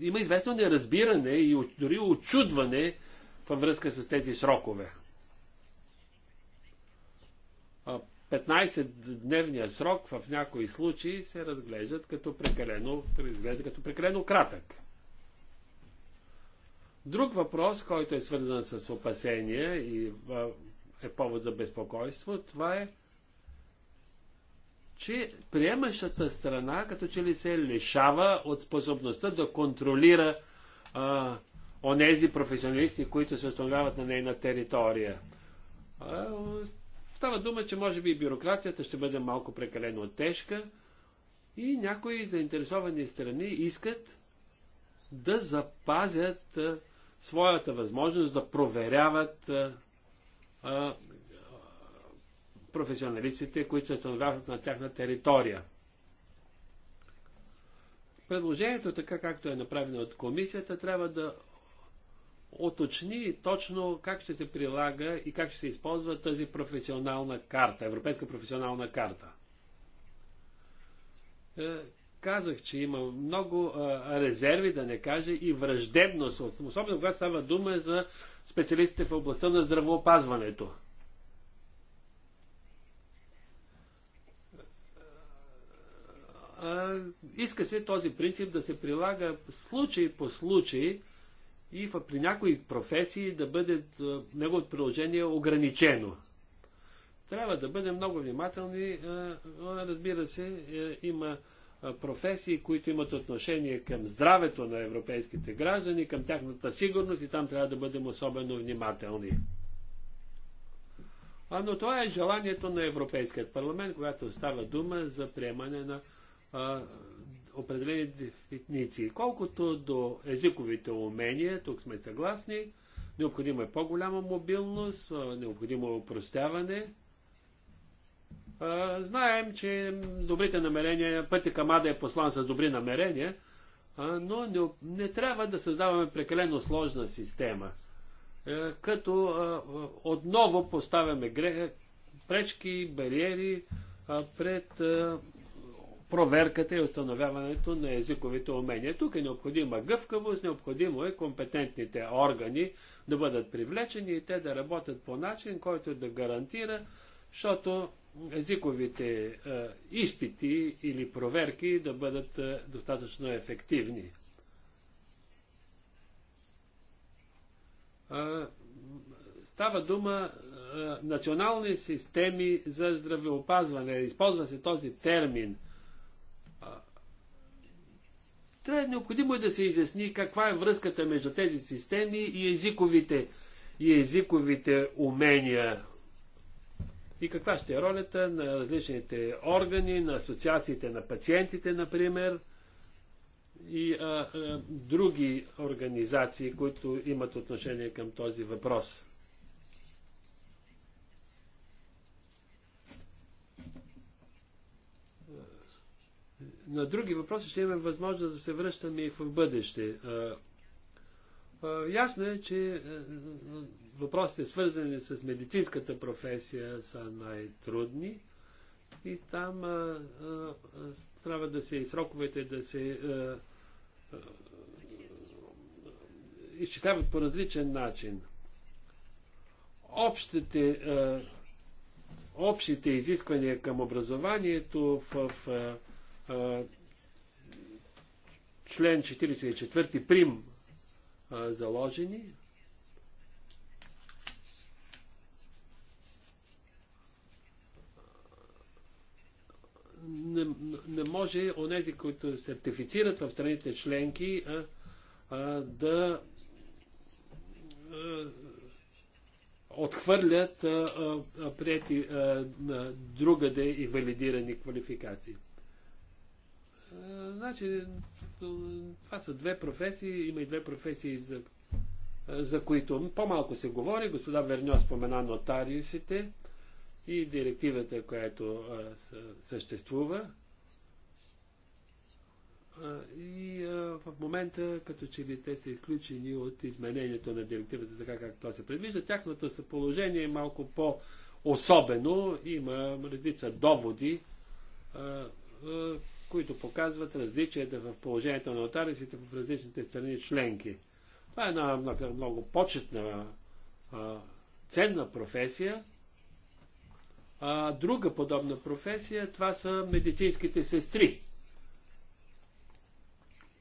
има известно неразбиране и дори очудване във връзка с тези срокове. 15-дневния срок в някои случаи се разглеждат като прекалено, разглежда като прекалено кратък. Друг въпрос, който е свързан с опасения и е повод за безпокойство, това е, че приемащата страна като че ли се лишава от способността да контролира а, онези професионалисти, които се установяват на нейна територия. А, Става дума, че може би бюрокрацията ще бъде малко прекалено тежка и някои заинтересовани страни искат да запазят своята възможност да проверяват професионалистите, които се установяват на тяхна територия. Предложението, така както е направено от комисията, трябва да оточни точно как ще се прилага и как ще се използва тази професионална карта, европейска професионална карта. Е, казах, че има много е, резерви, да не каже, и враждебност, особено когато става дума за специалистите в областта на здравоопазването. Е, иска се този принцип да се прилага случай по случай, и в, при някои професии да бъде неговото приложение ограничено. Трябва да бъдем много внимателни. Разбира се, е, има професии, които имат отношение към здравето на европейските граждани, към тяхната сигурност и там трябва да бъдем особено внимателни. А, но това е желанието на Европейският парламент, когато става дума за приемане на определени дефиниции. Колкото до езиковите умения, тук сме съгласни, необходима е по-голяма мобилност, необходимо е упростяване. Знаем, че добрите намерения, пътя към Ада е послан с добри намерения, но не, трябва да създаваме прекалено сложна система, като отново поставяме пречки, бариери пред проверката и установяването на езиковите умения. Тук е необходима гъвкавост, необходимо е компетентните органи да бъдат привлечени и те да работят по начин, който да гарантира, защото езиковите е, изпити или проверки да бъдат е, достатъчно ефективни. Е, става дума е, национални системи за здравеопазване. Използва се този термин – трябва необходимо е да се изясни каква е връзката между тези системи и езиковите, и езиковите умения. И каква ще е ролята на различните органи, на асоциациите на пациентите, например, и а, а, други организации, които имат отношение към този въпрос. на други въпроси ще имаме възможност да се връщаме и в бъдеще. Ясно е, че въпросите свързани с медицинската професия са най-трудни и там а, а, трябва да се и сроковете да се изчисляват по различен начин. Общите, а, общите изисквания към образованието в, в член 44 прим заложени. Не, не може онези, които сертифицират в страните членки, а, а, да а, отхвърлят а, а, прияти а, другаде и валидирани квалификации. Значи, това са две професии, има и две професии, за, за които по-малко се говори. Господа Верньо спомена нотариусите и директивата, която съществува. И в момента, като че ли те са изключени от изменението на директивата, така както се предвижда, тяхното съположение е малко по-особено. Има редица доводи, които показват различията в положението на нотариусите в различните страни членки. Това е една много, много почетна, ценна професия. А, друга подобна професия, това са медицинските сестри.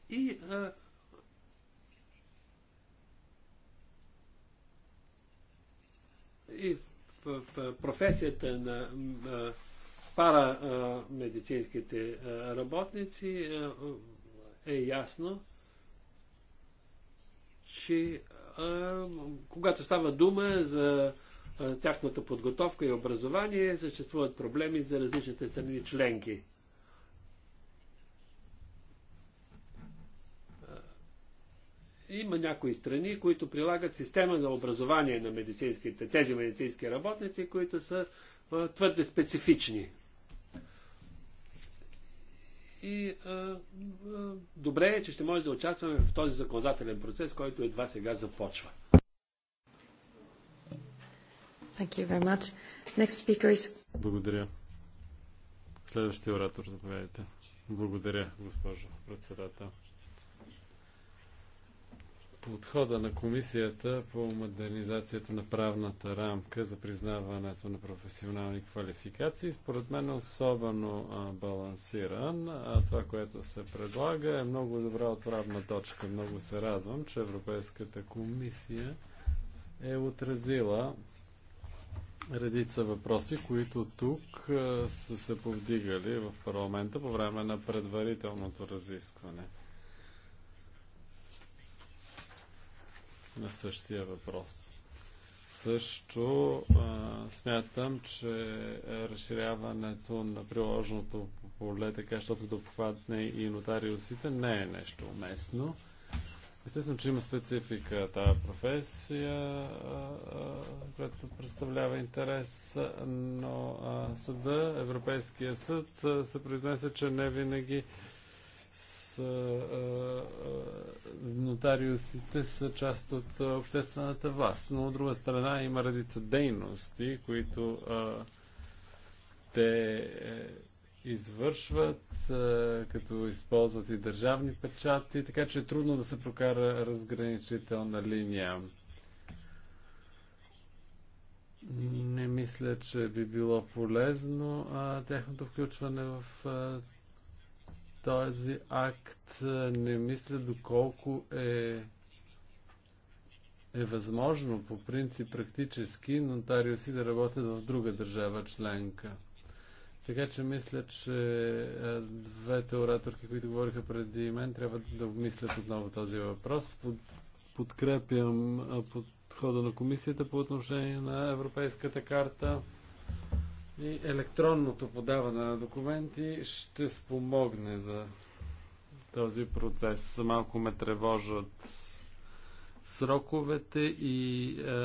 И а, и в, в, в професията на, на медицинските работници е ясно, че когато става дума за тяхната подготовка и образование, съществуват проблеми за различните страни членки. Има някои страни, които прилагат система на образование на медицинските, тези медицински работници, които са твърде специфични и а, а, добре е, че ще може да участваме в този законодателен процес, който едва сега започва. Thank you very much. Next speaker is... Благодаря. Следващия оратор, заповядайте. Благодаря, госпожо председател подхода на комисията по модернизацията на правната рамка за признаването на професионални квалификации. Според мен е особено а, балансиран. А това, което се предлага е много добра отправна точка. Много се радвам, че Европейската комисия е отразила редица въпроси, които тук а, са се повдигали в парламента по време на предварителното разискване. на същия въпрос. Също а, смятам, че разширяването на приложеното поле, така, защото да обхватне и нотариусите, не е нещо уместно. Естествено, че има специфика тази професия, която представлява интерес, но съда, Европейския съд, се произнесе, че не винаги а, а, нотариусите са част от обществената власт. Но от друга страна има редица дейности, които а, те е, извършват, а, като използват и държавни печати, така че е трудно да се прокара разграничителна линия. Не мисля, че би било полезно а, тяхното включване в а, този акт. Не мисля доколко е е възможно по принцип практически нотариуси да работят в друга държава членка. Така че мисля, че двете ораторки, които говориха преди мен, трябва да обмислят отново този въпрос. Под, подкрепям подхода на комисията по отношение на Европейската карта. И електронното подаване на документи ще спомогне за този процес. Малко ме тревожат сроковете и е,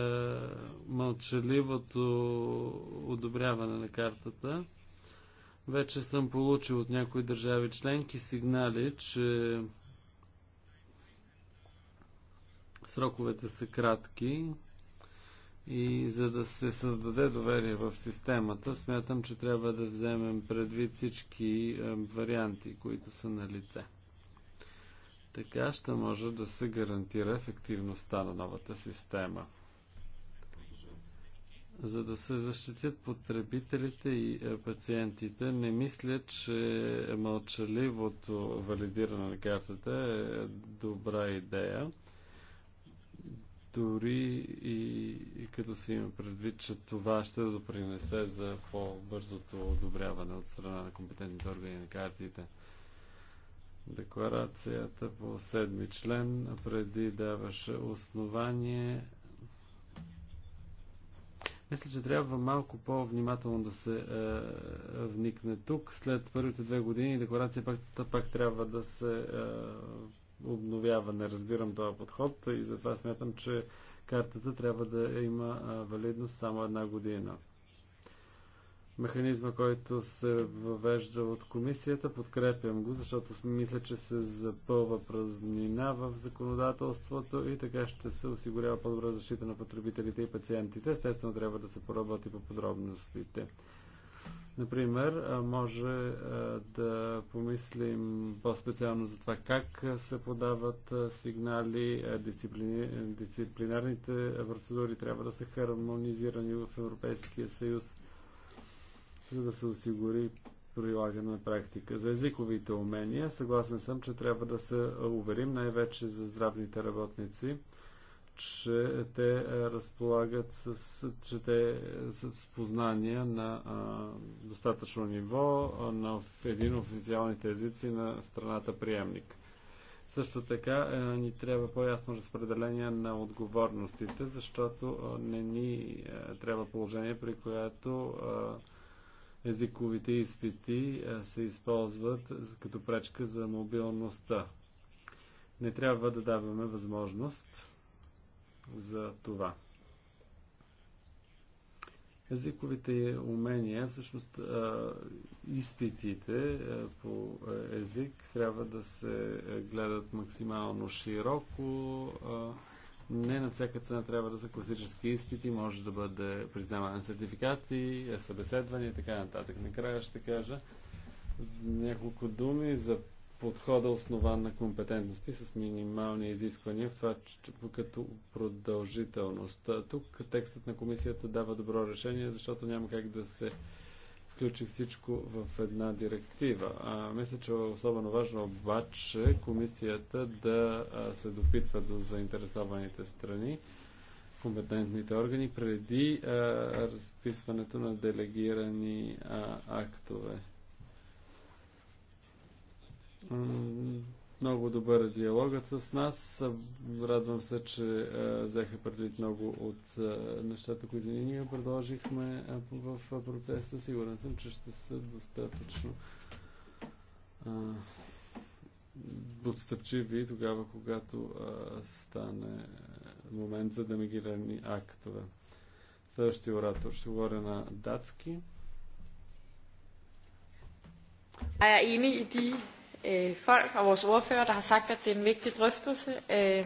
мълчаливото одобряване на картата. Вече съм получил от някои държави членки сигнали, че сроковете са кратки. И за да се създаде доверие в системата, смятам, че трябва да вземем предвид всички е, варианти, които са на лице. Така ще може да се гарантира ефективността на новата система. За да се защитят потребителите и е, пациентите, не мисля, че мълчаливото валидиране на картата е добра идея дори и, и като се има предвид, че това ще допринесе за по-бързото одобряване от страна на компетентните органи на картите. Декларацията по седми член преди даваше основание. Мисля, че трябва малко по-внимателно да се е, вникне тук. След първите две години декларация пак, пак трябва да се е, обновяване. Разбирам този подход и затова смятам, че картата трябва да има валидност само една година. Механизма, който се въвежда от комисията, подкрепям го, защото мисля, че се запълва празнина в законодателството и така ще се осигурява по-добра защита на потребителите и пациентите. Естествено, трябва да се поработи по подробностите. Например, може да помислим по-специално за това как се подават сигнали, дисциплини... дисциплинарните процедури трябва да са хармонизирани в Европейския съюз, за да се осигури прилагане на практика. За езиковите умения, съгласен съм, че трябва да се уверим най-вече за здравните работници, че те е, разполагат с, че те е, с познания на а, е, достатъчно ниво на един официалните езици на страната приемник. Също така а, ни трябва по-ясно разпределение на отговорностите, защото а, не ни а, трябва положение, при което а, езиковите изпити а, се използват като пречка за мобилността. Не трябва да даваме възможност за това. Езиковите умения, всъщност изпитите по език трябва да се гледат максимално широко. Не на всяка цена трябва да са класически изпити, може да бъде признаване на сертификати, събеседване и така нататък. Накрая ще кажа няколко думи за подхода основан на компетентности с минимални изисквания, в това като продължителност. Тук текстът на комисията дава добро решение, защото няма как да се включи всичко в една директива. А, мисля, че е особено важно обаче комисията да се допитва до заинтересованите страни, компетентните органи, преди а, разписването на делегирани а, актове. Много добър е диалогът с нас. Радвам се, че е, взеха предвид много от е, нещата, които ние предложихме е, в процеса. Сигурен съм, че ще са достатъчно отстъпчиви тогава, когато стане момент за демагирани актове. Следващия оратор ще говоря на датски. Jeg er enig i øh, folk og vores ordfører, der har sagt, at det er en vigtig drøftelse. Øh.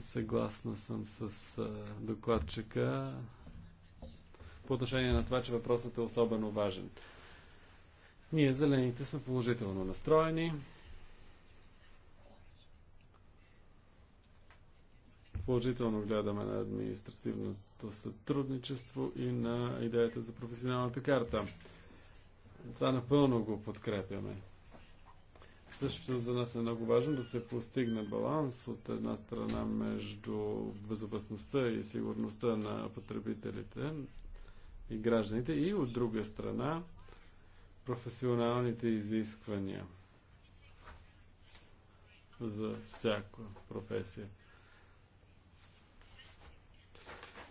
Съгласна съм с докладчика по отношение на това, че въпросът е особено важен. Ние, зелените, сме положително настроени. Положително гледаме на административното сътрудничество и на идеята за професионалната карта. Това напълно го подкрепяме. Също за нас е много важно да се постигне баланс от една страна между безопасността и сигурността на потребителите и гражданите и от друга страна професионалните изисквания за всяка професия.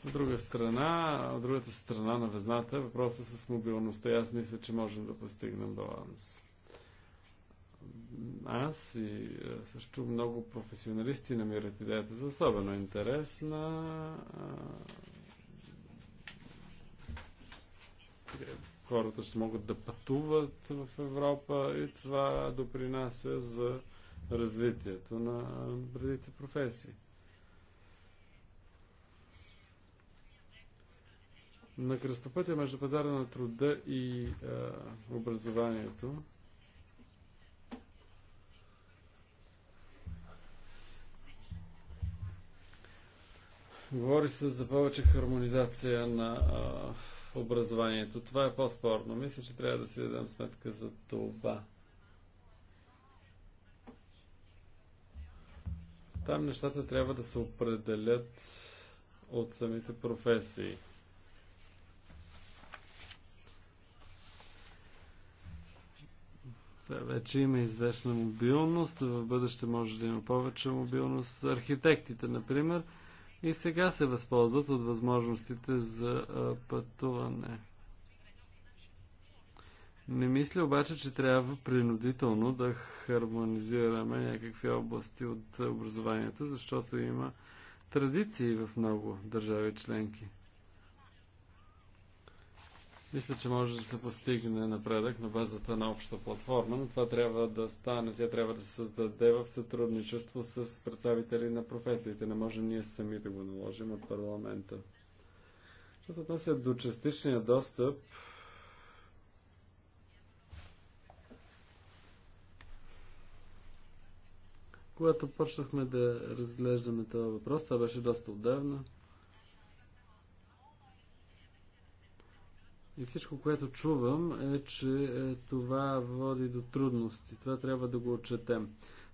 От друга страна, от другата страна на везната е въпроса с мобилността. Аз мисля, че можем да постигнем баланс аз и е, също много професионалисти намират идеята за особено интересна. Е, хората ще могат да пътуват в Европа и това допринася за развитието на бредите професии. На кръстопътя между пазара на труда и а, е, образованието Говори се за повече хармонизация на а, образованието. Това е по-спорно. Мисля, че трябва да си дадем сметка за това. Там нещата трябва да се определят от самите професии. Сега вече има известна мобилност, в бъдеще може да има повече мобилност. Архитектите, например, и сега се възползват от възможностите за пътуване. Не мисля обаче, че трябва принудително да хармонизираме някакви области от образованието, защото има традиции в много държави членки. Мисля, че може да се постигне напредък на базата на обща платформа, но това трябва да стане, тя трябва да се създаде в сътрудничество с представители на професиите. Не може ние сами да го наложим от парламента. Що се отнася до частичния достъп, когато почнахме да разглеждаме това въпрос, това беше доста отдавна, И всичко, което чувам е, че е, това води до трудности. Това трябва да го отчетем.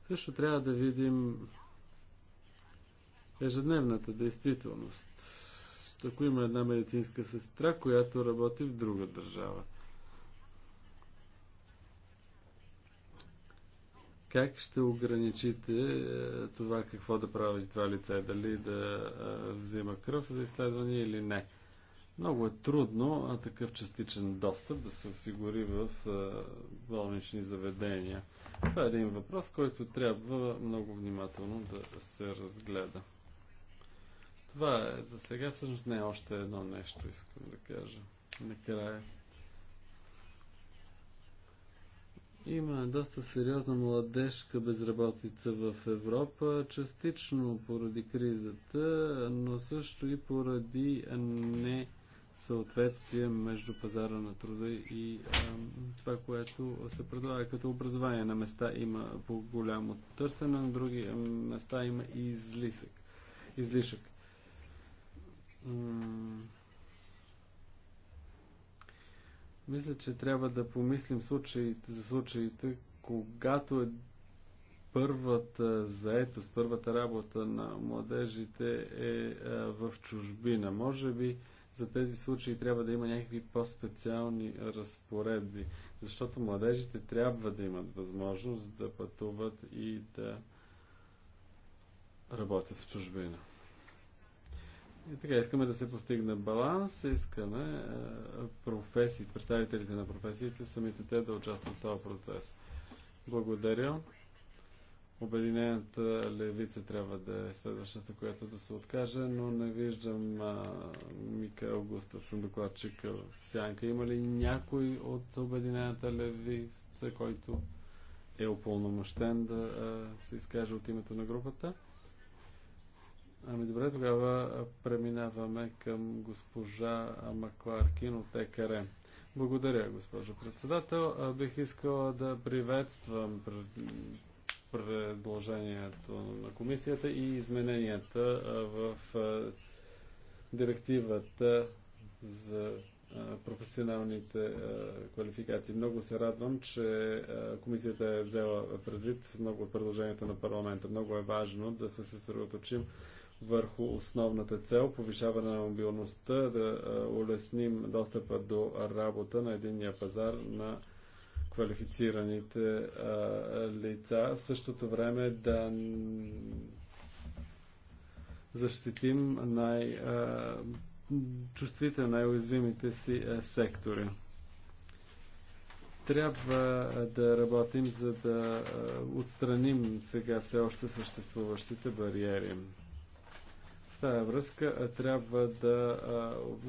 Също трябва да видим ежедневната действителност. Ако има една медицинска сестра, която работи в друга държава. Как ще ограничите е, това какво да прави това лице? Дали да е, взима кръв за изследване или не? Много е трудно такъв частичен достъп да се осигури в болнични заведения. Това е един въпрос, който трябва много внимателно да се разгледа. Това е за сега. Всъщност не е още едно нещо, искам да кажа. Накрая. Има доста сериозна младежка безработица в Европа, частично поради кризата, но също и поради не съответствие между пазара на труда и това, което се предлага като образование. На места има по-голямо търсене, на други места има и излисък, излишък. Мисля, че трябва да помислим случаите, за случаите, когато е първата заетост, първата работа на младежите е а, в чужбина. Може би а, за тези случаи трябва да има някакви по-специални разпоредби, защото младежите трябва да имат възможност да пътуват и да работят в чужбина. И така, искаме да се постигне баланс, искаме е, професии, представителите на професиите, самите те да участват в този процес. Благодаря. Обединената левица трябва да е следващата, която да се откаже, но не виждам а, Микаел съм докладчика в сянка. Има ли някой от Обединената левица, който е упълномощен да а, се изкаже от името на групата? Ами добре, тогава преминаваме към госпожа Макларкин от ЕКР. Благодаря, госпожо председател. Бих искала да приветствам предложението на комисията и измененията в директивата за професионалните квалификации. Много се радвам, че комисията е взела предвид много от предложенията на парламента. Много е важно да се съсредоточим върху основната цел повишаване на мобилността, да улесним достъпа до работа на единния пазар на квалифицираните а, лица, в същото време да защитим най- чувствите най-уязвимите си сектори. Трябва да работим, за да отстраним сега все още съществуващите бариери тая връзка трябва да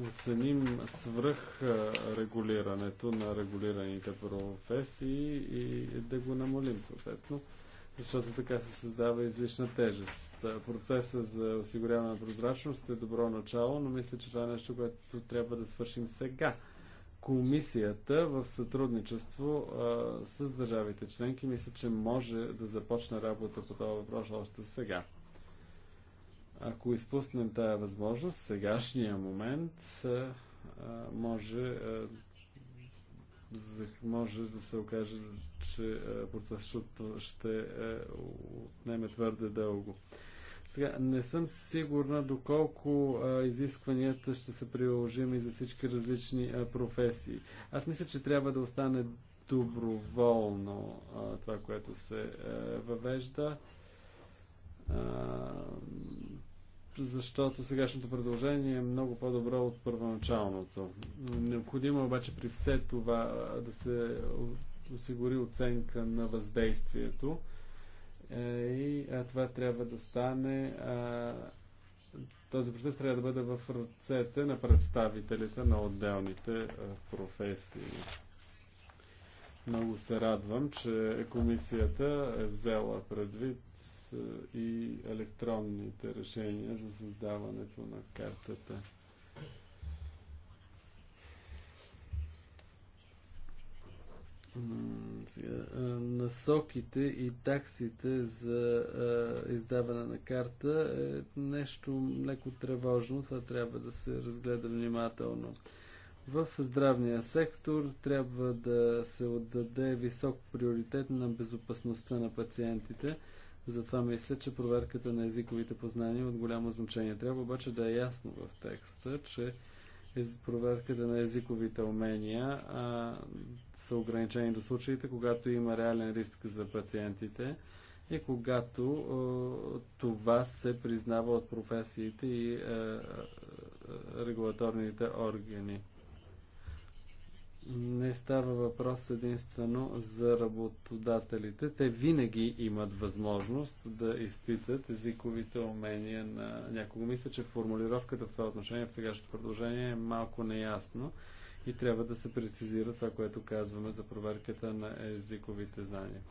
оценим свръхрегулирането на регулираните професии и да го намалим съответно, защото така се създава излишна тежест. Процеса за осигуряване на прозрачност е добро начало, но мисля, че това е нещо, което трябва да свършим сега. Комисията в сътрудничество а, с държавите членки мисля, че може да започне работа по този въпрос още сега. Ако изпуснем тая възможност, сегашния момент може може да се окаже, че процесът ще отнеме твърде дълго. Сега, не съм сигурна доколко а, изискванията ще приложим и за всички различни а, професии. Аз мисля, че трябва да остане доброволно а, това, което се а, въвежда. А, защото сегашното предложение е много по-добро от първоначалното. Необходимо е обаче при все това да се осигури оценка на въздействието е, и това трябва да стане този процес трябва да бъде в ръцете на представителите на отделните професии. Много се радвам, че комисията е взела предвид и електронните решения за създаването на картата. насоките и таксите за издаване на карта е нещо леко тревожно. Това трябва да се разгледа внимателно. В здравния сектор трябва да се отдаде висок приоритет на безопасността на пациентите. Затова мисля, че проверката на езиковите познания е от голямо значение. Трябва обаче да е ясно в текста, че проверката на езиковите умения а, са ограничени до случаите, когато има реален риск за пациентите и когато а, това се признава от професиите и а, регулаторните органи не става въпрос единствено за работодателите. Те винаги имат възможност да изпитат езиковите умения на някого. Мисля, че формулировката в това отношение в сегашното предложение е малко неясно и трябва да се прецизира това, което казваме за проверката на езиковите знания.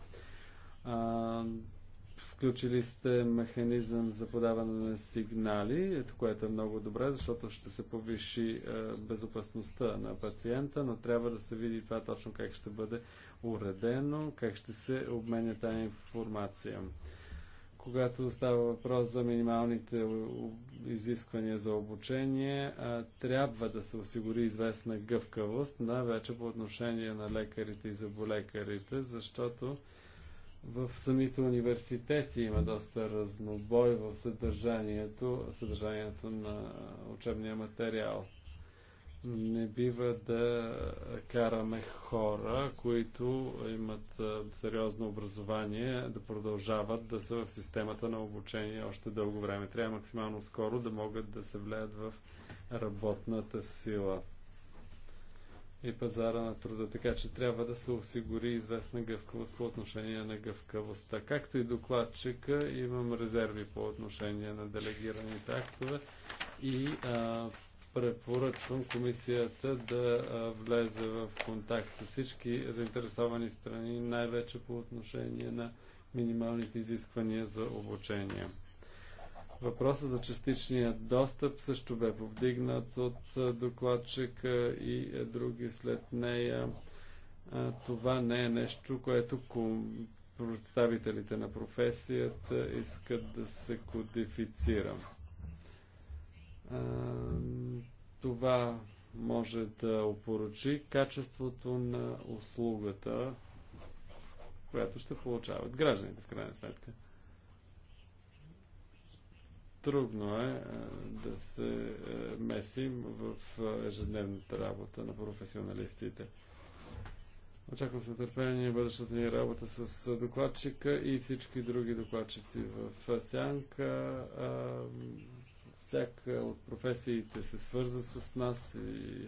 Включили сте механизъм за подаване на сигнали, което е много добре, защото ще се повиши е, безопасността на пациента, но трябва да се види това точно как ще бъде уредено, как ще се обменя тази информация когато става въпрос за минималните изисквания за обучение, е, трябва да се осигури известна гъвкавост, най-вече по отношение на лекарите и заболекарите, защото в самите университети има доста разнобой в съдържанието, съдържанието на учебния материал. Не бива да караме хора, които имат сериозно образование, да продължават да са в системата на обучение още дълго време. Трябва максимално скоро да могат да се влеят в работната сила и пазара на труда, така че трябва да се осигури известна гъвкавост по отношение на гъвкавостта. Както и докладчика, имам резерви по отношение на делегираните актове и а, препоръчвам комисията да а, влезе в контакт с всички заинтересовани страни, най-вече по отношение на минималните изисквания за обучение. Въпроса за частичния достъп също бе повдигнат от докладчика и други след нея. Това не е нещо, което представителите на професията искат да се кодифицира. Това може да опорочи качеството на услугата, която ще получават гражданите в крайна сметка. Трудно е, е да се е, месим в е, ежедневната работа на професионалистите. Очаквам с нетърпение бъдещата ни работа с докладчика и всички други докладчици в Сянка. Всяка от професиите се свърза с нас и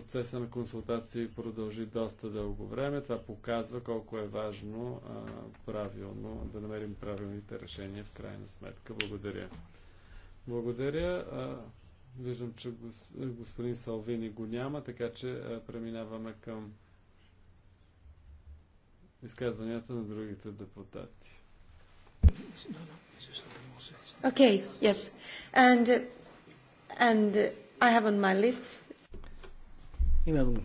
процеса на консултации продължи доста дълго време. Това показва колко е важно а, правилно да намерим правилните решения в крайна сметка. Благодаря. Благодаря. А, виждам, че господин Салвини го няма, така че а, преминаваме към изказванията на другите депутати. Okay, yes. And, and I have on my list Имам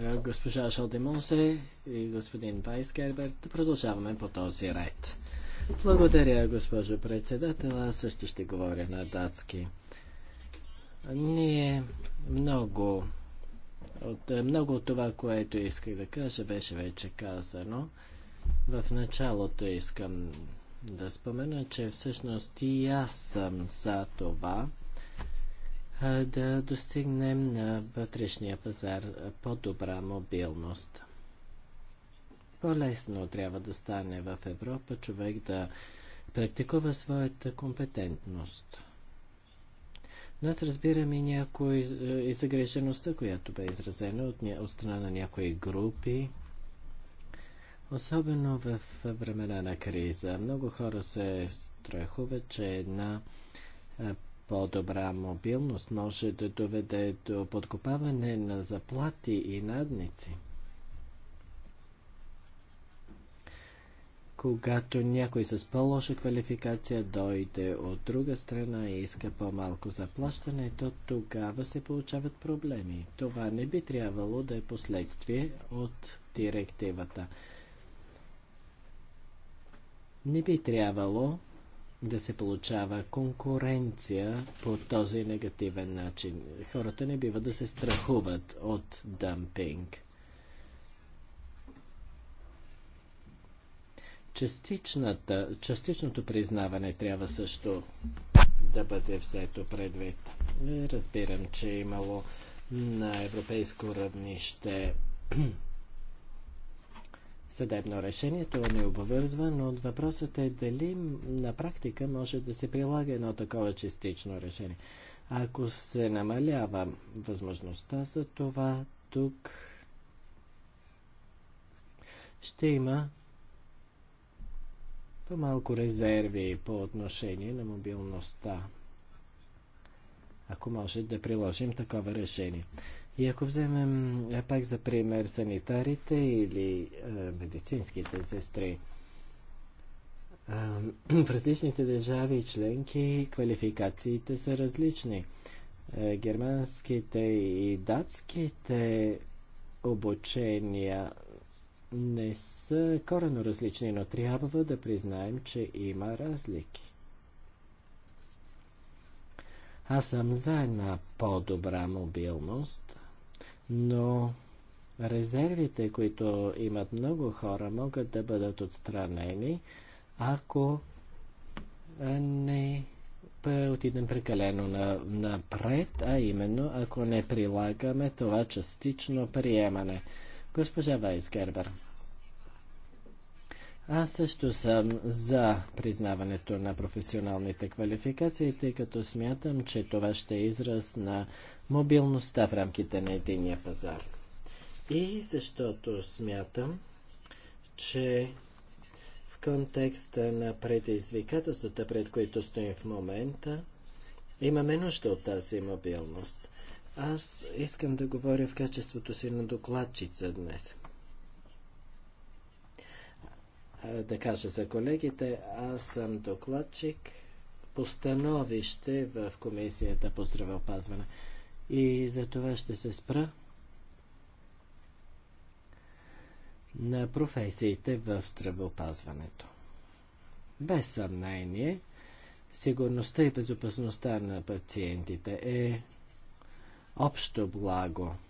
е, госпожа Шалдемонсе и господин Вайсгербер. Да продължаваме по този ред. Благодаря, госпожо председател. Аз също ще говоря на датски. Ние много от, е, много от това, което исках да кажа, беше вече казано. В началото искам да спомена, че всъщност и аз съм за това да достигнем на вътрешния пазар по-добра мобилност. По-лесно трябва да стане в Европа човек да практикува своята компетентност. Но аз разбирам и някои е, и загрежеността, която бе изразена от, ня... от страна на някои групи. Особено в времена на криза. Много хора се страхуват, че една е, по-добра мобилност може да доведе до подкопаване на заплати и надници. Когато някой с по-лоша квалификация дойде от друга страна и иска по-малко заплащане, то тогава се получават проблеми. Това не би трябвало да е последствие от директивата. Не би трябвало да се получава конкуренция по този негативен начин. Хората не бива да се страхуват от дампинг. частичното признаване трябва също да бъде взето предвид. Разбирам, че е имало на европейско равнище съдебно решение, то не обвързва, но въпросът е дали на практика може да се прилага едно такова частично решение. Ако се намалява възможността за това, тук ще има по-малко резерви по отношение на мобилността, ако може да приложим такова решение. И ако вземем е, пак за пример санитарите или а, е, медицинските сестри, е, в различните държави и членки квалификациите са различни. Германските и датските обучения не са корено различни, но трябва да признаем, че има разлики. Аз съм за една по-добра мобилност – но резервите, които имат много хора, могат да бъдат отстранени, ако не отидем прекалено напред, а именно ако не прилагаме това частично приемане. Госпожа Вайсгербер. Аз също съм за признаването на професионалните квалификации, тъй като смятам, че това ще е израз на мобилността в рамките на единия пазар. И защото смятам, че в контекста на предизвикателствата, пред които стоим в момента, имаме нужда от тази мобилност. Аз искам да говоря в качеството си на докладчица днес да кажа за колегите. Аз съм докладчик по становище в Комисията по здравеопазване. И за това ще се спра на професиите в здравеопазването. Без съмнение, сигурността и безопасността на пациентите е общо благо –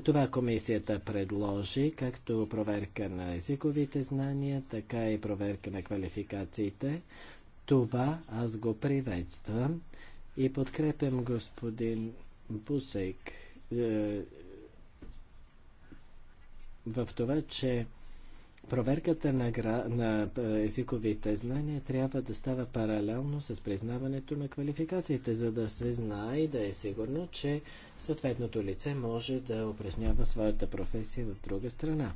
това комисията предложи както проверка на езиковите знания, така и проверка на квалификациите. Това аз го приветствам и подкрепям господин Бусек е, в това, че Проверката на, гра... на е, езиковите знания трябва да става паралелно с признаването на квалификациите, за да се знае и да е сигурно, че съответното лице може да упражнява своята професия в друга страна.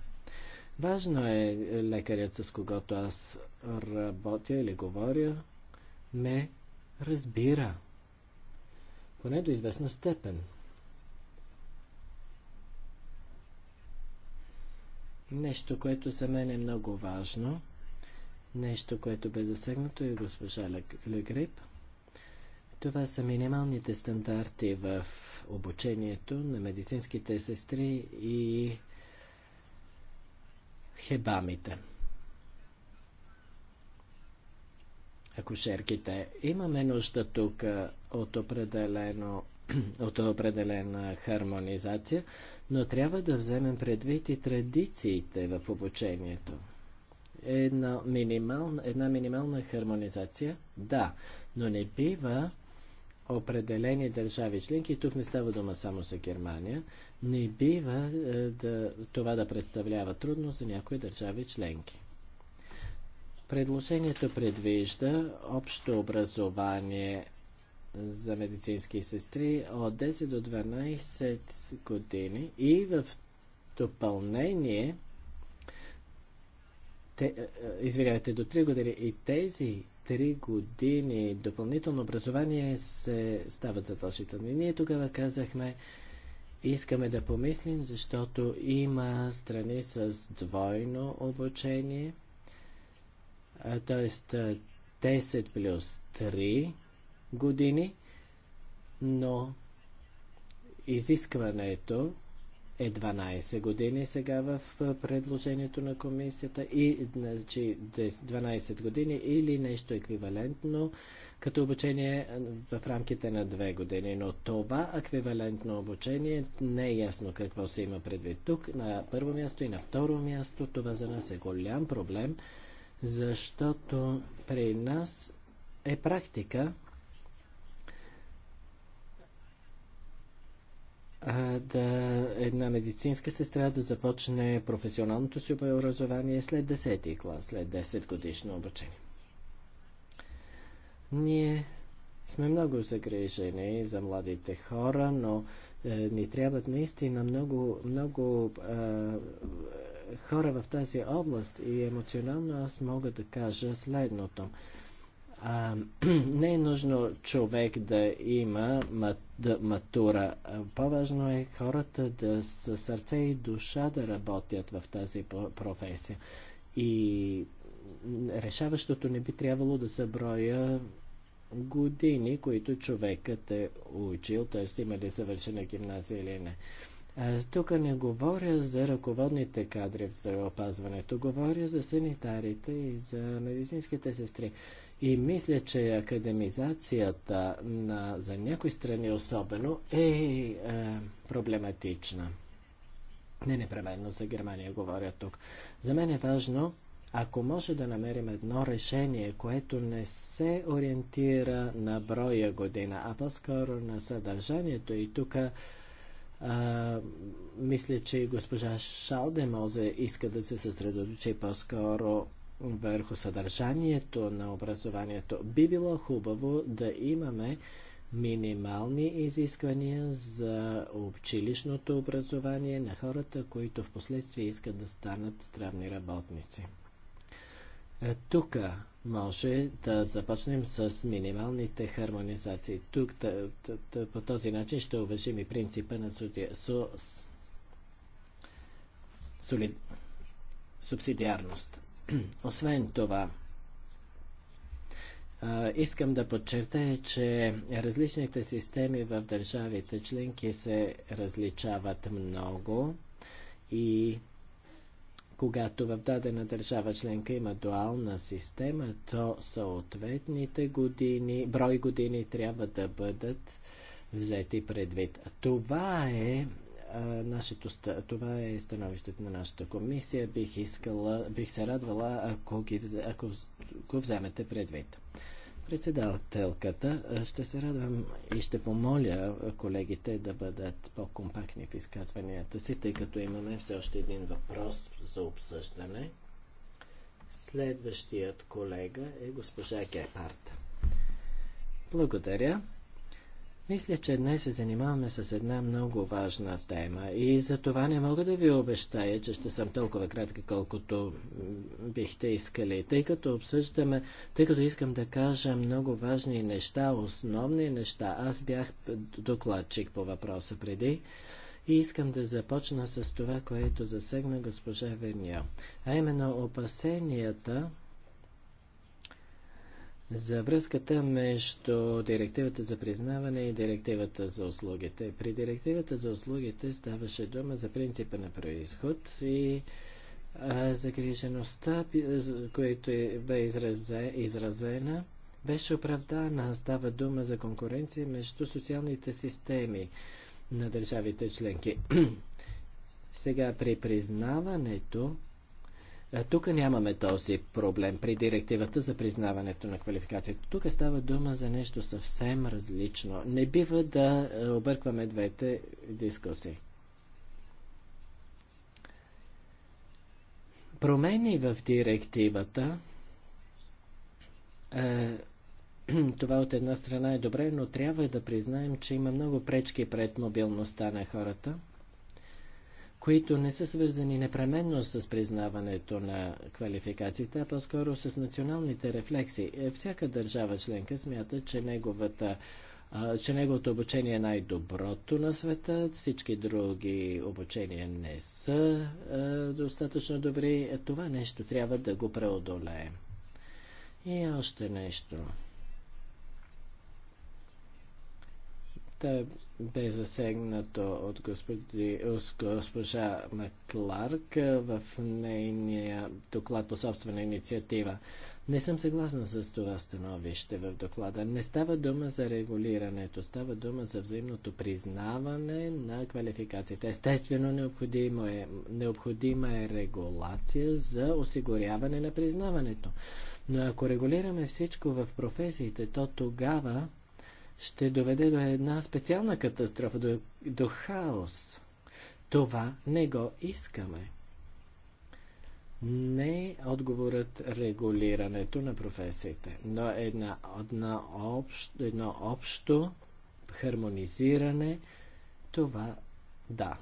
Важно е, е лекарят, с когото аз работя или говоря, ме разбира. Поне до известна степен. Нещо, което за мен е много важно, нещо, което бе засегнато и госпожа Легрип. Това са минималните стандарти в обучението на медицинските сестри и хебамите. Акушерките. Имаме нужда тук от определено от определена хармонизация, но трябва да вземем предвид и традициите в обучението. Една минимална, една минимална хармонизация, да, но не бива определени държави членки, тук не става дума само за Германия, не бива е, да, това да представлява трудно за някои държави членки. Предложението предвижда общо образование за медицински сестри от 10 до 12 години и в допълнение те, е, е, извинявайте, до 3 години и тези 3 години допълнително образование се стават задължителни. Ние тогава казахме, искаме да помислим, защото има страни с двойно обучение, т.е. 10 е, плюс 3 години, но изискването е 12 години сега в предложението на комисията и значи 12 години или нещо еквивалентно като обучение е, в рамките на 2 години. Но това еквивалентно обучение не е ясно какво се има предвид тук. На първо място и на второ място това за нас е голям проблем, защото при нас е практика а, да една медицинска сестра да започне професионалното си образование след 10 ти клас, след 10 годишно обучение. Ние сме много загрижени за младите хора, но е, ни трябват наистина много, много е, хора в тази област и емоционално аз мога да кажа следното. А, не е нужно човек да има матура. По-важно е хората да с сърце и душа да работят в тази професия. И решаващото не би трябвало да се броя години, които човекът е учил, т.е. има ли завършена гимназия или не. Тук не говоря за ръководните кадри в здравеопазването, говоря за санитарите и за медицинските сестри. И мисля, че академизацията на, за някои страни особено е, е проблематична. Не непременно за Германия говоря тук. За мен е важно, ако може да намерим едно решение, което не се ориентира на броя година, а по-скоро на съдържанието и тук Uh, мисля, че госпожа Шалде може иска да се съсредоточи по-скоро върху съдържанието на образованието. Би било хубаво да имаме минимални изисквания за училищното образование на хората, които в последствие искат да станат здравни работници. Е, тук може да започнем с минималните хармонизации. Тук да, да, да, по този начин ще уважим и принципа на судия. су... солид... субсидиарност. Освен това, искам да подчертая, че различните системи в държавите членки се различават много и когато в дадена държава членка има дуална система, то съответните години, брой години трябва да бъдат взети предвид. Това е нашето, това е становището на нашата комисия. Бих, искала, бих се радвала, ако, ги, ако го вземете предвид. Председателката, ще се радвам и ще помоля колегите да бъдат по-компактни в изказванията си, тъй като имаме все още един въпрос за обсъждане. Следващият колега е госпожа Гепарта. Благодаря. Мисля, че днес се занимаваме с една много важна тема и за това не мога да ви обещая, че ще съм толкова кратка, колкото бихте искали. Тъй като обсъждаме, тъй като искам да кажа много важни неща, основни неща. Аз бях докладчик по въпроса преди и искам да започна с това, което засегна госпожа Верньо. А именно опасенията, за връзката между директивата за признаване и директивата за услугите. При директивата за услугите ставаше дума за принципа на происход и загрижеността, която е, бе изразена, беше оправдана. Става дума за конкуренция между социалните системи на държавите членки. Сега при признаването е, тук нямаме този проблем при директивата за признаването на квалификацията. Тук става дума за нещо съвсем различно. Не бива да е, объркваме двете дискусии. Промени в директивата. Е, това от една страна е добре, но трябва да признаем, че има много пречки пред мобилността на хората – които не са свързани непременно с признаването на квалификацията, а по-скоро с националните рефлекси. Е, всяка държава членка смята, че неговата че неговото обучение е най-доброто на света, всички други обучения не са е, достатъчно добри. Е, това нещо трябва да го преодолеем. И още нещо. Та, бе засегнато от господи, госпожа Макларк в нейния доклад по собствена инициатива. Не съм съгласна с това становище в доклада. Не става дума за регулирането, става дума за взаимното признаване на квалификациите. Естествено, необходимо е, необходима е регулация за осигуряване на признаването. Но ако регулираме всичко в професиите, то тогава ще доведе до една специална катастрофа, до, до хаос. Това не го искаме. Не е отговорът регулирането на професиите, но една, една общ, едно общо хармонизиране, това да.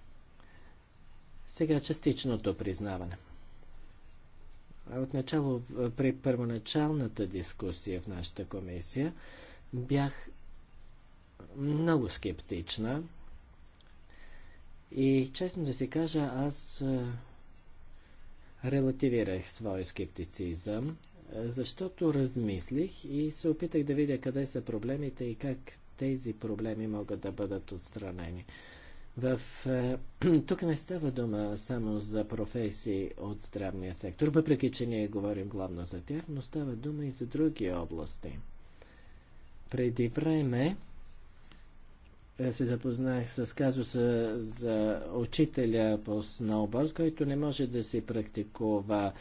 Сега частичното признаване. Отначало при първоначалната дискусия в нашата комисия бях много скептична. И честно да си кажа, аз е, релативирах своя скептицизъм, е, защото размислих и се опитах да видя къде са проблемите и как тези проблеми могат да бъдат отстранени. В, е, тук не става дума само за професии от здравния сектор, въпреки че ние говорим главно за тях, но става дума и за други области. Преди време е, се запознах с казуса за учителя по сноуборд, който не може да си практикува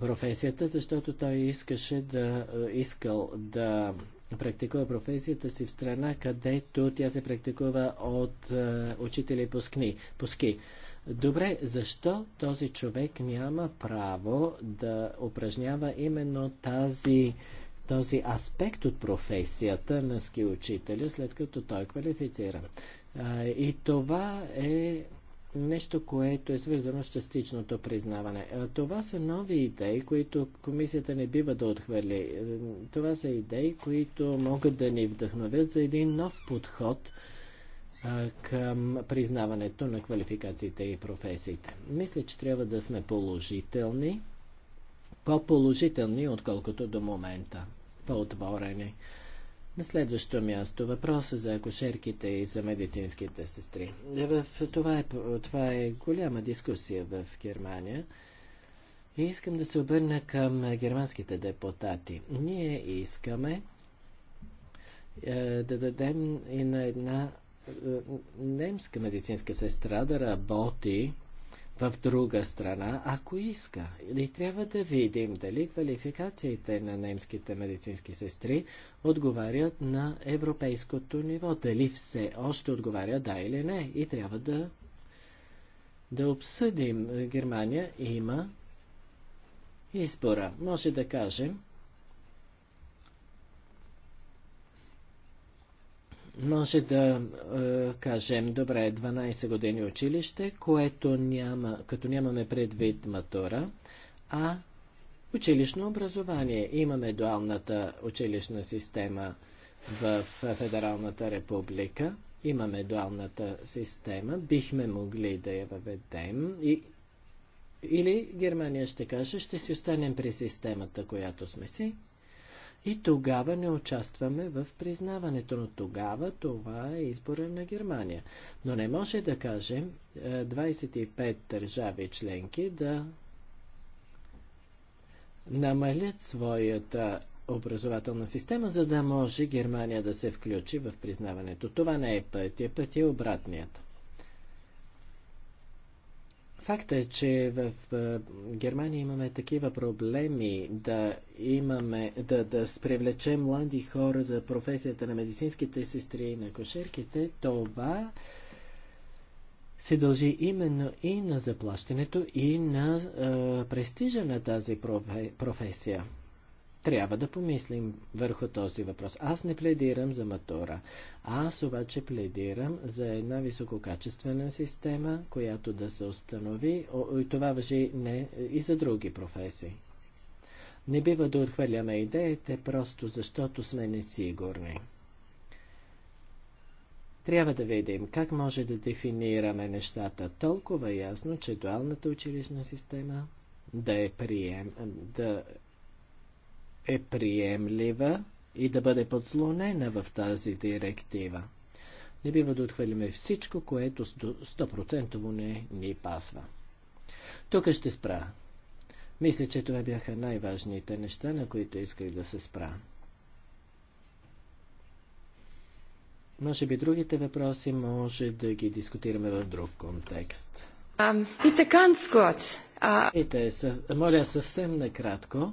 професията, защото той искаше да е, искал да практикува професията си в страна, където тя се практикува от е, учители по, скни, по ски. Добре, защо този човек няма право да упражнява именно тази този аспект от професията на ски учителя, след като той е квалифициран. И това е нещо, което е свързано с частичното признаване. Това са нови идеи, които комисията не бива да отхвърли. Това са идеи, които могат да ни вдъхновят за един нов подход към признаването на квалификациите и професиите. Мисля, че трябва да сме положителни, по-положителни, отколкото до момента по-отворени. На следващо място въпроса за акушерките и за медицинските сестри. Е, в, това, е, това е голяма дискусия в Германия. И искам да се обърна към германските депутати. Ние искаме е, да дадем и на една е, немска медицинска сестра да работи в друга страна, ако иска. И трябва да видим дали квалификациите на немските медицински сестри отговарят на европейското ниво. Дали все още отговаря да или не. И трябва да, да обсъдим. Германия има избора. Може да кажем, може да е, кажем, добре, 12 години училище, което няма, като нямаме предвид матура, а училищно образование. Имаме дуалната училищна система в Федералната република. Имаме дуалната система. Бихме могли да я въведем и или Германия ще каже, ще си останем при системата, която сме си, и тогава не участваме в признаването, но тогава това е избора на Германия. Но не може да кажем 25 е, държави членки да намалят своята образователна система, за да може Германия да се включи в признаването. Това не е пътя, пътя е обратният. Факта е, че в Германия имаме такива проблеми да имаме, да, да спривлечем млади хора за професията на медицинските сестри и на кошерките, това се дължи именно и на заплащането, и на е, престижа на тази професия. Трябва да помислим върху този въпрос. Аз не пледирам за матора. Аз обаче пледирам за една висококачествена система, която да се установи. И това въжи не и за други професии. Не бива да отхвърляме идеите, просто защото сме несигурни. Трябва да видим как може да дефинираме нещата толкова ясно, че дуалната училищна система да е прием, да е приемлива и да бъде подслонена в тази директива. Не бива да отхвърлиме всичко, което 100% не ни пасва. Тук ще спра. Мисля, че това бяха най-важните неща, на които исках да се спра. Може би другите въпроси може да ги дискутираме в друг контекст. Питеканскот. моля съвсем накратко.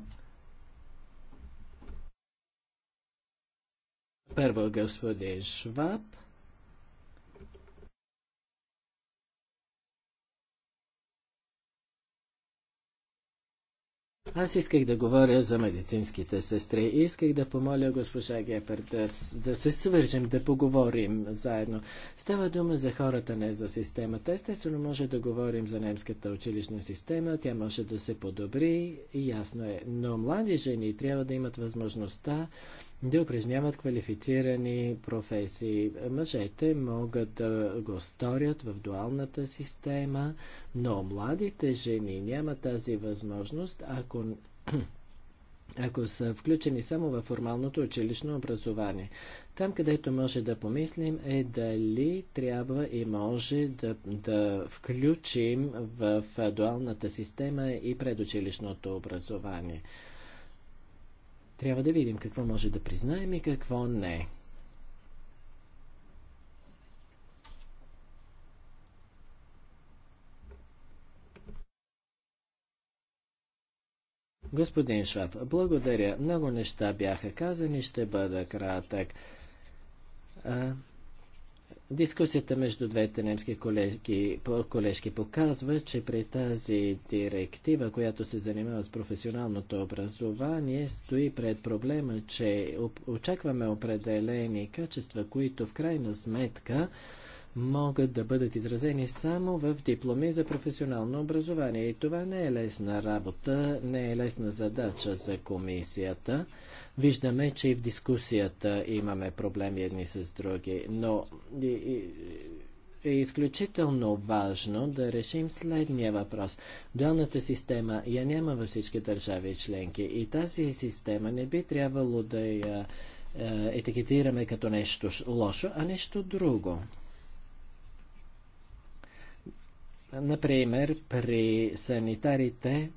Първо господин Шваб. Аз исках да говоря за медицинските сестри. Исках да помоля госпожа Гепер да, да се свържем, да поговорим заедно. Става дума за хората, не за системата. Естествено, може да говорим за немската училищна система. Тя може да се подобри, ясно е. Но млади жени трябва да имат възможността да упражняват квалифицирани професии. Мъжете могат да го сторят в дуалната система, но младите жени нямат тази възможност, ако ако са включени само във формалното училищно образование. Там, където може да помислим е дали трябва и може да, да включим в дуалната система и предучилищното образование. Трябва да видим какво може да признаем и какво не. Господин Шваб, благодаря. Много неща бяха казани, ще бъда кратък. А, Дискусията между двете немски колежки, колежки показва, че при тази директива, която се занимава с професионалното образование, стои пред проблема, че очакваме определени качества, които в крайна сметка могат да бъдат изразени само в дипломи за професионално образование. И това не е лесна работа, не е лесна задача за комисията. Виждаме, че и в дискусията имаме проблеми едни с други, но е изключително важно да решим следния въпрос. Дуалната система я няма във всички държави членки и тази система не би трябвало да я е, етикетираме като нещо лошо, а нещо друго. Например, при санитарите,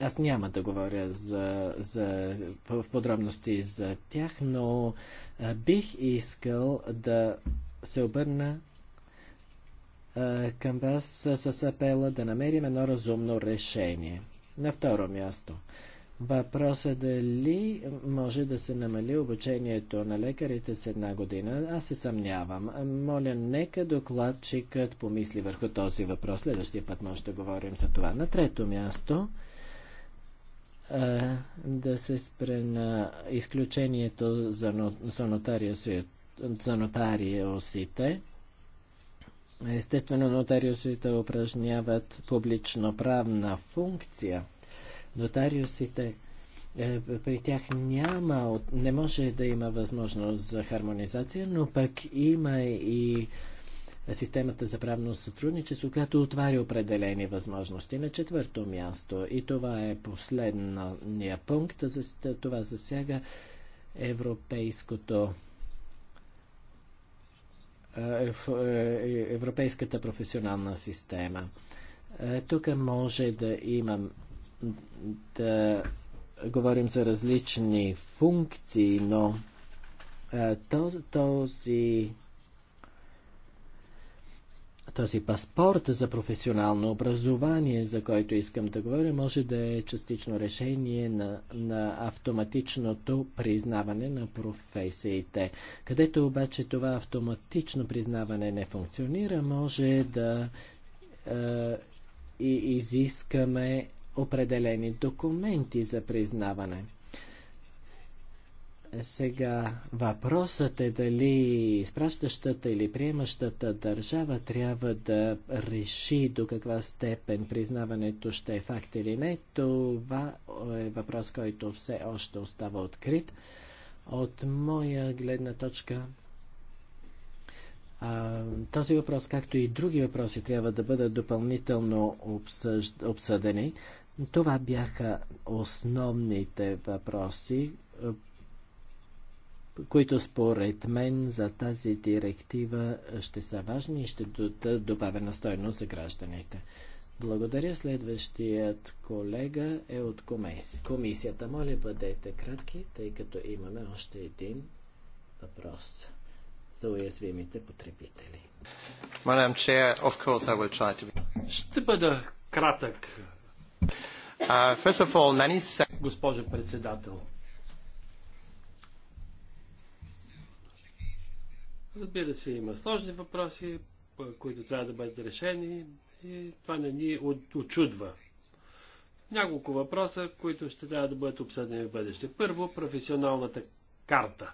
аз няма да говоря за, за, в подробности за тях, но бих искал да се обърна към вас с апела да намерим едно разумно решение. На второ място, Въпросът е дали може да се намали обучението на лекарите с една година. Аз се съмнявам. Моля, нека докладчикът помисли върху този въпрос. Следващия път може да говорим за това. На трето място да се спре на изключението за, нотариусите. Нотариус Естествено, нотариусите упражняват публично-правна функция нотариусите, е, при тях няма, не може да има възможност за хармонизация, но пък има и системата за правно сътрудничество, която отваря определени възможности. На четвърто място, и това е последния пункт, това засяга европейското е, е, европейската професионална система. Тук може да имам да говорим за различни функции, но този, този, паспорт за професионално образование, за който искам да говоря, може да е частично решение на, на автоматичното признаване на професиите. Където обаче това автоматично признаване не функционира, може да е, изискаме определени документи за признаване. Сега въпросът е дали изпращащата или приемащата държава трябва да реши до каква степен признаването ще е факт или не. Това е въпрос, който все още остава открит. От моя гледна точка а, този въпрос, както и други въпроси, трябва да бъдат допълнително обсъж... обсъдени. Това бяха основните въпроси, е, които според мен за тази директива ще са важни и ще добавя стойност за гражданите. Благодаря. Следващият колега е от комисията. Моля, бъдете кратки, тъй като имаме още един въпрос за уязвимите потребители. Ще бъда кратък, Uh, Госпожо председател, разбира се, има сложни въпроси, които трябва да бъдат решени и това не ни очудва. Няколко въпроса, които ще трябва да бъдат обсъдени в бъдеще. Първо, професионалната карта.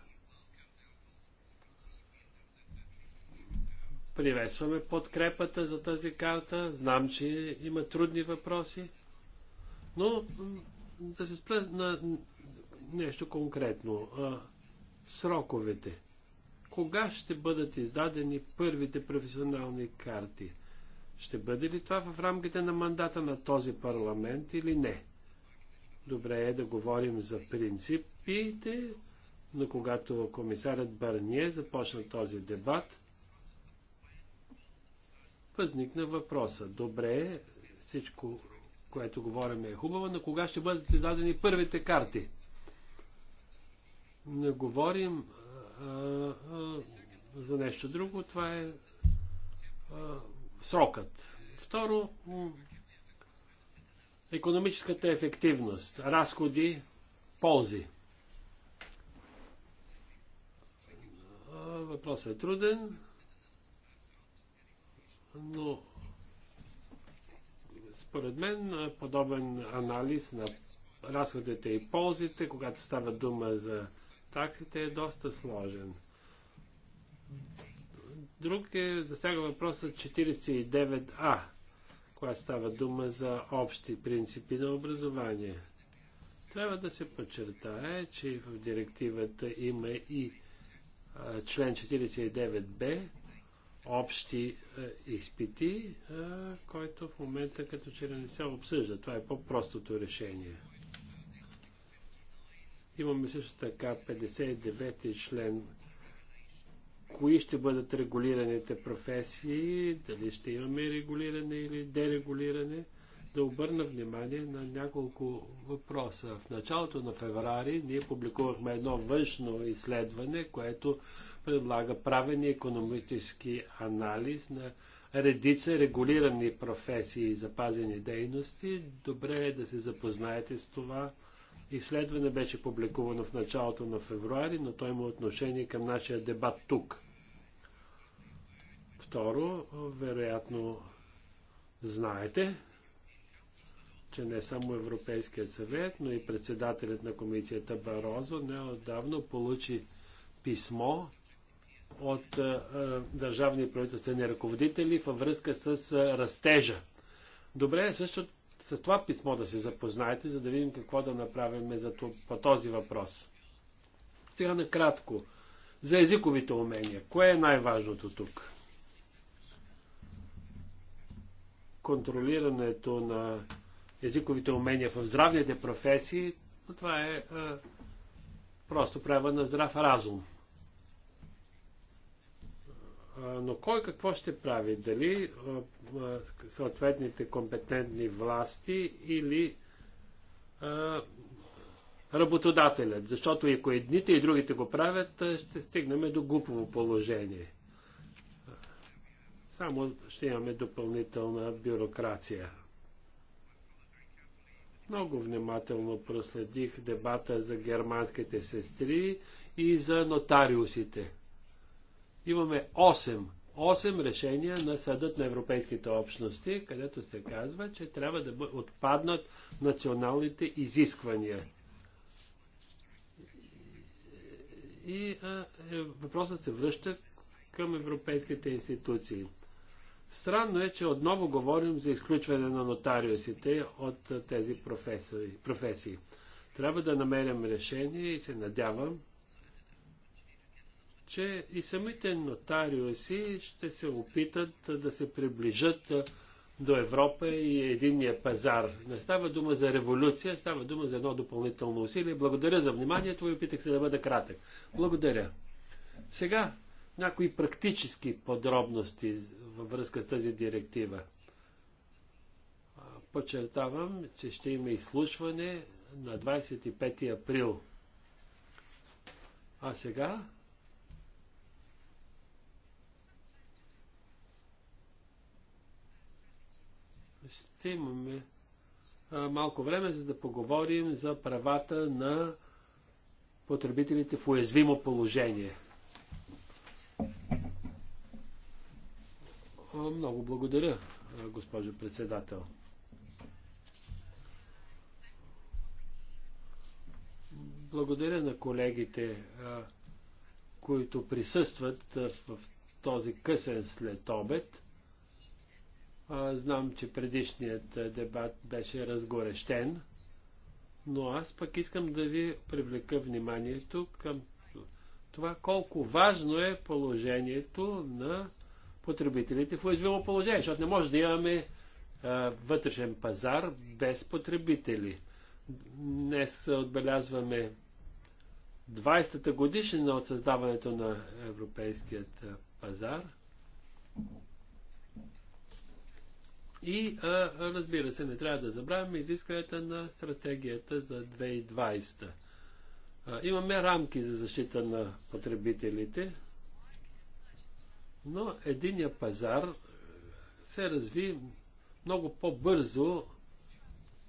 Приветстваме подкрепата за тази карта. Знам, че има трудни въпроси. Но да се спра на нещо конкретно. Сроковете. Кога ще бъдат издадени първите професионални карти? Ще бъде ли това в рамките на мандата на този парламент или не? Добре е да говорим за принципите, но когато комисарят Барние започна този дебат, възникна въпроса. Добре е всичко което говорим е хубаво, на кога ще бъдат издадени първите карти? Не говорим а, а, за нещо друго, това е а, срокът. Второ, економическата ефективност, разходи, ползи. Въпросът е труден, но според мен подобен анализ на разходите и ползите, когато става дума за таксите, е доста сложен. Друг е, засяга въпроса 49а, когато става дума за общи принципи на образование. Трябва да се подчертае, че в директивата има и член 49б, общи е, изпити, е, който в момента като че не се обсъжда. Това е по-простото решение. Имаме също така 59-ти член, кои ще бъдат регулираните професии, дали ще имаме регулиране или дерегулиране, да обърна внимание на няколко въпроса. В началото на феврари ние публикувахме едно външно изследване, което предлага правен и економически анализ на редица регулирани професии и запазени дейности. Добре е да се запознаете с това. Изследване беше публикувано в началото на февруари, но то има отношение към нашия дебат тук. Второ, вероятно знаете, че не само Европейският съвет, но и председателят на комисията Барозо неодавно получи писмо от държавни и правителствени ръководители във връзка с растежа. Добре е също с това писмо да се запознаете, за да видим какво да направим за по този въпрос. Сега накратко. За езиковите умения. Кое е най-важното тук? Контролирането на езиковите умения в здравните професии, това е а, просто права на здрав разум но кой какво ще прави? Дали съответните компетентни власти или работодателят? Защото и ако едните и другите го правят, ще стигнем до глупово положение. Само ще имаме допълнителна бюрокрация. Много внимателно проследих дебата за германските сестри и за нотариусите имаме 8, 8 решения на Съдът на Европейските общности, където се казва, че трябва да отпаднат националните изисквания. И а, е, въпросът се връща към европейските институции. Странно е, че отново говорим за изключване на нотариусите от тези професии. Трябва да намерим решение и се надявам, че и самите нотариуси ще се опитат да се приближат до Европа и единния пазар. Не става дума за революция, става дума за едно допълнително усилие. Благодаря за вниманието и опитах се да бъда кратък. Благодаря. Сега някои практически подробности във връзка с тази директива. Подчертавам, че ще има изслушване на 25 април. А сега седмица имаме малко време, за да поговорим за правата на потребителите в уязвимо положение. Много благодаря, госпожо председател. Благодаря на колегите, които присъстват в този късен след обед. Знам, че предишният дебат беше разгорещен, но аз пък искам да ви привлека вниманието към това колко важно е положението на потребителите в уязвимо положение, защото не може да имаме а, вътрешен пазар без потребители. Днес отбелязваме 20-та годишнина от създаването на европейският пазар. И а, разбира се, не трябва да забравяме изискванията на стратегията за 2020. А, имаме рамки за защита на потребителите, но единия пазар е, се разви много по-бързо,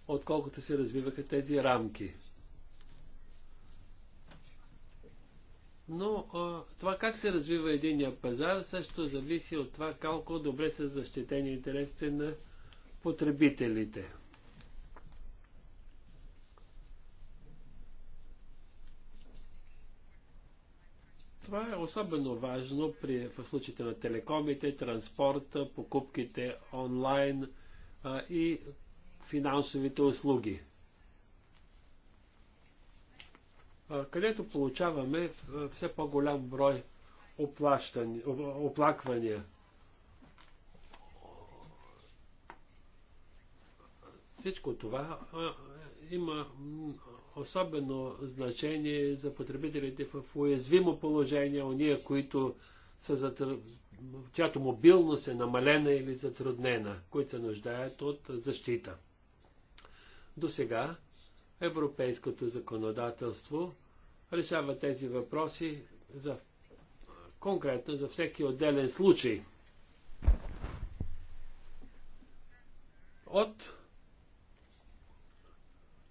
отколкото се развиваха тези рамки. Но това как се развива единия пазар също зависи от това колко добре са защитени интересите на потребителите. Това е особено важно при, в случаите на телекомите, транспорта, покупките онлайн а, и финансовите услуги. където получаваме все по-голям брой оплаквания. Всичко това има особено значение за потребителите в уязвимо положение, уния, които са чиято мобилност е намалена или затруднена, които се нуждаят от защита. До сега европейското законодателство решава тези въпроси за, конкретно за всеки отделен случай. От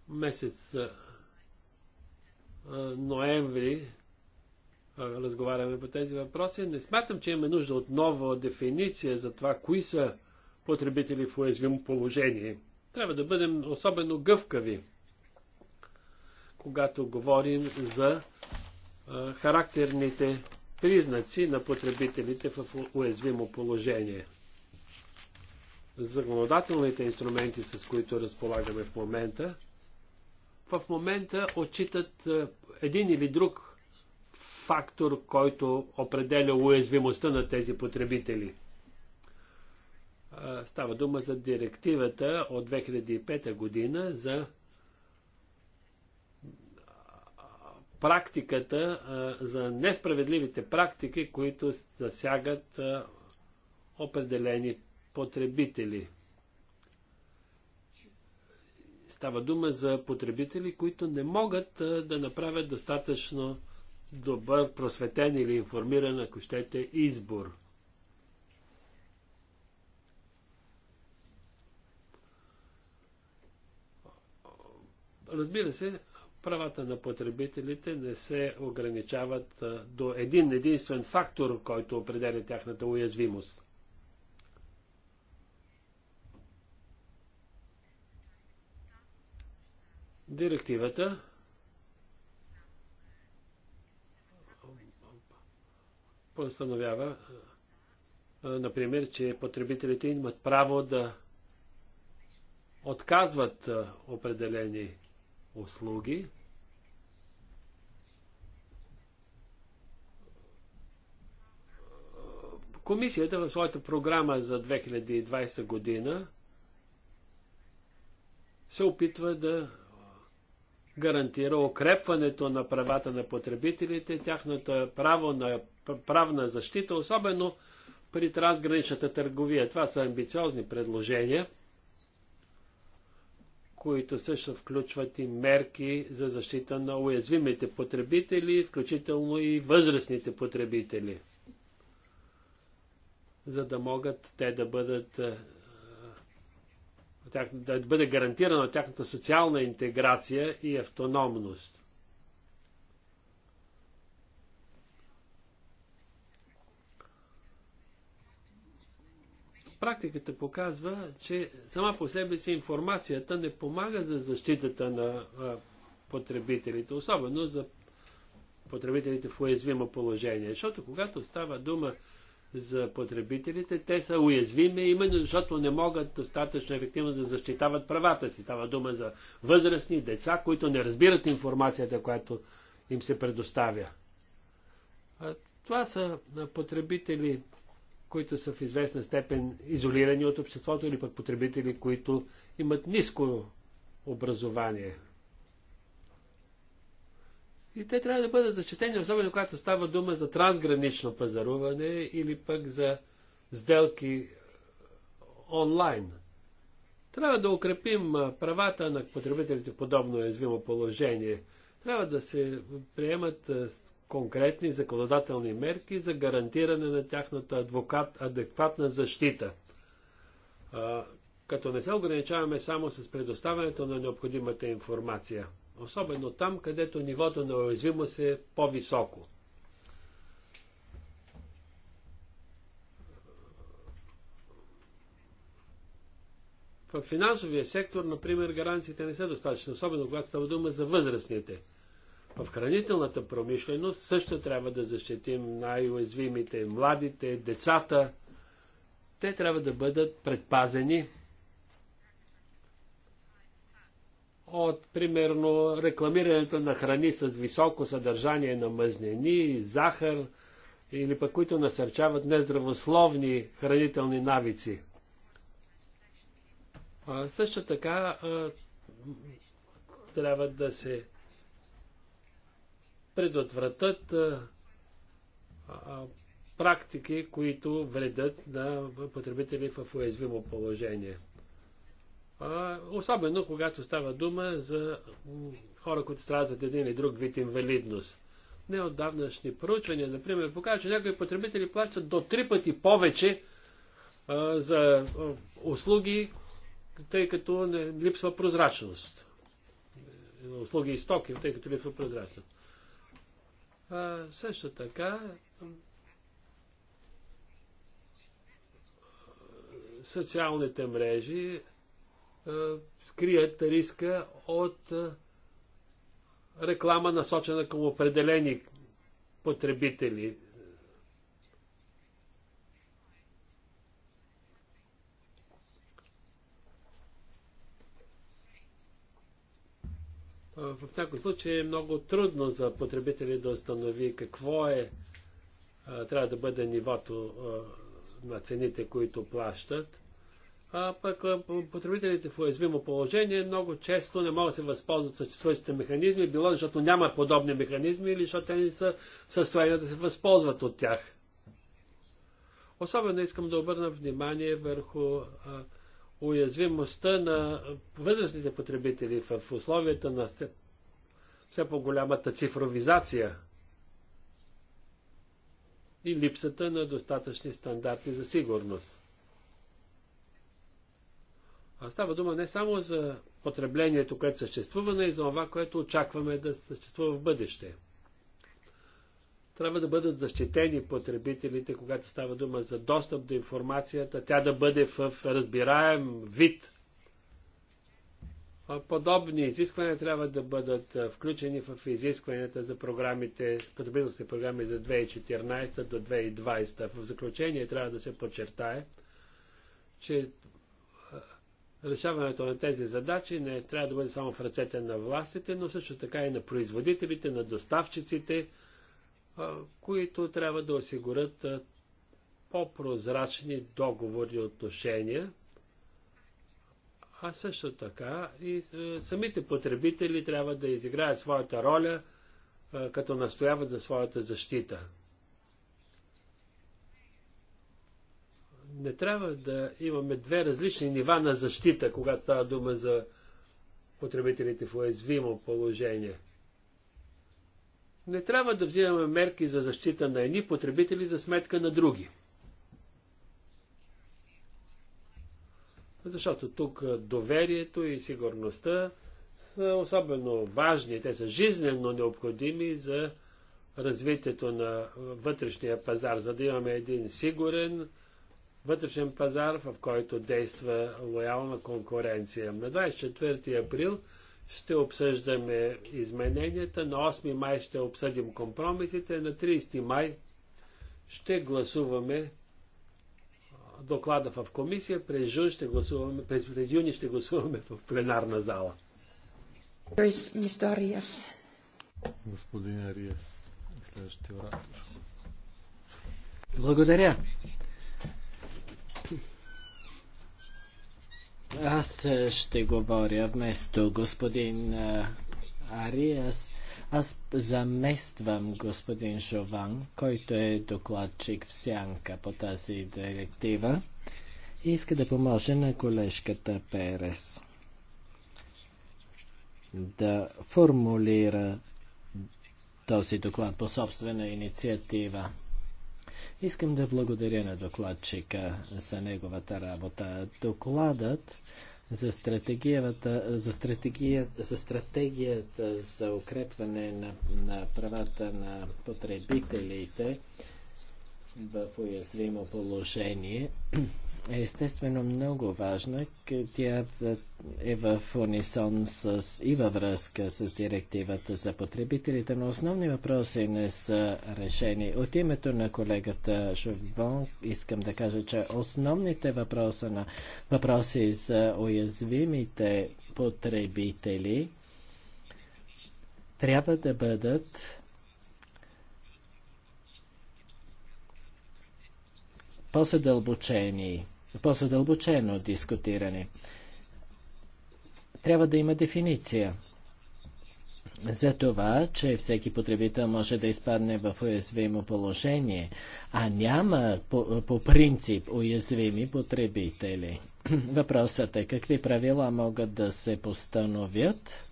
месец ноември разговаряме по тези въпроси. Не смятам, че имаме нужда от нова дефиниция за това, кои са потребители в уязвимо положение. Трябва да бъдем особено гъвкави когато говорим за характерните признаци на потребителите в уязвимо положение. Законодателните инструменти, с които разполагаме в момента, в момента отчитат един или друг фактор, който определя уязвимостта на тези потребители. Става дума за директивата от 2005 година за практиката, за несправедливите практики, които засягат определени потребители. Става дума за потребители, които не могат да направят достатъчно добър, просветен или информиран, ако щете, избор. Разбира се, правата на потребителите не се ограничават до един единствен фактор, който определя тяхната уязвимост. Директивата постановява, например, че потребителите имат право да отказват определени услуги. Комисията в своята програма за 2020 година се опитва да гарантира укрепването на правата на потребителите, тяхното право на правна защита, особено при трансграничната търговия. Това са амбициозни предложения които също включват и мерки за защита на уязвимите потребители, включително и възрастните потребители, за да могат те да бъдат да бъде гарантирана тяхната социална интеграция и автономност. Практиката показва, че сама по себе си информацията не помага за защитата на потребителите, особено за потребителите в уязвимо положение. Защото когато става дума за потребителите, те са уязвими, именно защото не могат достатъчно ефективно да защитават правата си. Става дума за възрастни, деца, които не разбират информацията, която им се предоставя. това са потребители, които са в известна степен изолирани от обществото или пък потребители, които имат ниско образование. И те трябва да бъдат защитени, особено когато става дума за трансгранично пазаруване или пък за сделки онлайн. Трябва да укрепим правата на потребителите в подобно уязвимо положение. Трябва да се приемат конкретни законодателни мерки за гарантиране на тяхната адвокат, адекватна защита. А, като не се ограничаваме само с предоставянето на необходимата информация, особено там, където нивото на уязвимост е по-високо. В финансовия сектор, например, гаранциите не са достатъчни, особено когато става дума за възрастните – в хранителната промишленост също трябва да защитим най-уязвимите, младите, децата. Те трябва да бъдат предпазени от, примерно, рекламирането на храни с високо съдържание на мъзнени, захар или пък които насърчават нездравословни хранителни навици. А, също така а, трябва да се предотвратят практики, които вредят на потребители в уязвимо положение. А, особено когато става дума за хора, които страдат един или друг вид инвалидност. Неотдавнашни проучвания, например, показват, че някои потребители плащат до три пъти повече а, за а, услуги, тъй като не липсва прозрачност. Услуги и стоки, тъй като липсва прозрачност. А, също така социалните мрежи а, крият риска от а, реклама насочена към определени потребители. в някои случаи е много трудно за потребители да установи какво е, трябва да бъде нивото на цените, които плащат. А пък потребителите в уязвимо положение много често не могат да се възползват съществуващите механизми, било защото няма подобни механизми или защото те не са в състояние да се възползват от тях. Особено искам да обърна внимание върху а, уязвимостта на възрастните потребители в условията на все по-голямата цифровизация и липсата на достатъчни стандарти за сигурност. А става дума не само за потреблението, което съществува, но и за това, което очакваме да съществува в бъдеще – трябва да бъдат защитени потребителите, когато става дума за достъп до информацията, тя да бъде в разбираем вид. Подобни изисквания трябва да бъдат включени в изискванията за програмите, потребителските програми за 2014 до 2020. В заключение трябва да се подчертае, че решаването на тези задачи не трябва да бъде само в ръцете на властите, но също така и на производителите, на доставчиците, които трябва да осигурят по-прозрачни договорни отношения, а също така и самите потребители трябва да изиграят своята роля, като настояват за своята защита. Не трябва да имаме две различни нива на защита, когато става дума за потребителите в уязвимо положение – не трябва да взимаме мерки за защита на едни потребители за сметка на други. Защото тук доверието и сигурността са особено важни, те са жизненно необходими за развитието на вътрешния пазар, за да имаме един сигурен вътрешен пазар, в който действа лоялна конкуренция. На 24 април ще обсъждаме измененията, на 8 май ще обсъдим компромисите, на 30 май ще гласуваме доклада в комисия, през, юни ще гласуваме, през, през юни ще гласуваме в пленарна зала. Господин Ариас, следващия оратор. Благодаря. Аз е, ще говоря вместо господин е, Ариас. Аз замествам господин Жован, който е докладчик в сянка по тази директива и иска да поможе на колежката Перес да формулира този доклад по собствена инициатива. Искам да благодаря на докладчика за неговата работа. Докладът за стратегията, за стратегията, за, стратегията за укрепване на, на правата на потребителите в уязвимо положение е, естествено, много важна. Е, тя е в унисон с, и във връзка с директивата за потребителите, но основни въпроси не са решени. От името на колегата Шовбон искам да кажа, че основните въпроси на, въпроси за уязвимите потребители трябва да бъдат по-съдълбочени по-задълбочено дискутиране. Трябва да има дефиниция за това, че всеки потребител може да изпадне в уязвимо положение, а няма по, по принцип уязвими потребители. Въпросът е какви правила могат да се постановят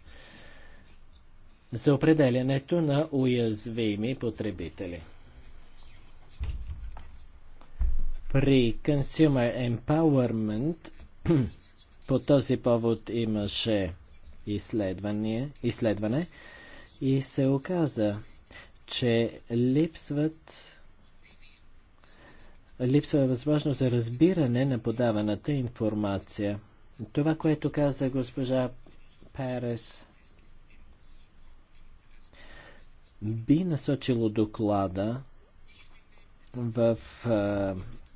за определянето на уязвими потребители. При Consumer Empowerment по този повод имаше изследване, изследване и се оказа, че липсват липсва възможност за разбиране на подаваната информация. Това, което каза госпожа Перес, би насочило доклада в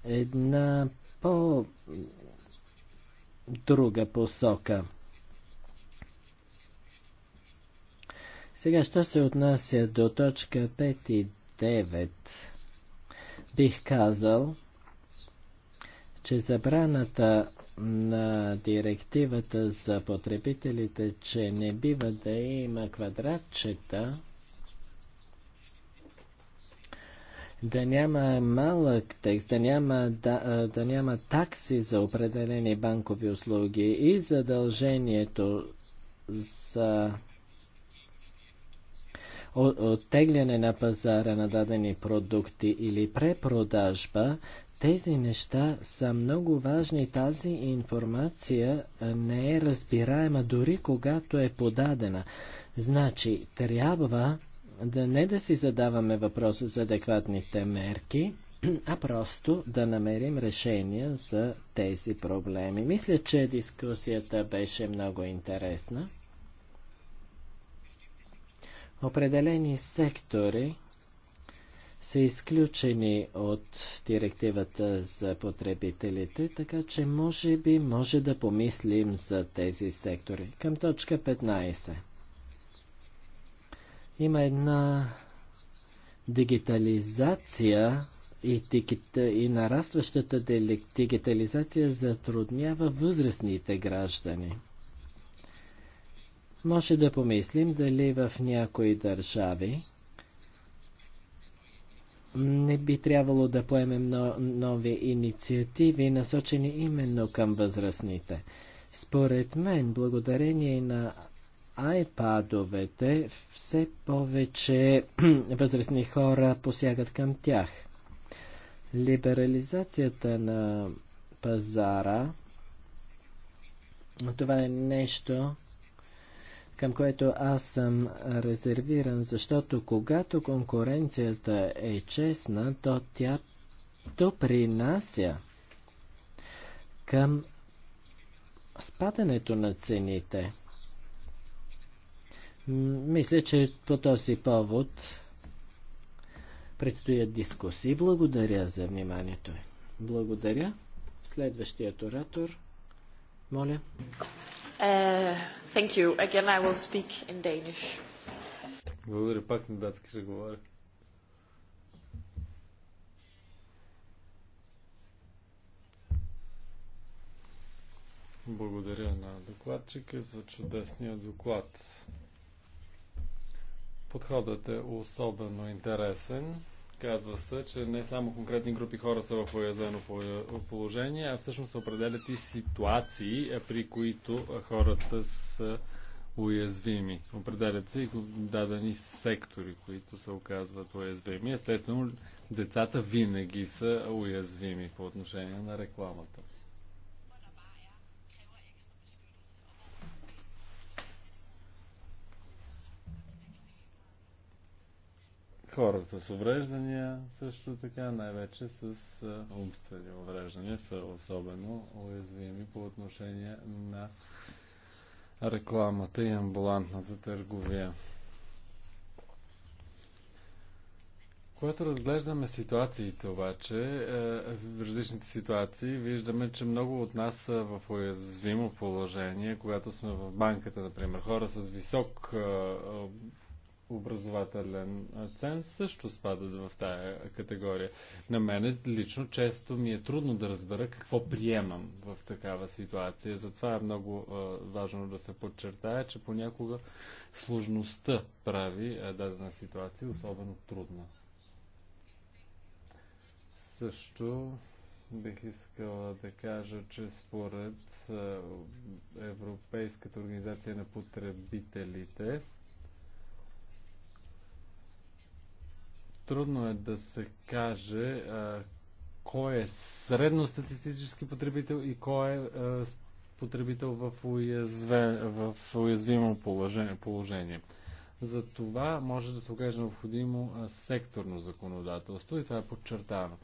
една по-друга посока. Сега, що се отнася до точка 5 и 9, бих казал, че забраната на директивата за потребителите, че не бива да има квадратчета, да няма малък текст, да няма, да, да няма такси за определени банкови услуги и задължението за оттегляне на пазара на дадени продукти или препродажба, тези неща са много важни. Тази информация не е разбираема дори когато е подадена. Значи, трябва да не да си задаваме въпроса за адекватните мерки, а просто да намерим решения за тези проблеми. Мисля, че дискусията беше много интересна. Определени сектори са изключени от директивата за потребителите, така че може би може да помислим за тези сектори. Към точка 15. Има една дигитализация и, дигита... и нарастващата дигитализация затруднява възрастните граждани. Може да помислим дали в някои държави не би трябвало да поемем нови инициативи, насочени именно към възрастните. Според мен, благодарение на айпадовете, все повече възрастни хора посягат към тях. Либерализацията на пазара, това е нещо, към което аз съм резервиран, защото когато конкуренцията е честна, то тя допринася към спадането на цените. Мисля, че по този повод предстоят дискусии. Благодаря за вниманието. Благодаря. Следващият оратор. Моля. Uh, thank you. Again, I will speak in Danish. Благодаря. Пак на датски ще говоря. Благодаря на докладчика за чудесния доклад. Подходът е особено интересен. Казва се, че не само конкретни групи хора са в уязвено положение, а всъщност се определят и ситуации, е, при които хората са уязвими. Определят се и дадени сектори, които се оказват уязвими. Естествено, децата винаги са уязвими по отношение на рекламата. Хората с увреждания също така, най-вече с умствени увреждания, са особено уязвими по отношение на рекламата и амбулантната търговия. Когато разглеждаме ситуациите обаче, е, в различните ситуации, виждаме, че много от нас са в уязвимо положение, когато сме в банката, например. Хора с висок е, образователен ценз също спадат в тая категория. На мен лично често ми е трудно да разбера какво приемам в такава ситуация. Затова е много а, важно да се подчертая, че понякога сложността прави а, дадена ситуация особено трудна. Също бих искала да кажа, че според а, Европейската организация на потребителите, трудно е да се каже а, кой е средностатистически потребител и кой е а, потребител в, уязве, в уязвимо положение. положение. За това може да се окаже необходимо секторно законодателство и това е подчертано.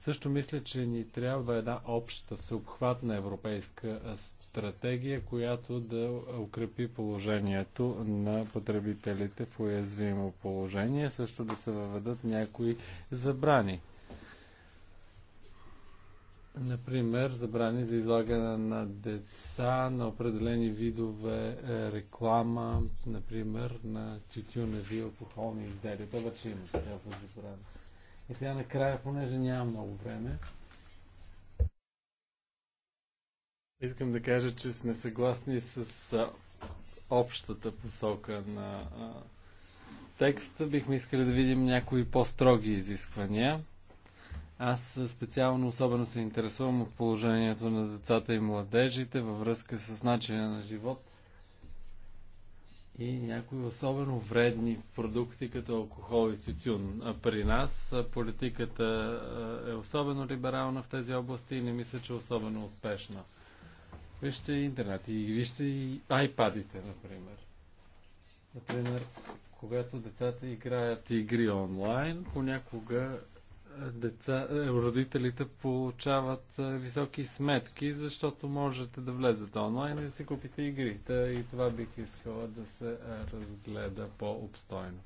Също мисля, че ни трябва една обща, всеобхватна европейска стратегия, която да укрепи положението на потребителите в уязвимо положение, също да се въведат някои забрани. Например, забрани за излагане на деца на определени видове е, реклама, например на тютюневи алкохолни изделия. Това вече има такава забрана. И сега накрая, понеже няма много време, искам да кажа, че сме съгласни с а, общата посока на а, текста. Бихме искали да видим някои по-строги изисквания. Аз специално особено се интересувам от положението на децата и младежите във връзка с начина на живот – и някои особено вредни продукти, като алкохол и тютюн. А при нас политиката е особено либерална в тези области и не мисля, че е особено успешна. Вижте интернет и вижте и айпадите, например. Например, когато децата играят игри онлайн, понякога деца, е, родителите получават е, високи сметки, защото можете да влезете онлайн и да си купите игри. И това бих искала да се е, разгледа по-обстойно.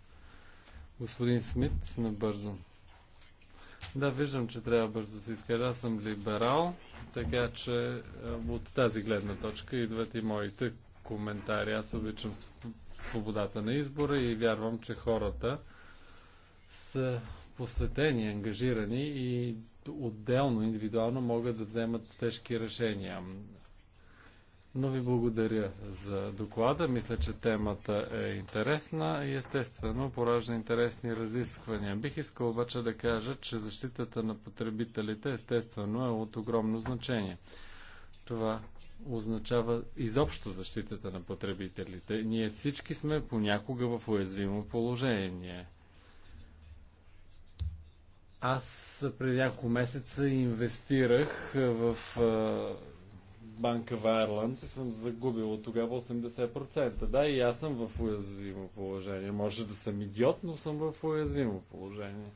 Господин Смит, набързо. Да, виждам, че трябва бързо да се изкара. Аз съм либерал, така че от тази гледна точка идват и моите коментари. Аз обичам свободата на избора и вярвам, че хората са посветени, ангажирани и отделно, индивидуално могат да вземат тежки решения. Но ви благодаря за доклада. Мисля, че темата е интересна и естествено поражда интересни разисквания. Бих искал обаче да кажа, че защитата на потребителите естествено е от огромно значение. Това означава изобщо защитата на потребителите. Ние всички сме понякога в уязвимо положение. Аз преди няколко месеца инвестирах в банка в Айрланд съм загубил от тогава 80%. Да, и аз съм в уязвимо положение. Може да съм идиот, но съм в уязвимо положение.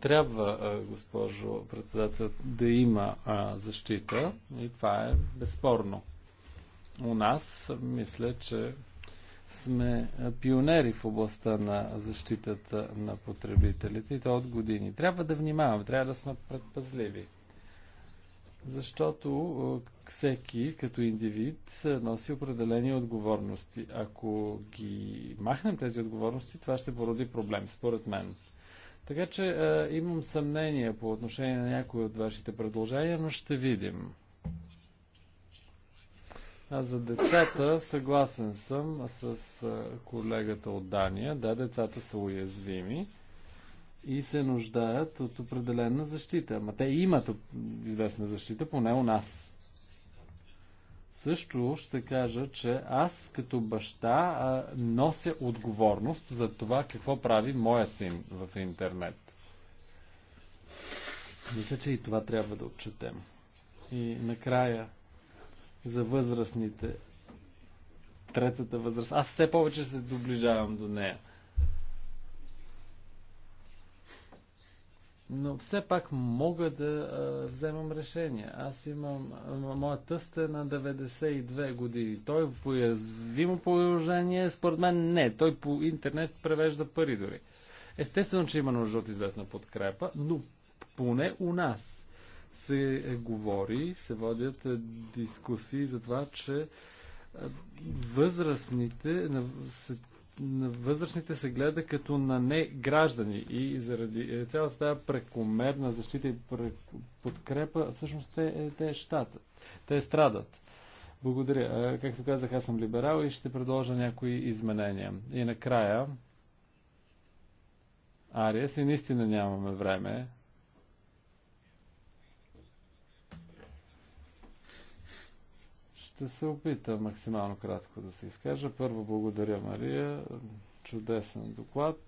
Трябва, госпожо председател, да има а, защита и това е безспорно. У нас мисля, че сме пионери в областта на защитата на потребителите и то от години. Трябва да внимаваме, трябва да сме предпазливи. Защото всеки като индивид носи определени отговорности. Ако ги махнем тези отговорности, това ще породи проблем, според мен. Така че имам съмнение по отношение на някои от вашите предложения, но ще видим. А за децата съгласен съм с колегата от Дания. Да, децата са уязвими и се нуждаят от определена защита. Ама те имат известна защита, поне у нас. Също ще кажа, че аз като баща а, нося отговорност за това какво прави моя син в интернет. Мисля, че и това трябва да отчетем. И накрая за възрастните. Третата възраст. Аз все повече се доближавам до нея. Но все пак мога да а, вземам решение. Аз имам. Моят тъст е на 92 години. Той в уязвимо положение, според мен, не. Той по интернет превежда пари дори. Естествено, че има нужда от известна подкрепа, но поне у нас се говори, се водят е, дискусии за това, че е, възрастните се на възрастните се гледа като на не граждани и заради е, цялата тази прекомерна защита и подкрепа, всъщност те, те щатат, те страдат. Благодаря. Както казах, аз съм либерал и ще предложа някои изменения. И накрая, Ария, си наистина нямаме време. Ще се опита максимално кратко да се изкажа. Първо благодаря Мария. Чудесен доклад.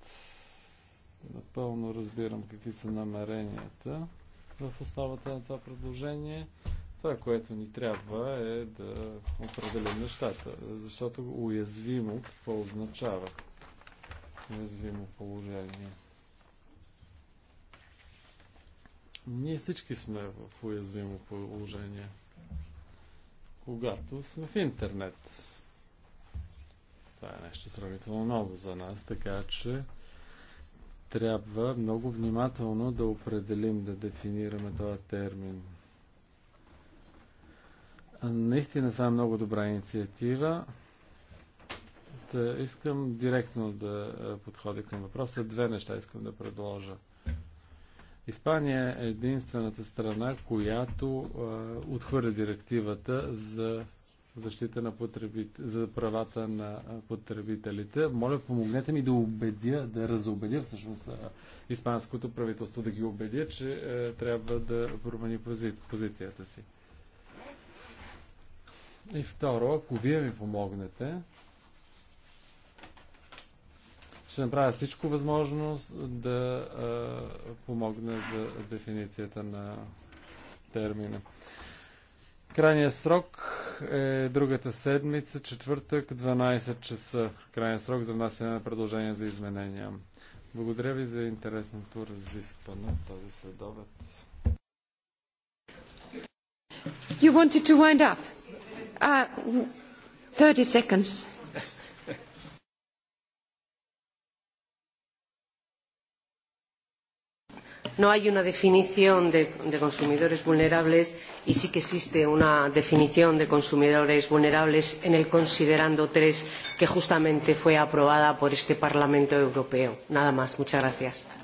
Напълно разбирам какви са намеренията в основата на това предложение. Това, което ни трябва е да определим нещата, защото уязвимо какво означава уязвимо положение. Ние всички сме в уязвимо положение когато сме в интернет. Това е нещо сравнително ново за нас, така че трябва много внимателно да определим, да дефинираме този термин. Наистина това е много добра инициатива. Да, искам директно да подходя към въпроса. Две неща искам да предложа. Испания е единствената страна, която а, отхвърля директивата за защита на потребите, за правата на потребителите. Моля, помогнете ми да убедя, да разобедя всъщност испанското правителство, да ги убедя, че е, трябва да промени пози, позицията си. И второ, ако вие ми помогнете, ще направя всичко възможно да а, помогна за дефиницията на термина. Крайният срок е другата седмица, четвъртък, 12 часа. Крайният срок за внасяне на предложения за изменения. Благодаря ви за интересното разискване този следобед. You wanted to wind up. Uh, 30 seconds. no hay una definición de, consumidores vulnerables y sí que existe una definición de consumidores vulnerables en el considerando tres que justamente fue aprobada por este Parlamento Europeo. Nada más. Muchas gracias.